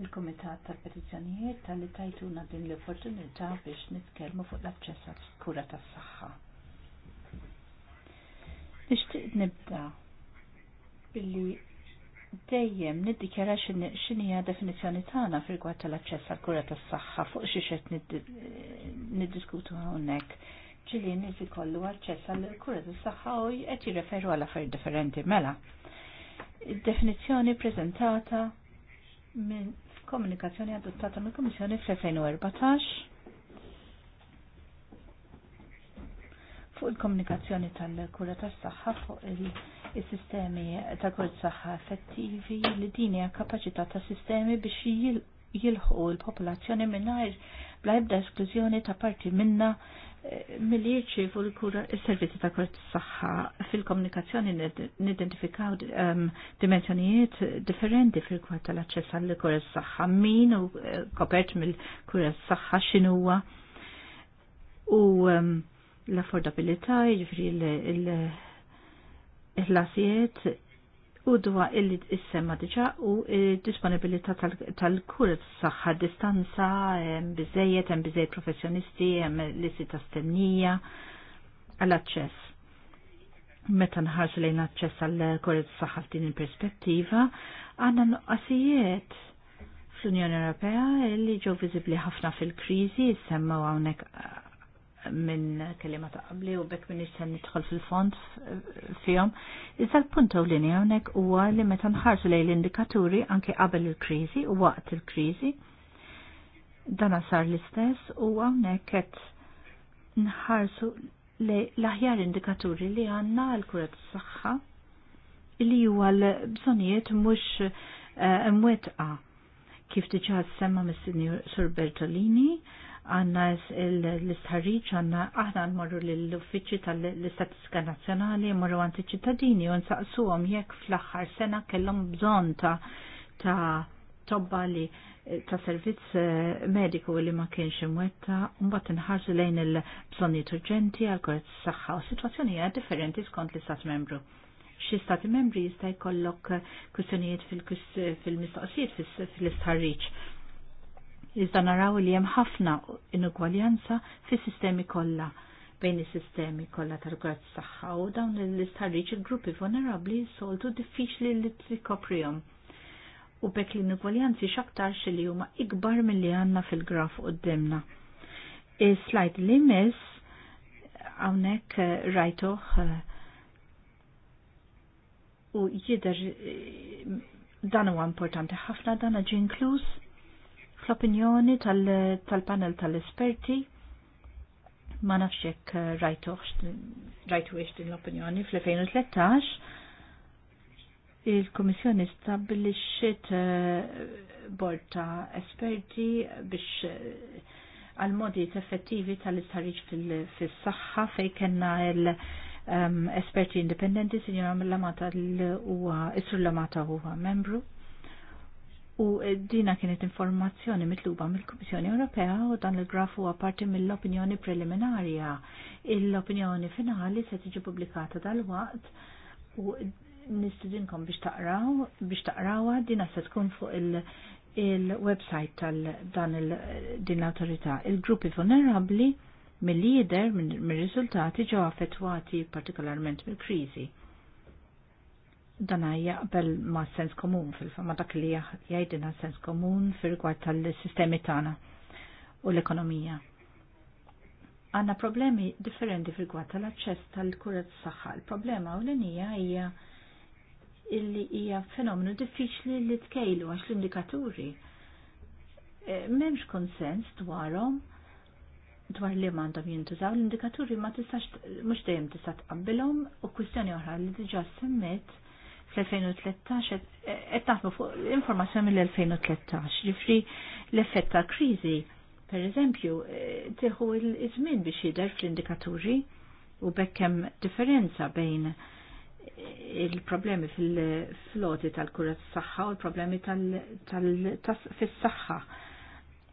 il-Komitat tal-Petizzjonijiet tal-li tajtuna din l-opportunità biex nitkellmu fuq l-aċċess għal-kura tas-saħħa. Nixtieq nibda billi dejjem niddikjara xini hija definizzjoni tagħna fil-gwad tal-aċċess għall-kura tas-saħħa fuq xi qed niddiskutu hawnhekk. Ġili nies ikollu aċċess għall-kura tas-saħħa u qed jirreferu għal affarijiet differenti mela. Id-definizzjoni preżentata minn komunikazzjoni adottata mill-Kummissjoni fl-2014 fuq il-komunikazzjoni tal-kura tas-saħħa fuq il-sistemi ta' kura tas-saħħa effettivi li din hija kapaċità ta' sistemi biex jilħu l-popolazzjoni mingħajr bla ebda esklużjoni ta' parti minna eh, milli jirċievu l-kura s-servizzi ta' kura tas-saħħa fil-komunikazzjoni nidentifikaw ehm, dimensjonijiet differenti fil-kwad tal-aċċess għall-kura tas-saħħa min u eh, kopert mill-kura tas-saħħa xinuwa u um, l-affordabilità, ġifri l-ħlasijiet u dwa illi s-semma diġa u disponibilità tal-kur s-saxħa distanza, bizzejiet, hemm bizzejiet professjonisti, hemm l-issi ta' stennija, għall-access. Meta nħarsu lejn access għall-kur s-saxħa f'din il-perspettiva, għanna nuqqasijiet fl-Unjoni Ewropea li ġew viżibbli ħafna fil-kriżi, semmaw hawnhekk minn kelima ta' qabli u bekk minn ixten nidħol fil-fond fihom. Iżda l-punt ewlieni hawnhekk huwa li meta nħarsu lejn l-indikaturi anke qabel il-kriżi u waqt il-kriżi dana sar l-istess u hawnhekk qed nħarsu l-aħjar indikaturi li għandna għal-kura tas-saħħa li huwa l-bżonijiet mhux eh, mwetqa kif diġà semma mis-Sinjur Sur Bertolini għanna l-istħarriċ għanna aħna nmorru l-uffiċi tal-istatistika nazjonali, morru għanti ċittadini u għom jekk fl-axħar sena kellhom bżon ta' ta' tobba li ta' servizz eh, mediku li ma kienx imwetta, mbagħad inħarsu lejn il-bżonnijiet urġenti għal korret s saxħa u situazzjoni hija differenti skont l-istat membru. Xi stati membri jista' jkollok kwistjonijiet fil-mistoqsijiet fil-istħarriċ Iżda naraw li hemm ħafna inugwaljanza fis-sistemi kollha bejn is-sistemi kollha tal-grazz saħħa u dawn l-istħarriġ il-gruppi vulnerabbli soltu diffiċli li tikoprihom. U bekk l-inugwaljanzi x'aktar li huma ikbar milli għandna fil-graf qudiemna. Is-slajd li miss hawnhekk eh, rajtuh eh, u jidher eh, dan huwa importanti ħafna dan ġi inkluż fl-opinjoni tal-panel tal-esperti ma nafxek eh, rajtu għiex din l-opinjoni fl-2013 il-Komissjoni stabilixxiet eh, bord ta' esperti biex eh, għal-modi effettivi tal-istħarriġ fil-saħħa fej kena l-esperti ehm, indipendenti, sinjora Lamata l-uwa, Isru Lamata huwa membru U dina kienet informazzjoni mitluba mill-Kummissjoni Ewropea u dan il-graf huwa parti mill-opinjoni preliminarja. L-opinjoni finali se tiġi pubblikata dal-waqt u nistudinkom biex taqraw biex taqrawha dina se tkun fuq il-website tal-dan din l-autorità. Il-gruppi vulnerabbli mill-lider, mill-riżultati ġew affettwati partikolarment mill-kriżi dana jaqbel ma' sens komun fil-fama dak li jgħidina sens komun fil-rigward tal-sistemi tagħna u l-ekonomija. Għanna problemi differenti fil-gwad tal-aċċess tal-kurat s-saxħa. Il-problema u l-enija hija illi hija fenomenu diffiċli li tkejlu għax l-indikaturi. Eh, Memx konsens dwarhom dwar li mandom jintużaw l-indikaturi ma tistax mhux dejjem tista' tqabbilhom u kwistjoni oħra li diġà semmet fl-2013 qed naħdmu fuq l-informazzjoni mill-2013. Ġifri l-effett ta' kriżi, per eżempju, eh, tieħu l-iżmin biex jidher fl-indikaturi u bekkem differenza bejn eh, il-problemi fil-floti tal-kura tas saħħa u l-problemi tal-fis-saħħa.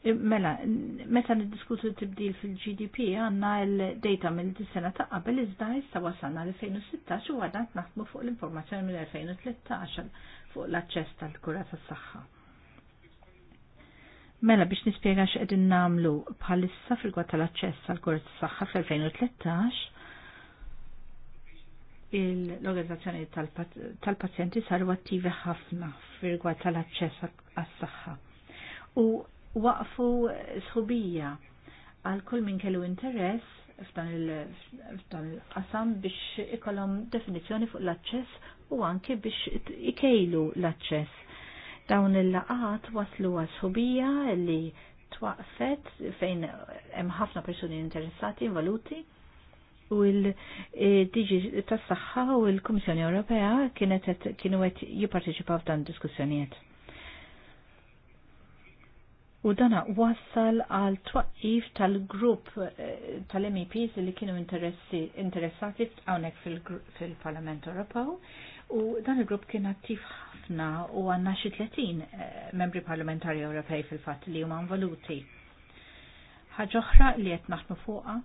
Mela, meta niddiskutu tibdil fil-GDP għanna l-data mill-dis-sena ta' qabel iżda issa wasalna l-2016 u għadna naħdmu fuq l-informazzjoni mill-2013 fuq l-aċċess tal-kura tas-saħħa. Mela biex nispjega x'qegħdin nagħmlu bħalissa fil-gwa tal-aċċess għall-kura tas-saħħa fl-2013 l-organizzazzjoni tal-pazjenti saru attivi ħafna fil-gwa tal-aċċess għas-saħħa. U waqfu sħubija għal kull min kellu interess f'dan il-qasam biex ikollhom definizzjoni fuq l-aċċess u anke biex ikejlu l-aċċess. Dawn il-laqat waslu għas sħubija li twaqfet fejn hemm ħafna persuni interessati involuti u l-Diġi tas-Saħħa u l-Kummissjoni Ewropea kienu qed jipparteċipaw f'dan diskussjonijiet u dana wassal għal twaqif tal-grupp eh, tal-MEPs li kienu interessati għonek fil-Parlament Ewropew u dan il-grupp kien attiv ħafna u għanna xi 30 eh, membri parlamentari Ewropej fil-fatt li huma involuti. Ħaġa oħra li qed naħdmu fuqha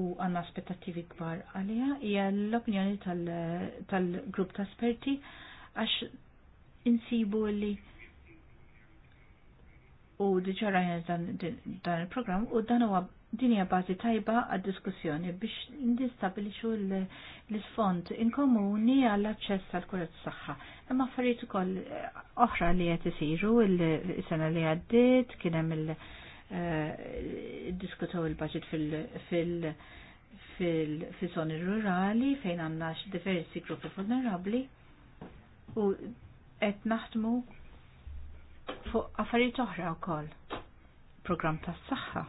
u għanna aspettativi kbar għalija hija l-opinjoni tal-grupp ta' esperti għax insibu li u diġarajna dan il-program u dan huwa dinja bazi tajba għad-diskussjoni biex nistabilixu l-sfond inkomuni għall-aċċess għal-kura s-saxħa. Imma affarijiet ukoll eh, oħra li qed isiru il-sena li għaddiet kien hemm il eh, diskutu il-budget fil- fil rurali fejn għanna diversi gruppi vulnerabli u qed naħdmu fuq affarijiet oħra wkoll. Program tas-saħħa.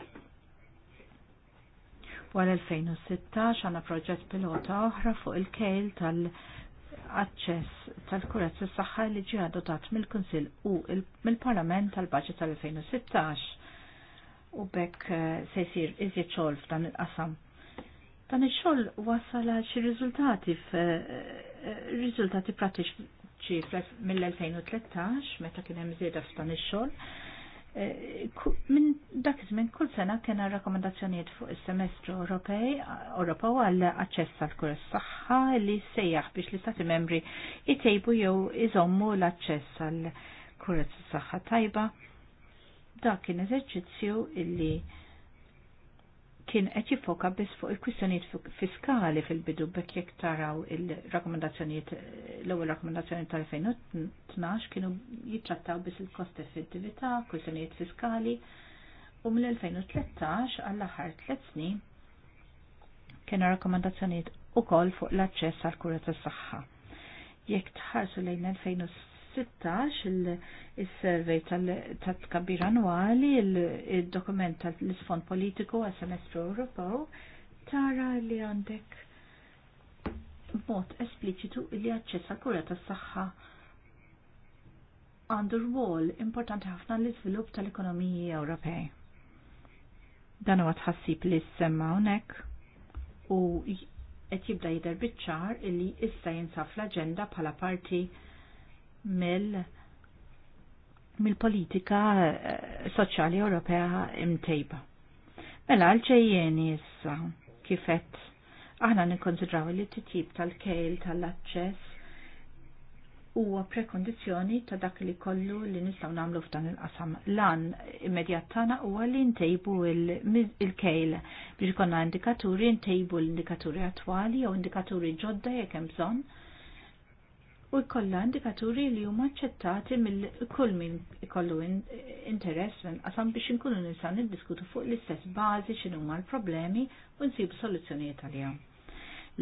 Wara 2016 għandna proġett pilota oħra fuq il-kejl tal- aċċess tal-kurezz tas saħħa li ġie adottat mill-Kunsill u mill-Parlament tal-Baġit tal-2016 u bekk eh, se jsir iżjed xogħol f'dan il-qasam. Dan ix-xogħol wasal għal xi riżultati eh, eh, riżultati pratiċi ġi mill-2013 meta kien hemm żieda f'dan ix-xogħol eh, minn dak iż-żmien kull sena kien rakkomandazzjonijiet fuq is-semestru Ewropej Ewropew għal aċċess għal kura saħħa li sejjaħ biex l-istati membri jtejbu jew iżommu l-aċċess għal kura saħħa tajba. Dak kien eżerċizzju illi kien qed jiffoka biss fuq il-kwistjonijiet fiskali fil-bidu bekk jekk taraw il-rakkomandazzjonijiet l-ewwel rakkomandazzjoni tal-2012 kienu jittrattaw biss il-kost effettività, kwistjonijiet fiskali u mill-2013 għall aħħar tliet snin kienu rakkomandazzjonijiet ukoll fuq l-aċċess għall kura tas-saħħa. Jekk tħarsu lejn 2016 2016 il-survey tal-tkabbir annwali, il-dokument tal-isfond politiku għas semestru Ewropew, tara li għandek mod espliċitu li għacċess għal-kura tas-saħħa għandu rwol importanti ħafna l-iżvilupp tal-ekonomiji Ewropej. Dan huwa tħassib li semma hawnhekk u qed jibda jidher biċ-ċar illi issa jinsaf l-aġenda bħala parti mill mill-politika eh, soċjali Ewropea imtejba. Mela għalġejjeni issa kifet aħna nikkonsidraw li t-tip tal-kejl tal-aċċess huwa prekondizzjoni ta' dak li kollu li nistgħu nagħmlu f'dan il-qasam. Lan immedjat tagħna huwa li ntejbu il-kejl biex ikollna indikaturi, ntejbu l-indikaturi attwali jew indikaturi ġodda jekk hemm bżonn u jkollha indikaturi li huma aċċettati mill kull min ikollu interess minn qasam biex inkunu nisa niddiskutu fuq l-istess bażi x'inhuma l-problemi u nsibu soluzzjonijiet għalihom.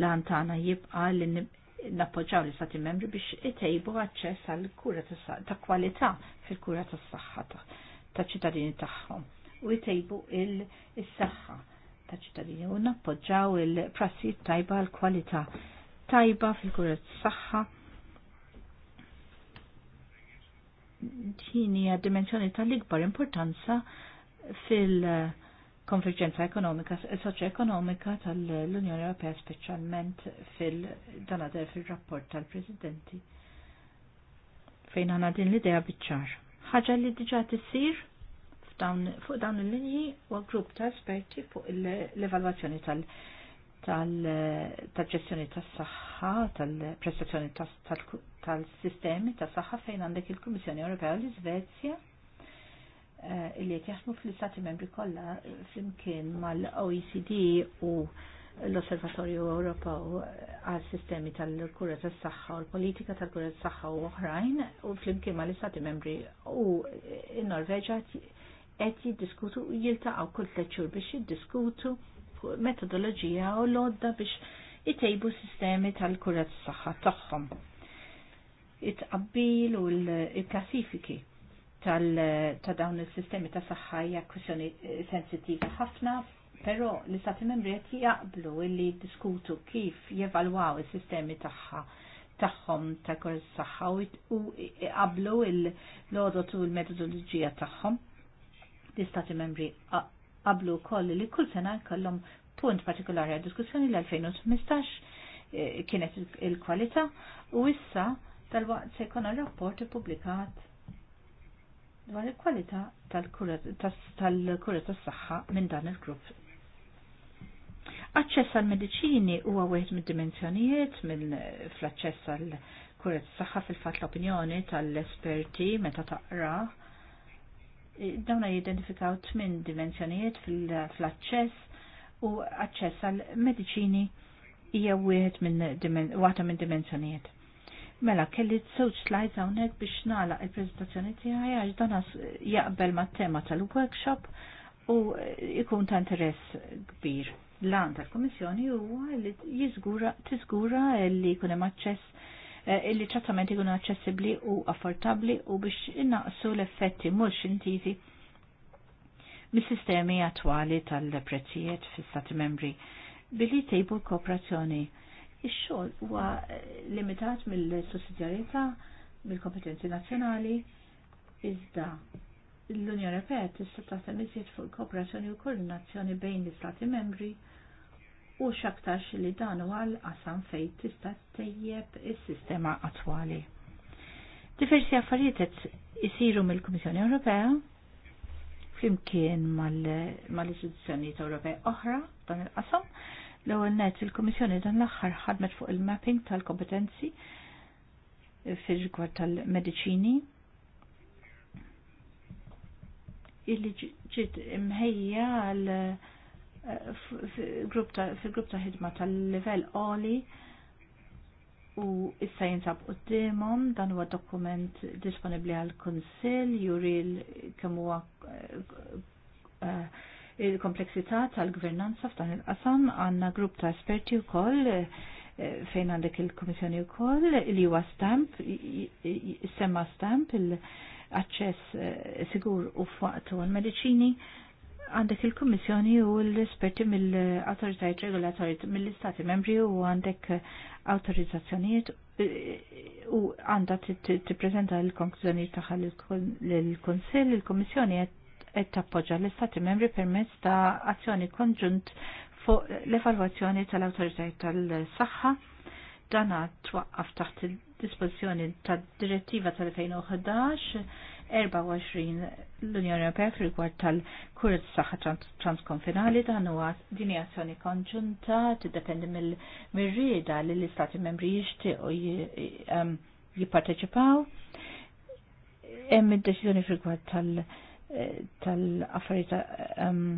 Lan tagħna jibqa' li nappoġġaw l-istati membri biex itejbu aċċess għal kura ta' kwalità fil-kura tas saħħa ta' ċittadini tagħhom u jtejbu il-saħħa ta' ċittadini u nappoġġaw il-prassi tajba għal kwalità tajba fil-kura tas saħħa ċini hija dimensjoni tal-ikbar importanza fil konferġenza ekonomika, ekonomika tal-Unjoni Ewropea speċjalment fil-danader fil-rapport tal-Presidenti. Fejn għana din l-idea bieċar. ħaġa li diġa t-sir fuq dawn il-linji u grupp ta' esperti fuq l-evalwazzjoni tal- tal-ġestjoni tas-saħħa, tal-prestazzjoni tal tal-sistemi ta' saħħa fejn għandek il-Kummissjoni Ewropea u l-Iżvezja eh, li qed jaħdmu fl-Istati Membri kollha flimkien mal-OECD u l-Osservatorju Ewropew għal sistemi tal-kura tas-saħħa u l-politika tal-kura tas-saħħa u oħrajn u flimkien mal-Istati Membri u n-Norveġa qed jiddiskutu u jiltaqgħu kull tliet xhur biex jiddiskutu metodoloġija u lodda biex itejbu sistemi tal-kura tas-saħħa tagħhom it-qabbil u l-klassifiki ta' dawn il-sistemi ta' saħħajja kwissjoni kwistjoni eh, ħafna, però l-istati membri qed jaqblu illi diskutu kif jevalwaw is-sistemi tagħha tagħhom ta' kors saħħa u qablu l-lodot u l-metodoloġija tagħhom. L-istati membri qablu koll li kull sena jkollhom punt partikolari għad diskussjoni l-2015 eh, kienet il-kwalità u issa tal waqt se jkun rapport ippubblikat dwar il-kwalità tal-kura tas-saħħa minn dan il-grupp Aċċess għal mediċini huwa wieħed mid-dimensjonijiet minn fl-aċċess għal kura tas-saħħa fil-fatt l-opinjoni tal-esperti meta taqra dawna jidentifikaw tmien dimensjonijiet fl-aċċess u aċċess għal mediċini hija wieħed minn waħda minn dimensjonijiet. Mela, kelli t-sewċ slides għonek biex nala il-prezentazzjoni tiegħi għax danas jaqbel ma' tema tal-workshop u ikun ta' interess kbir. L-għan tal-Komissjoni huwa li jizgura, tiżgura li jkun hemm aċċess illi eh, ċattamenti jkunu aċċessibbli u affortabli u biex innaqsu l-effetti mhux intiżi mis-sistemi attwali tal-prezzijiet fis-Stati membri billi tejbu l-kooperazzjoni Ix-xogħol huwa eh, limitat mill-sussidjarjetà, mill-kompetenzi nazzjonali, iżda l-Unjoni Ewropea tista' taħdem iżjed fuq kooperazzjoni u koordinazzjoni bejn l-Istati membri u x'aktax li dan huwa l-qasam fejn tista' tejjeb is-sistema attwali. Diversi affarijiet qed isiru mill-Kummissjoni Ewropea flimkien mal-istituzzjonijiet Ewropej oħra dan il-qasam L-ewwel net il-Kummissjoni dan l-aħħar ħadmet fuq il-mapping tal-kompetenzi fir-rigward tal-mediċini illi ġiet imħejja għal eh, fil-grupp ta' ħidma tal-livell oli u issa jinsab qudiemhom dan huwa dokument disponibbli għal kunsill juri kemm huwa eh, eh, il-kompleksità tal-gvernanza f'dan il-qasam għanna grupp ta' esperti u koll eh, fejn għandek il-Komissjoni u koll li huwa stamp, semma stamp il-access eh, sigur u faqtu għal-medicini għandek il-Komissjoni u l-esperti mill-autoritajt regolatorji mill-Istati membri u għandek autorizzazzjonijiet eh, u għanda t-prezenta l-konklużjoni taħħal l-Konsil, l-Komissjoni għed qed tappoġġa l-Istati membri permezz ta' azzjoni konġunt fuq l-evalwazzjoni tal-awtoritajiet tal-saħħa dan twaqqaf taħt il-dispożizzjoni tad-direttiva tal-2011 24 l-Unjoni Ewropea rigward tal-kura tas-saħħa transkonfinali dan huwa din hija azzjoni konġunta tiddependi mill-rieda li l-Istati membri jixtiequ ehm, jipparteċipaw. Hemm id-deċiżjoni rigward tal- tal-affarijiet ehm,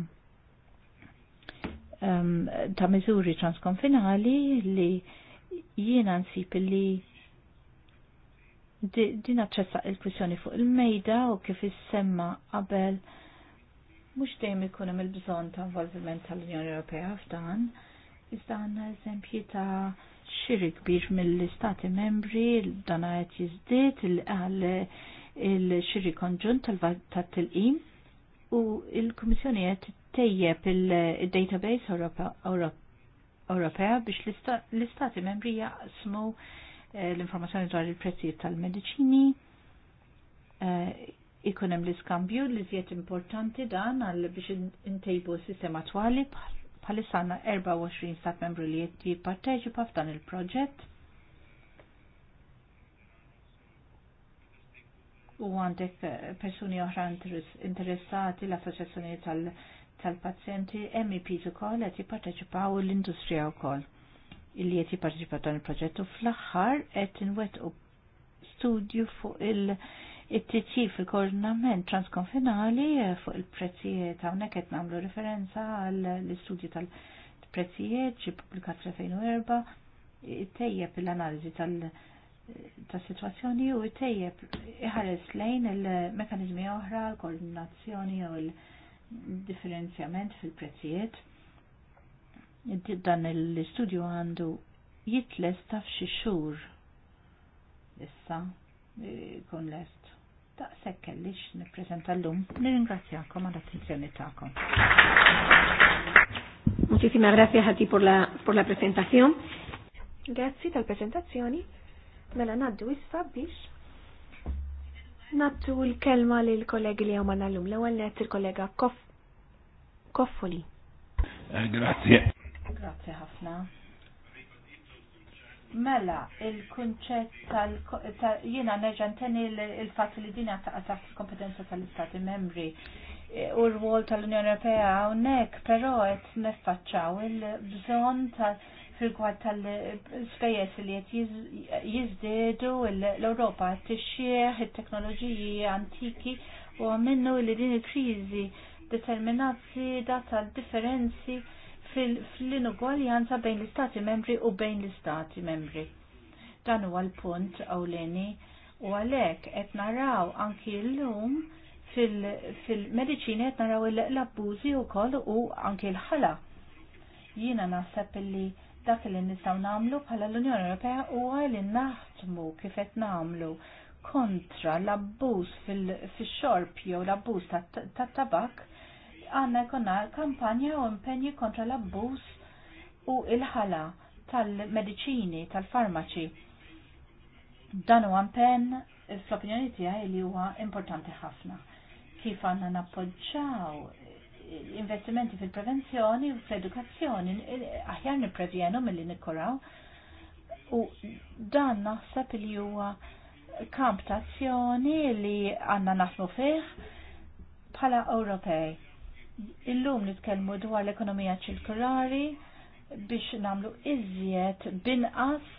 ehm, ta' miżuri transkonfinali li jiena nsib li din attressa il-kwissjoni fuq il-mejda u kif issemma qabel mhux dejjem ikun hemm il-bżonn ta' involviment tal-Unjoni Ewropea f'dan, iżda għandna eżempji ta' xiri kbir mill-Istati membri, dan qed jiżdied għal il-xiri konġunt tal-tilqim u il-Kummissjoni qed tejjeb il-database Ewropea biex l-Istati membri jaqsmu eh, l-informazzjoni dwar il-prezzijiet tal-mediċini, eh, ikun hemm l-iskambju li żjed importanti dan għal biex intejbu s-sistema twali bħalissa issana 24 stat membru li qed jipparteċipa f'dan il-proġett u għandek eh, persuni oħra interessati l associazzjoni tal-pazjenti, tal MEPs ukoll qed jipparteċipaw l-industrija wkoll illi qed jipparteċipaw dan il-proġett u fl-aħħar qed inwettqu studju fuq il- it fil-koordinament transkonfinali eh, fuq il-prezzijiet hawnhekk qed nagħmlu referenza għall-istudju tal-prezzijiet ġi publikat 2004 tejjeb l-analiżi tal-prezzijiet ta' situazzjoni u tejjeb iħares lejn il-mekanizmi oħra, l-koordinazzjoni u l-differenzjament fil-prezzijiet. Dan l-istudju għandu jitles taf xi xhur issa e, kun lest. Daqshekk kellix nippreżenta llum. Nirringrazzjakom għal attenzjoni tagħkom. Muchísimas gracias a ti por la, por la presentación. Grazie tal presentazzjoni. Mela naddu issa biex Nattu l-kelma li l-kollegi li għamana l l-ewel net il-kollega Koffoli. Eh, grazie. Grazie ħafna. Mela, il-kunċett tal- jina neġan teni il-fat li dina ta' taħt il-kompetenza tal-Istati membri e, u r-wol tal-Unjoni Ewropea unnek, pero għet neffaċċaw il-bżon tal- fil-gwad tal-spejjeż li qed jiżdiedu l-Ewropa tixxieħ it-teknoloġiji antiki u għamennu li din il-kriżi determinati da tal-differenzi fil-inugwaljanza bejn l-istati membri u bejn l-istati membri. Dan huwa l-punt awleni u għalhekk qed naraw anki llum fil-mediċina qed naraw l-abbużi wkoll u anki l-ħala. Jiena naħseb li dak li nistgħu nagħmlu bħala l-Unjoni Ewropea huwa li naħdmu kif qed nagħmlu kontra l-abbuż fix-xorb jew l-abbuż tat-tabak għandna jkollna kampanja u impenji kontra l-abbuż u il-ħala tal-mediċini, tal-farmaċi. Dan huwa impenn fl-opinjoni tiegħi li huwa importanti ħafna. Kif għandna nappoġġaw investimenti fil-prevenzjoni u fl-edukazzjoni aħjar nipprevjenu mill-li nikkoraw u dan naħseb li huwa kamp ta' azzjoni li għanna naħsmu fih bħala Ewropej. Illum nitkellmu dwar l-ekonomija ċirkolari biex namlu iżjed binqas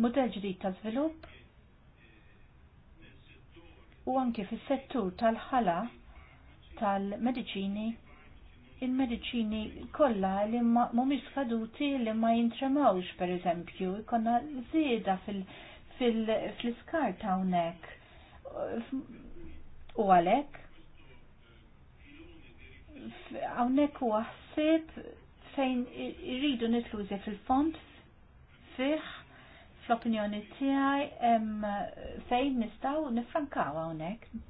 mudell ġdid ta' żvilupp u anke fis-settur tal-ħala tal-mediċini il-medicini kollha li mhumiex skaduti li ma jintremawx pereżempju, jkollna żieda fil-iskar ta' hawnhekk. U għalhekk hawnhekk huwa ħsieb fejn irridu nitlu fil-font fih fl-opinjoni tiegħi fejn nistgħu nifrankaw hawnhekk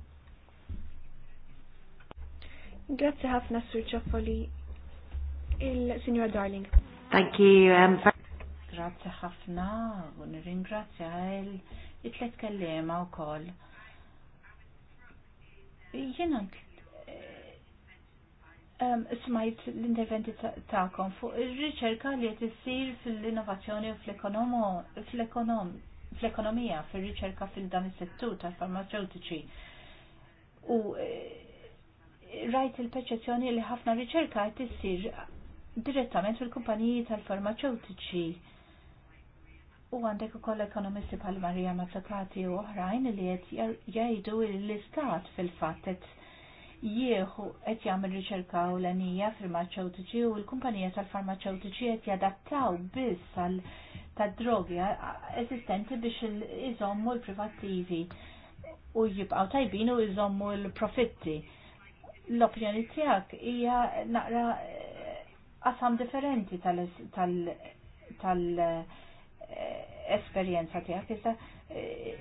Grazzi ħafna Sur Ċaffoli. Il-Signora Darling. Thank you. Um, Grazzi ħafna u nirringrazzja il-tlet kellima u koll. Jena eh, smajt l-interventi ta'kom fuq il-riċerka li qed issir fil-innovazzjoni u fl-ekonomija, fil-riċerka fil-dan is-settur tal-farmaceutiċi. U eh, rajt il-perċezzjoni li ħafna riċerka qed issir direttament fil-kumpaniji tal-farmaceutiċi. U għandek ukoll ekonomisti bħal Marija Mazzakati u oħrajn li qed jgħidu l-istat fil-fatt jieħu qed jagħmel riċerka l fil-farmaceutiċi u l-kumpanija tal-farmaceutiċi qed jadattaw biss għal tad-drogi eżistenti biex iżommu l-privattivi u jibqgħu tajbinu u izommu l-profitti l-opinjoni tiegħek hija naqra eh, qasam differenti tal-esperjenza eh, tiegħek iżda eh,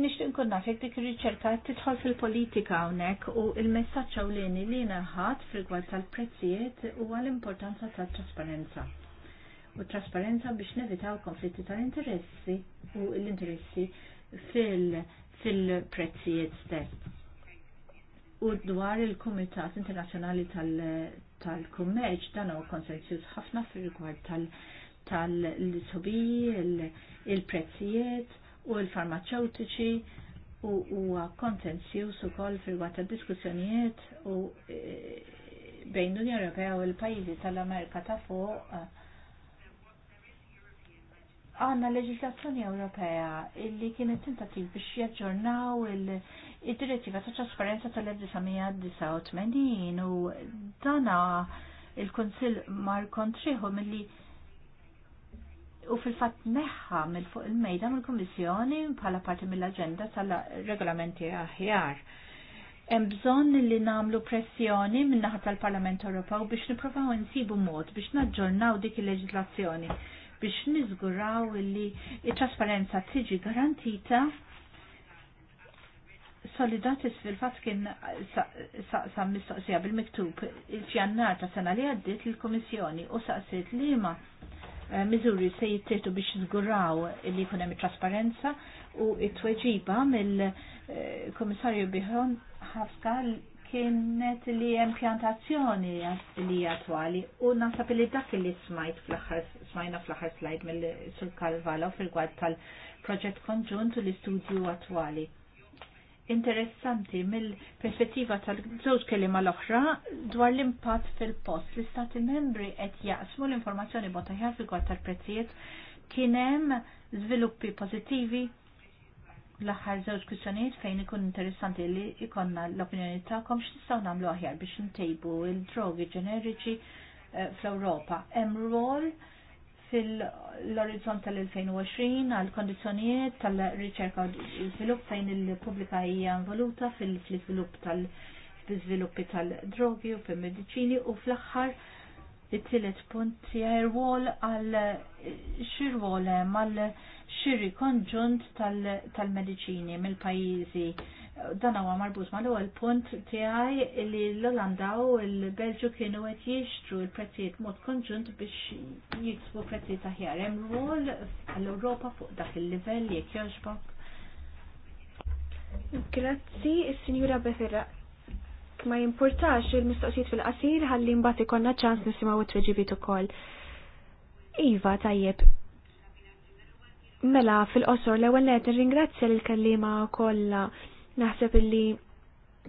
nixtieq nkun naf jekk dik ir-riċerka tidħol fil-politika hawnhekk u l-messaġġ ewlieni li naħat fil tal-prezzijiet huwa l-importanza tat-trasparenza u trasparenza biex nevitaw konflitti tal-interessi u l-interessi fil-prezzijiet stess u dwar il-Kumitat Internazzjonali tal-Kummerċ dan huwa konsensjus ħafna fir-rigward tal-sobiji, il-prezzijiet u l-farmaceutiċi u huwa konsensjus ukoll fir-rigward tad-diskussjonijiet u eh, bejn l-Unjoni Ewropea u l-pajjiżi tal-Amerika ta' fuq għanna leġislazzjoni Ewropea illi kienet tentativ biex jaġġornaw il- id-direttiva ta' trasparenza tal-1989 u dana il-Konsil mar kontriħu mill-li u fil-fat neħħa mill fuq il-mejda mill-Komissjoni bħala parti mill-agenda tal-regolamenti aħjar. Hemm bżonn li nagħmlu pressjoni min naħa tal-Parlament Ewropew biex nippruvaw insibu mod biex naġġornaw dik il-leġislazzjoni biex niżguraw li t trasparenza tiġi garantita Solidatis fil-fat kien sa' mistoqsija bil-miktub il ġannar ta' sena li għaddit il-Komissjoni u saqsit li ma eh, miżuri se jittietu biex żguraw li jkun hemm trasparenza u it-tweġiba mill-Komissarju eh, Bihon ħafka kienet li impjantazzjoni li attwali u nasab li dak li smajt fl-aħħar smajna fl-aħħar slide mill-Sur Kalvalo fil-gwad tal-proġett konġunt u l-istudju attwali interessanti mill-perspettiva tal-żewġ kelima l-oħra dwar l-impatt fil-post. L-istati membri qed jaqsmu l-informazzjoni botajja jafu gwar tal-prezzijiet kien hemm żviluppi pożittivi l-aħħar żewġ kwistjonijiet fejn ikun interessanti li ikonna l-opinjoni tagħkom x'nistgħu nagħmlu aħjar biex ntejbu il-drogi ġeneriċi eh, fl-Ewropa. Hemm rol fil-orizzont tal-2020 għal kondizjonijiet tal-riċerka u svilupp fejn il-pubblika hija involuta fil-svilupp tal-sviluppi tal-drogi u fil-medicini u fl-aħħar it-tielet punt jgħir wol għal xirwol għal xiri konġunt tal-medicini mill-pajjiżi dan huwa marbut mal-ewwel punt tiegħi li l-Olanda u l-Belġu kienu qed jixtru l-prezzijiet mod konġunt biex jiksbu prezzijiet aħjar. Hemm rwol għall-Ewropa fuq dak il-livell jekk jogħġbok. Grazzi, is-Sinjura Beferra. Ma jimpurtax il-mistoqsijiet fil-qasir ħalli mbagħad ikollna ċans nisimgħu t-tweġibiet ukoll. Iva, tajjeb, Mela, fil-qosor l-ewwel nett nirringrazzja lill kelliema kollha Naħseb illi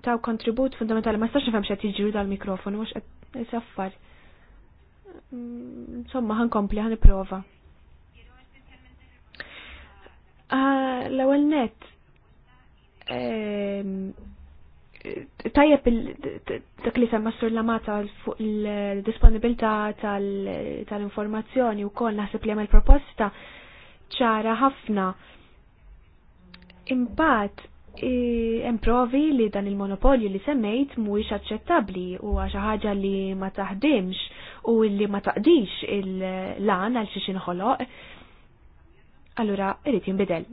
taw kontribut fundamentali ma stax nifhem x'qed jiġri dal-mikrofonu mhux qed isaffar. Mm, insomma, ħankompli ħaniprova. Ah, l-ewwel net ehm, tajjeb dak li semma sur lamata fuq il-disponibilità tal-informazzjoni wkoll naħseb li hemm proposta ċara ħafna. Imbagħad improvi li dan il-monopolju li semmejt mhuwiex aċċettabbli u xi ħaġa li ma taħdimx u li ma taqdix il-lan għal xi xinħoloq, allura irid jinbidel.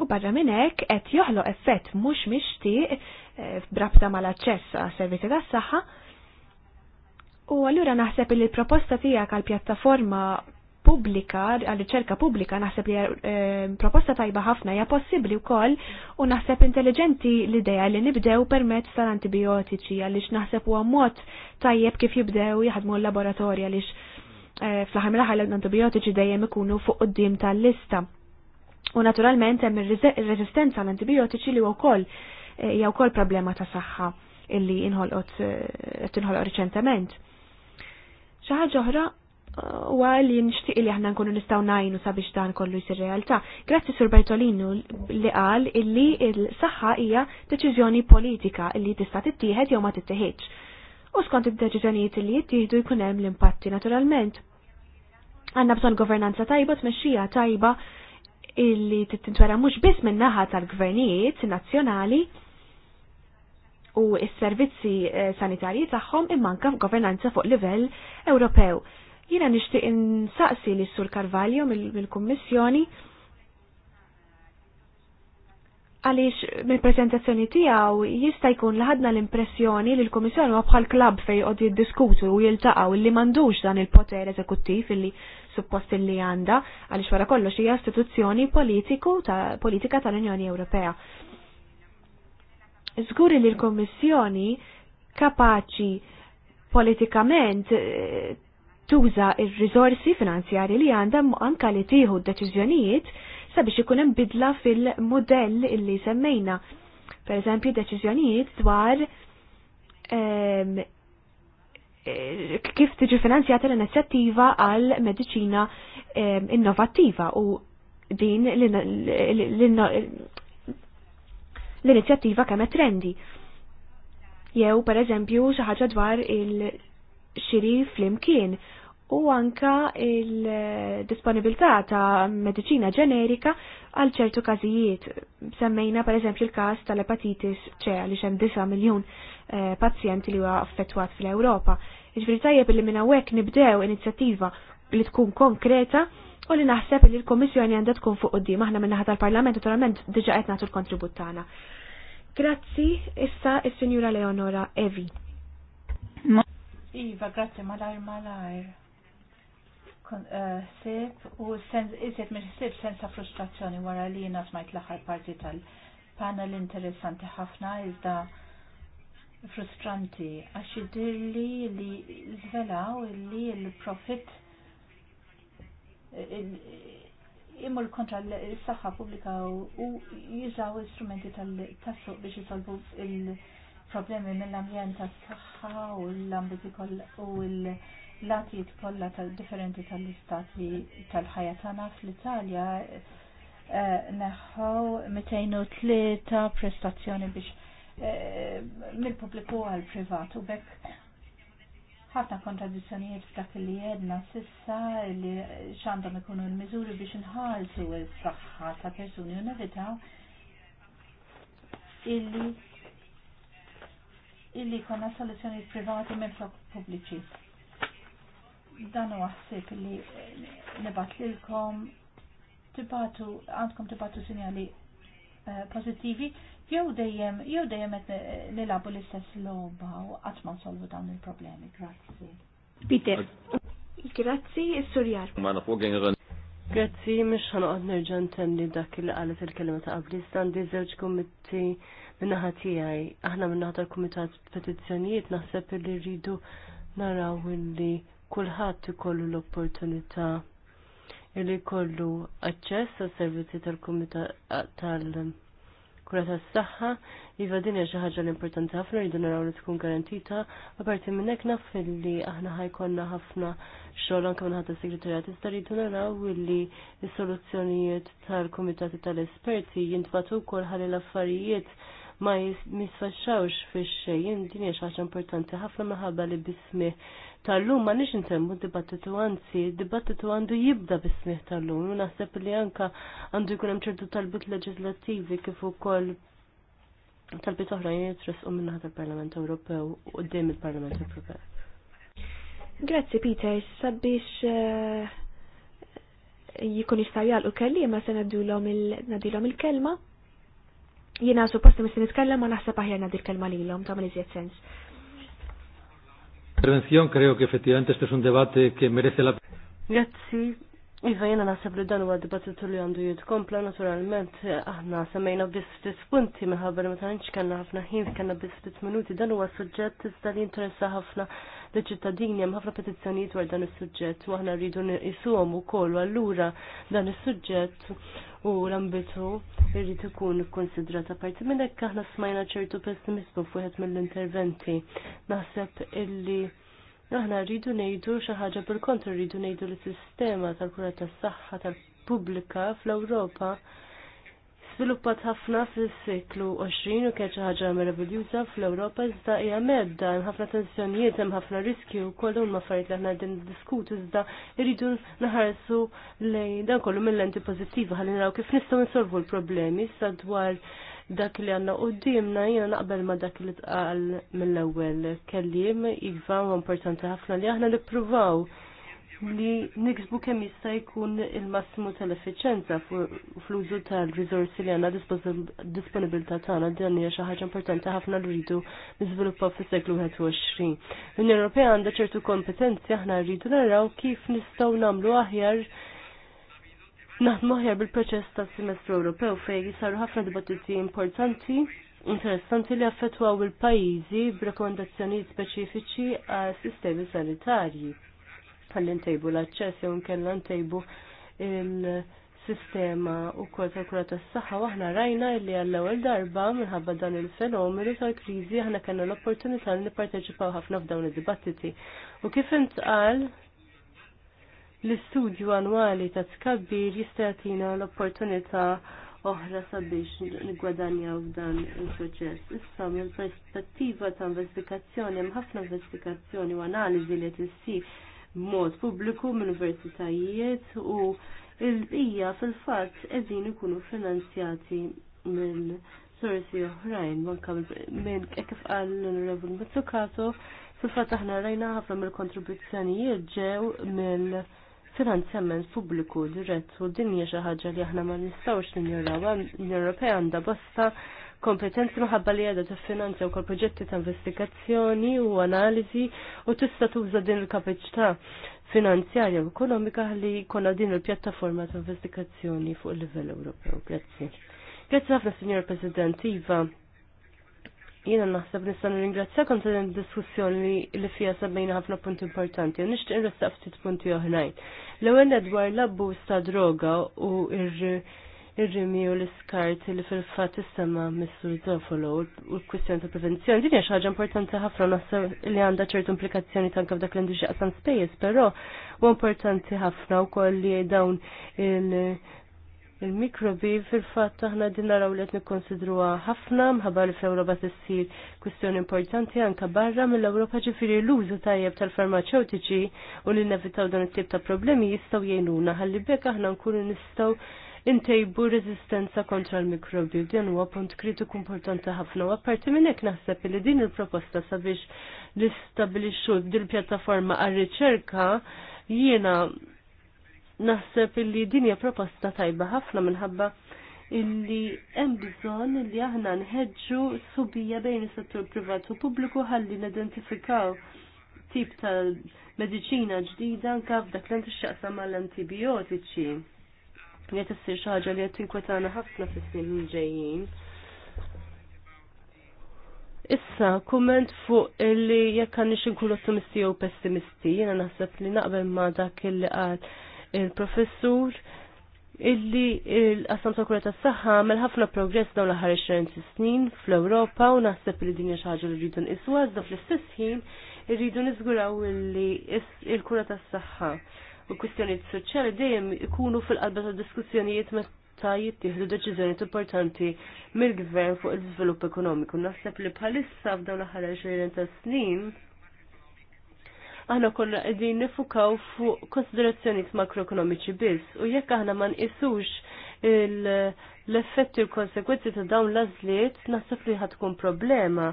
U barra minn hekk qed joħloq effett mhux mixtieq eh, b'rabta mal-aċċess għas servizzi tas-saħħa. U allura naħseb li l-proposta tiegħek għall pjattaforma pubblika, għal-riċerka pubblika naħseb li eh, proposta tajba ħafna hija possibbli wkoll u naħseb intelligenti l-idea li nibdew permezz tal-antibiotiċi għaliex naħseb huwa mod tajjeb kif jibdew jaħdmu l-laboratorja għaliex eh, fl ħamil mill l-antibiotiċi dejjem ikunu fuq qudiem tal-lista. U naturalment hemm ir-reżistenza għall-antibiotiċi li wkoll eh, hija wkoll problema ta' saħħa illi inħolqot tinħolqot riċentement. Xi ħaġa oħra u għalli nishtiq li ħna nkunu nistaw najnu sabiex dan kollu jisir realtà. Grazzi Sur Bertolino li qal illi il-saħħa hija deċiżjoni politika illi tista' tittieħed jew ma tittieħedx. U skont id-deċiżjonijiet li jittieħdu jkun hemm l-impatti naturalment. Għandna bżonn governanza tajba tmexxija tajba illi tittintwera mhux biss min naħa tal-gvernijiet nazzjonali u s-servizzi eh, sanitarji tagħhom imma anke governanza fuq livell Ewropew Jina nishtiq insaqsi li sur Carvalho mill-Kummissjoni għaliex mill-prezentazzjoni tiegħu jista' jkun li ħadna l-impressjoni li l-Kummissjoni huwa bħal klabb fejn jqogħdu jiddiskutu u jiltaqgħu li m'għandux dan il-poter eżekuttiv illi suppost illi għandha għaliex wara kollox hija istituzzjoni politiku ta' politika tal-Unjoni Ewropea. Żguri li l-Kummissjoni kapaċi politikament eh, tuża ir-riżorsi finanzjari li għandha anka li tieħu d-deċiżjonijiet sabiex ikun hemm bidla fil-modell illi semmejna. Per eżempju, deċiżjonijiet dwar um, kif tiġi finanzjata l-inizjattiva għal medicina um, innovattiva u din l-inizjattiva kemm trendi. Jew per eżempju xi ħaġa dwar il-xiri flimkien u anka il-disponibilità ta' medicina ġenerika għal ċertu każijiet. Semmejna per eżempju il-każ tal-epatitis C li xem 9 miljun eh, pazjenti li huwa affettwat fl-Ewropa. Iġifieri tajjeb li minn hawnhekk nibdew inizjattiva li tkun konkreta u li naħseb li l-Komissjoni għandha tkun fuq qudiem aħna minn naħa tal-Parlament naturalment diġa qed nagħtu l-kontribut tagħna. Grazzi issa is-Sinjura Leonora Evi. Iva, grazzi malar, malar. Eh, sib u jisib minn sib sensa frustrazzjoni wara li jina smajt l parti tal-panel interessanti ħafna iżda frustranti għax jidirli li zvelaw li l-profit imur kontra l-saxħa publika u jużaw istrumenti tal tassu biex jisolbu il-problemi mill-ambjent tas-saħħa u l-ambiti u l-ambjent l-atijiet kollha tal-differenti tal-istati tal-ħajja tagħna fl-Italja eh, neħħaw 203 prestazzjoni biex eh, mill-pubbliku għal privat u bekk ħafna kontradizzjonijiet f'dak li jedna sissa li x'għandhom ikunu l-miżuri biex inħarsu s-saħħa ta' persuni u nevitaw illi illi konna soluzzjoni privati minn fuq pubbliċi dan u għassib li nibat lilkom tibatu, għandkom tibatu sinjali eh, pozittivi, jew dejjem, jew dejjem et nilabu l-istess loba u għatma ma nsolvu dawn il-problemi. Grazzi. Peter. Grazzi, s surjar Ma għan. Grazzi, mish għad nerġa' tenni dak il għalet il-kelma ta' qabli standi żewġ kumitti minnaħa tiegħi. Aħna minnaħa tal-Kumitat Petizzjonijiet naħseb li rridu naraw il-li kulħadd ikollu l-opportunità li jkollu aċċess għas servizzi tal-Kumitat tal-Kura tas-Saħħa, iva din hija xi ħaġa l-importanti ħafna rridu naraw li tkun garantita, aparti minn hekk naf li aħna ħajkonna ħafna xogħol anke minn ħadd is-segretarjat iżda naraw li s-soluzzjonijiet tal-kumitati tal-esperti jintbatu wkoll ħalli l-affarijiet ma jisfaxxawx fix xejn din hija xi ħaġa importanti ħafna minħabba li bismi tal-lum ma nix intemmu dibattitu għanzi, dibattitu għandu jibda bismiħ tal-lum, u naħseb li anka għandu jkun hemm ċertu talbit leġislattivi kif ukoll talbit oħrajn jitresqu ħat il-Parlament Ewropew u qudiem il-Parlament Ewropew. Grazzi Peter, sabiex eh, jikun jistaw kelli, ma se nadilhom il-kelma. Jiena supposta mis nitkellem ma naħseb aħjar nadi l-kelma lilhom tagħmel iżjed sens. Intervenzion creo che effettivamente este un debate che merece la Grazzi. Iva jena nasab li dan huwa dibattitu li għandu jitkompla naturalment aħna semmejna biss ftit punti minħabba li meta nix ħafna ħin kanna biss ftit minuti dan huwa suġġett iżda li interessa ħafna l-ċittadini hemm ħafna petizzjonijiet dwar dan is-suġġett u aħna rridu nqisuhom ukoll allura dan is-suġġett u l-ambitu ikun ikkonsidrat parti minn hekk aħna smajna ċertu pessimistu fuħet mill-interventi. Naħseb illi aħna rridu ngħidu xi ħaġa bil-kontra rridu ngħidu l-sistema tal-kura tas-saħħa tal-pubblika fl-Ewropa sviluppat ħafna fis-seklu 20 u kien xi ħaġa meraviljuża fl-Ewropa iżda hija medda hemm ħafna tensjonijiet hemm ħafna riskju wkoll dawn l-affarijiet li aħna qegħdin niddiskutu iżda jridu naħarsu lejn dan kollu mill-lenti pożittiva ħalli naraw kif nistgħu nsolvu l-problemi sa dwar dak li għanna u dimna jena naqbel ma dak li tqal mill-ewel kellim, iva u importanti ħafna li aħna nippruvaw li niksbu kemm jista' jkun il-massimu tal-effiċenza fl-użu tal-riżorsi li għandna disponibilità tagħna din hija xi ħaġa importanti ħafna li rridu niżviluppaw fis-seklu 21. L-Unjoni Ewropea għandha ċertu kompetenzi aħna rridu naraw kif nistgħu nagħmlu aħjar naħdmu aħjar bil-proċess tas-semestru Ewropew fejn jisaru ħafna dibattiti importanti interessanti li affettwaw il-pajjiżi b'rekomendazzjonijiet speċifiċi għal sistemi sanitarji palli ntejbu l-aċċess jew nkella ntejbu il-sistema u kol ta' kura tas saħħa waħna rajna li għall-ewwel darba minħabba dan il-fenomenu tal-kriżi aħna kellna l-opportunità li nipparteċipaw ħafna f'dawn id-dibattiti. U kif intqal l-istudju annwali ta' tkabbir jistajatina l-opportunità oħra sabiex nigwadanjaw dan il-proċess. Issa mill perspettiva ta' investigazzjoni, hemm ħafna investigazzjoni u analiżi li tissir mod pubbliku mill-universitajiet u l-bija fil-fatt qegħdin ikunu finanzjati minn sorsi oħrajn manka minn kif qal l-Onorevoli Mazzucato fil-fatt aħna rajna ħafna mill-kontribuzzjonijiet ġew mill finanzjament pubbliku dirett u dinja xi ħaġa li aħna ma nistgħux l-Unjoni Ewropea għandha bosta kompetenzi maħabba li finanzja u kol proġetti ta' investigazzjoni u analiżi u tista' tuża din il-kapaċità finanzjarja u ekonomika li konna din il-pjattaforma ta' investigazzjoni fuq il-livell Ewropew. Grazzi. Grazzi ħafna, Signor President, Iva, Jena naħseb nistan ringrazzja kont din diskussjoni li fija sabbejna ħafna punti importanti u nixtieq nressaq ftit punti oħrajn. L-ewwel dwar l-abbuż ta' droga u ir ir-rimi u l skart li fil-fatt issemma Mr. Zofolo u l-kwistjoni ta' prevenzjoni. Din hija xi ħaġa importanti ħafna naħseb li għandha ċertu implikazzjoni tanke f'dak l-indixxi qasam spejes, però huwa importanti ħafna koll li dawn il- Il-mikrobi fil-fat aħna din naraw li għetni nikkonsidruha ħafna mħabba li fl-Ewropa sir kwistjoni importanti anke barra mill-Ewropa ġifieri l-użu tajjeb tal-farmaceutiċi u li nevitaw dan it-tip ta' problemi jistgħu jgħinuna ħalli bekk aħna nkunu nistgħu intejbu rezistenza kontra l-mikrobju. Dan huwa punt kritiku importanti ħafna. U apparti minn hekk naħseb li din il-proposta sabiex nistabilixxu din pjattaforma għar-riċerka jiena naħseb li din hija proposta tajba ħafna minħabba illi hemm bżonn li aħna nħeġġu subija bejn is-settur privat u pubbliku ħalli nidentifikaw tip ta' mediċina ġdida anke f'dak l-antixxaqsa mal-antibiotiċi li issir xi ħaġa li qed tinkwetana ħafna fis-snin ġejjin. Issa, kumment fuq li jekk għandix inkunu ottimisti jew pessimisti, jiena naħseb li naqbel ma dak illi qal il-professur illi l-qasam ta' kura tas saħħa għamel ħafna progress dawn l-aħħar 20 snin fl-Ewropa u naħseb li din xi ħaġa li rridu iswa iżda fl-istess ħin irridu nizguraw illi il-kura tas saħħa u kwistjonijiet soċjali dejjem ikunu fil-qalba ta' diskussjonijiet meta jittieħdu deċiżjonijiet importanti mill-gvern fuq il-żvilupp ekonomiku. Naħseb li bħalissa f'dawn l-aħħar 20 ta' snin aħna kollha qegħdin nifukaw fuq konsiderazzjonijiet makroekonomiċi biss u jekk aħna ma nqisux l-effetti u l-konsekwenzi ta' dawn l-azliet naħseb li ħatkun problema.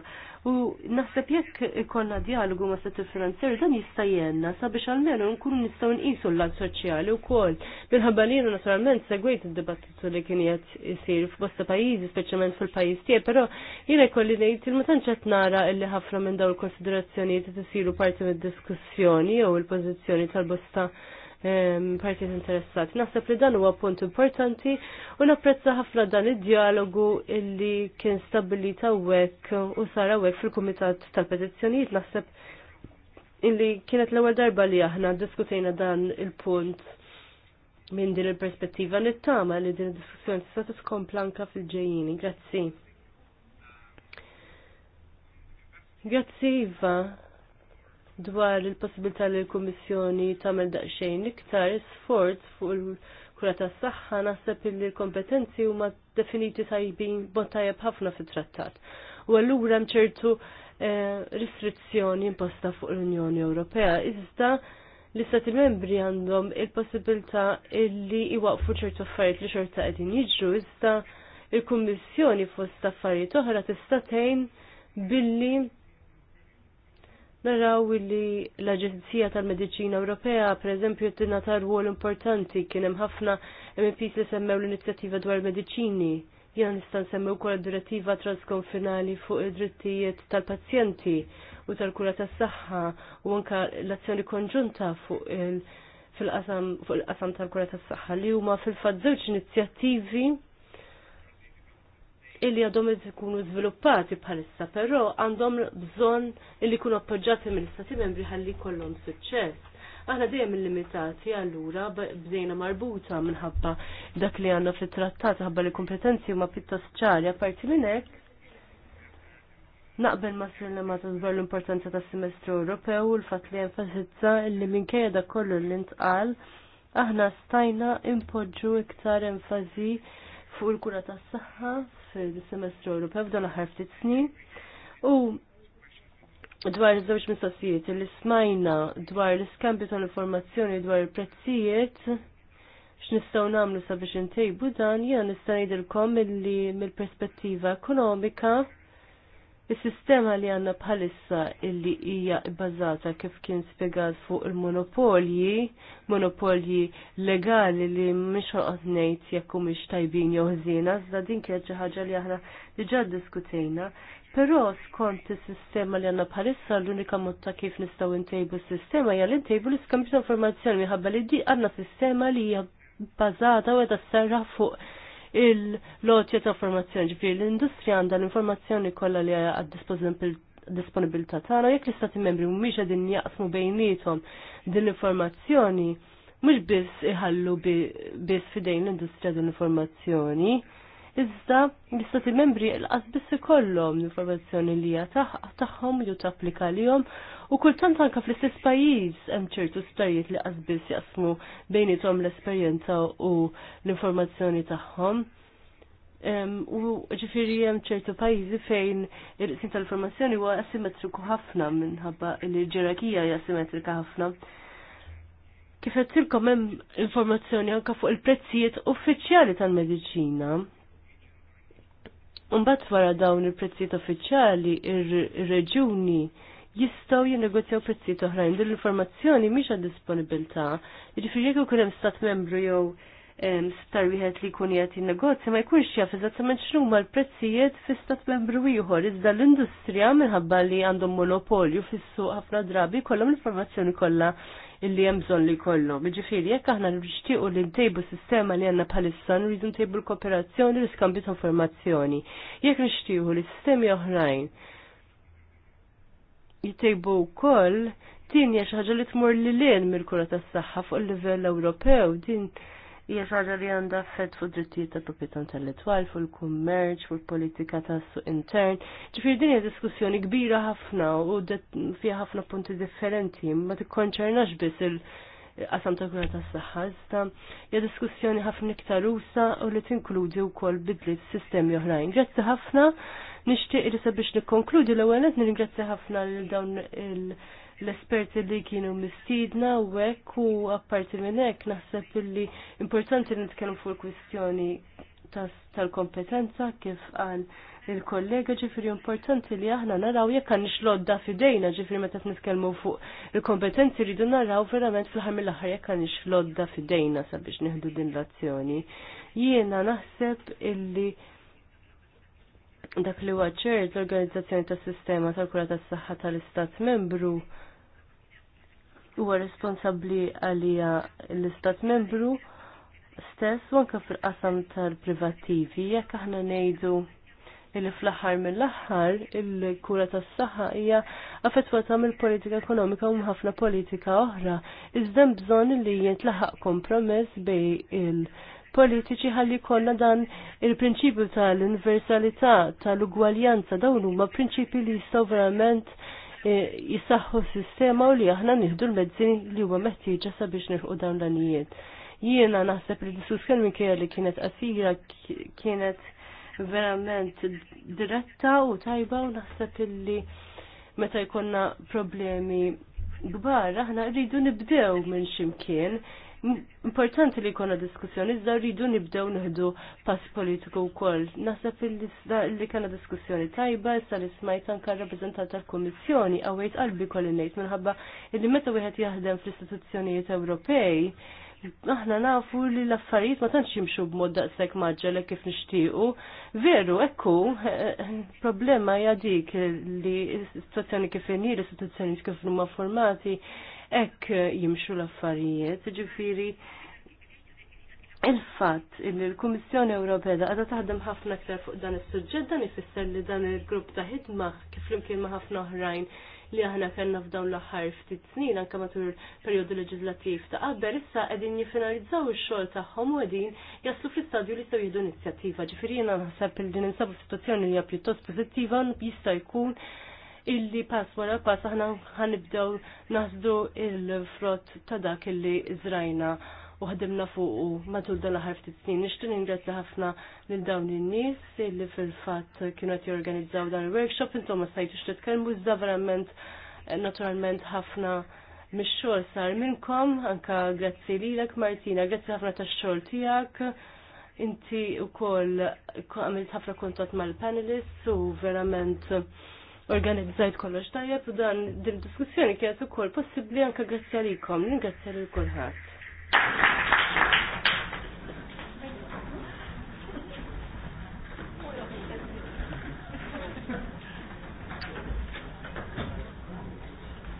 U naħseb jekk ikonna dialogu ma' settur finanzjeri dan jista' jenna sabiex almenu nkunu nistgħu nqisu l-lat soċjali wkoll. Minħabba li jiena naturalment segwejt id-dibattitu li kien qed isir f'bosta pajjiżi, speċjalment fil-pajjiż tiegħi, però jiena jkolli ngħid il tantx qed nara illi ħafna minn dawn il-konsiderazzjonijiet qed isiru parti mid-diskussjoni jew il-pożizzjoni tal-bosta Ehm, partijiet interessati. Naħseb li dan huwa punt importanti u napprezza ħafna dan id-dialogu illi kien stabilita hekk u sar hekk fil-Kumitat tal-Petizzjonijiet naħseb illi kienet l-ewwel darba li aħna diskutejna dan il-punt minn din il-perspettiva nittama li din id-diskussjoni tista' titkompla planka fil-ġejjini. Grazzi. Grazzi Iva dwar il-possibilità li l-Kummissjoni tagħmel daqsxejn iktar sforz fuq il-kura tas-saħħa naħseb li l-kompetenzi huma definiti tajbin b'mod tajjeb ħafna fit-trattat. U allura hemm ċertu eh, restrizzjoni imposta fuq l-Unjoni Ewropea. Iżda l-istati membri għandhom il-possibilità illi iwaqfu ċertu affarijiet li xorta qegħdin jiġru iżda il-Kummissjoni fost affarijiet oħra tista' tgħin billi naraw li l-Aġenzija tal-Mediċina Ewropea, per eżempju, tingħata rwol importanti kien hemm ħafna MPs li semmew l-inizjattiva dwar mediċini. Jien nista' nsemmew ukoll direttiva transkonfinali fuq id-drittijiet tal-pazjenti u tal-kura tas-saħħa u anke l-azzjoni konġunta fuq il- fil-qasam fuq il-qasam tal-kura tas-saħħa li huma fil-fatt żewġ inizjattivi illi għadhom ikunu żviluppati bħalissa, però għandhom bżonn illi jkunu appoġġjati mill-istati membri ħalli jkollhom suċċess. Aħna dejjem limitati allura bdejna marbuta minħabba dak li għandna fit-trattat ħabba li kompetenzi huma pittost ċari apparti minn hekk. Naqbel ma s ma tazbar l-importanza ta' semestru Ewropew u l-fat li jenfasizza li minkejja da kollu l-intqal, aħna stajna impoġġu iktar enfazi fuq il-kura tas saħħa fil-semestru Ewropew dan l-aħħar ftit snin. U dwar żewġ mistoqsijiet li smajna dwar l-iskambju tal-informazzjoni dwar il-prezzijiet x'nistgħu nagħmlu sabiex intejbu dan jiena nista' ngħidilkom milli mill-perspettiva ekonomika Is-sistema li għanna bħalissa illi hija bbażata kif kien spiegat fuq il-monopolji, monopolji legali li mhix qed ngħid jekk mhix tajbin jew ħżiena, iżda din kienet xi ħaġa li aħna diġà diskutejna. Però skont is-sistema li għandna bħalissa l-unika mod ta' kif nistgħu ntejbu s-sistema hija li ntejbu l-iskambju ta' informazzjoni minħabba li di għandna sistema li hija bbażata u qed fuq il loċja ta' formazzjoni ġifiri l-industrija għandha l-informazzjoni kollha li għad-disponibilità tagħna jekk l-istati membri mhumiex qegħdin jaqsmu bejnietom din l-informazzjoni mhux biss iħallu biss fidejn l-industrija din l-informazzjoni. Iżda l-istati membri l-qas biss ikollhom l-informazzjoni li hija tagħhom jew tapplika lihom U kultant anka fl-istess pajjiż hemm ċertu stajiet li qasbis jaqsmu bejnithom l-esperjenza u l-informazzjoni tagħhom. U ġifiri hemm ċertu pajjiżi fejn il-qsim tal-informazzjoni huwa asimetriku ħafna minħabba l-ġerarkija hija asimetrika ħafna kif qed tilkom hemm informazzjoni anka fuq il-prezzijiet uffiċjali tal-mediċina. Mbagħad wara dawn il-prezzijiet uffiċjali ir-reġuni il prezzijiet uffiċjali ir reġuni jistgħu jinnegozjaw prezzijiet oħrajn. Din l-informazzjoni mhix għad-disponibilità. Jiġifieri jekk ikun hemm stat membru jew star wieħed li jkun qed jinnegozja ma jkunx jaf eżattament x'huma l-prezzijiet fi stat membru ieħor. Iżda l-industrija minħabba li għandhom monopolju fis ħafna drabi kollhom l-informazzjoni kollha illi hemm bżonn li jkollhom. Jiġifieri jekk aħna nixtiequ li ntejbu sistema li għandna bħalissa nridu ntejbu l-kooperazzjoni l iskambju ta' informazzjoni. Jekk nixtiequ li sistemi oħrajn jitejbu wkoll din hija xi ħaġa li tmur li lien mill-kura tas-saħħa fuq il-livell Ewropew din hija xi ħaġa li għandha affett fuq drittijiet ta' proprjetà intellettwal, fuq il-kummerċ, fuq il-politika tas-suq intern. Ġifieri din hija diskussjoni kbira ħafna u fiha ħafna punti differenti ma tikkonċernax biss il- qasam ta' kura ta' s-saxħa, iżda hija diskussjoni ħafna iktar usa u li tinkludi wkoll s sistemi oħrajn. Grazzi ħafna Nixtieq li sabiex nikkonkludi l-ewwel qed nirringrazzja ħafna lil dawn l-esperti li kienu mistiedna u hekk u apparti minn hekk naħseb illi importanti li nitkellmu fuq il-kwistjoni tal-kompetenza kif qal il-kollega ġifiri importanti li aħna naraw jekk għandix lodda fidejna ġifiri meta nitkellmu fuq il-kompetenzi rridu naraw verament fl-ħar mill-aħħar jekk għandix lodda fidejna sabiex nieħdu din l-azzjoni. Jiena naħseb illi Dak li huwa ċert l-Organizzazzjoni tas-Sistema tal-Kura tas-Saħħa tal-Istat Membru huwa responsabbli għalija l-Istat Membru stess u anke fil-qasam tal-privattivi jekk aħna ngħidu illi fl-aħħar mill-aħħar il-kura tas-saħħa hija affettwata mill-politika ekonomika u ħafna politika oħra. Iżda bżonn li jintlaħaq kompromess bej il- politiċi ħalli kollha dan il-prinċipju tal-universalità tal-ugwaljanza dawn huma prinċipji li jistgħu verament eh, jisaħħu s-sistema u li aħna nieħdu l-mezzi li huwa meħtieġa sabiex nirħu dawn l-anijiet. Jiena naħseb li diskussjoni minn li kienet qasira kienet verament diretta u tajba u naħseb li meta jkonna problemi gbar, aħna rridu nibdew minn ximkien, Importanti li jkollna diskussjoni, iżda rridu nibdew neħdu pass politiku wkoll. Naħseb li kellna diskussjoni tajba, issa li smajt anke rappreżentant tal-Kummissjoni għawejt qalbi kolli ngħid minħabba li meta wieħed jaħdem fl-istituzzjonijiet Ewropej, aħna nafu li l-affarijiet ma tantx jimxu b'mod daqshekk maġġel kif nixtiequ. Veru, ekku, <laughs> problema hija dik li s-sitwazzjoni kif inhi, l-istituzzjonijiet kif huma formati, Ek jimxu l-affarijiet, ġifiri il-fat li l-Kummissjoni Ewropea għadha taħdem ħafna aktar fuq dan is-suġġett dan ifisser li dan il-grupp ta' ħidma kif flimkien ma' ħafna oħrajn li aħna kellna f'dawn l-aħħar ftit snin anke matul perjodu leġislattiv ta' qabel issa qegħdin jifinalizzaw ix-xogħol tagħhom u qegħdin jaslu fl-istadju li sew jieħdu inizjattiva. Ġifieri jiena naħseb li din insabu situazzjoni li hija pjuttost pożittiva jista' jkun illi pass wara pass aħna ħanibdew naħdu il-frott ta' dak illi żrajna u ħadimna fuq matul dan l-aħħar ftit snin. Nixtru ningrazzja ħafna lil dawn in-nies illi fil-fatt kienu qed jorganizzaw dan il-workshop intom ma stajtux titkellmu iżda verament eh, naturalment ħafna mix-xogħol sar minnkom, anka grazzi lilek Martina, grazzi ħafna tax-xogħol tiegħek inti u koll għamilt ħafna kontat mal-panelists u verament organizzajt kollox tajjeb u dan din diskussjoni kienet ukoll possibbli anke grazzi għalikom, ningrazzja lil kulħadd.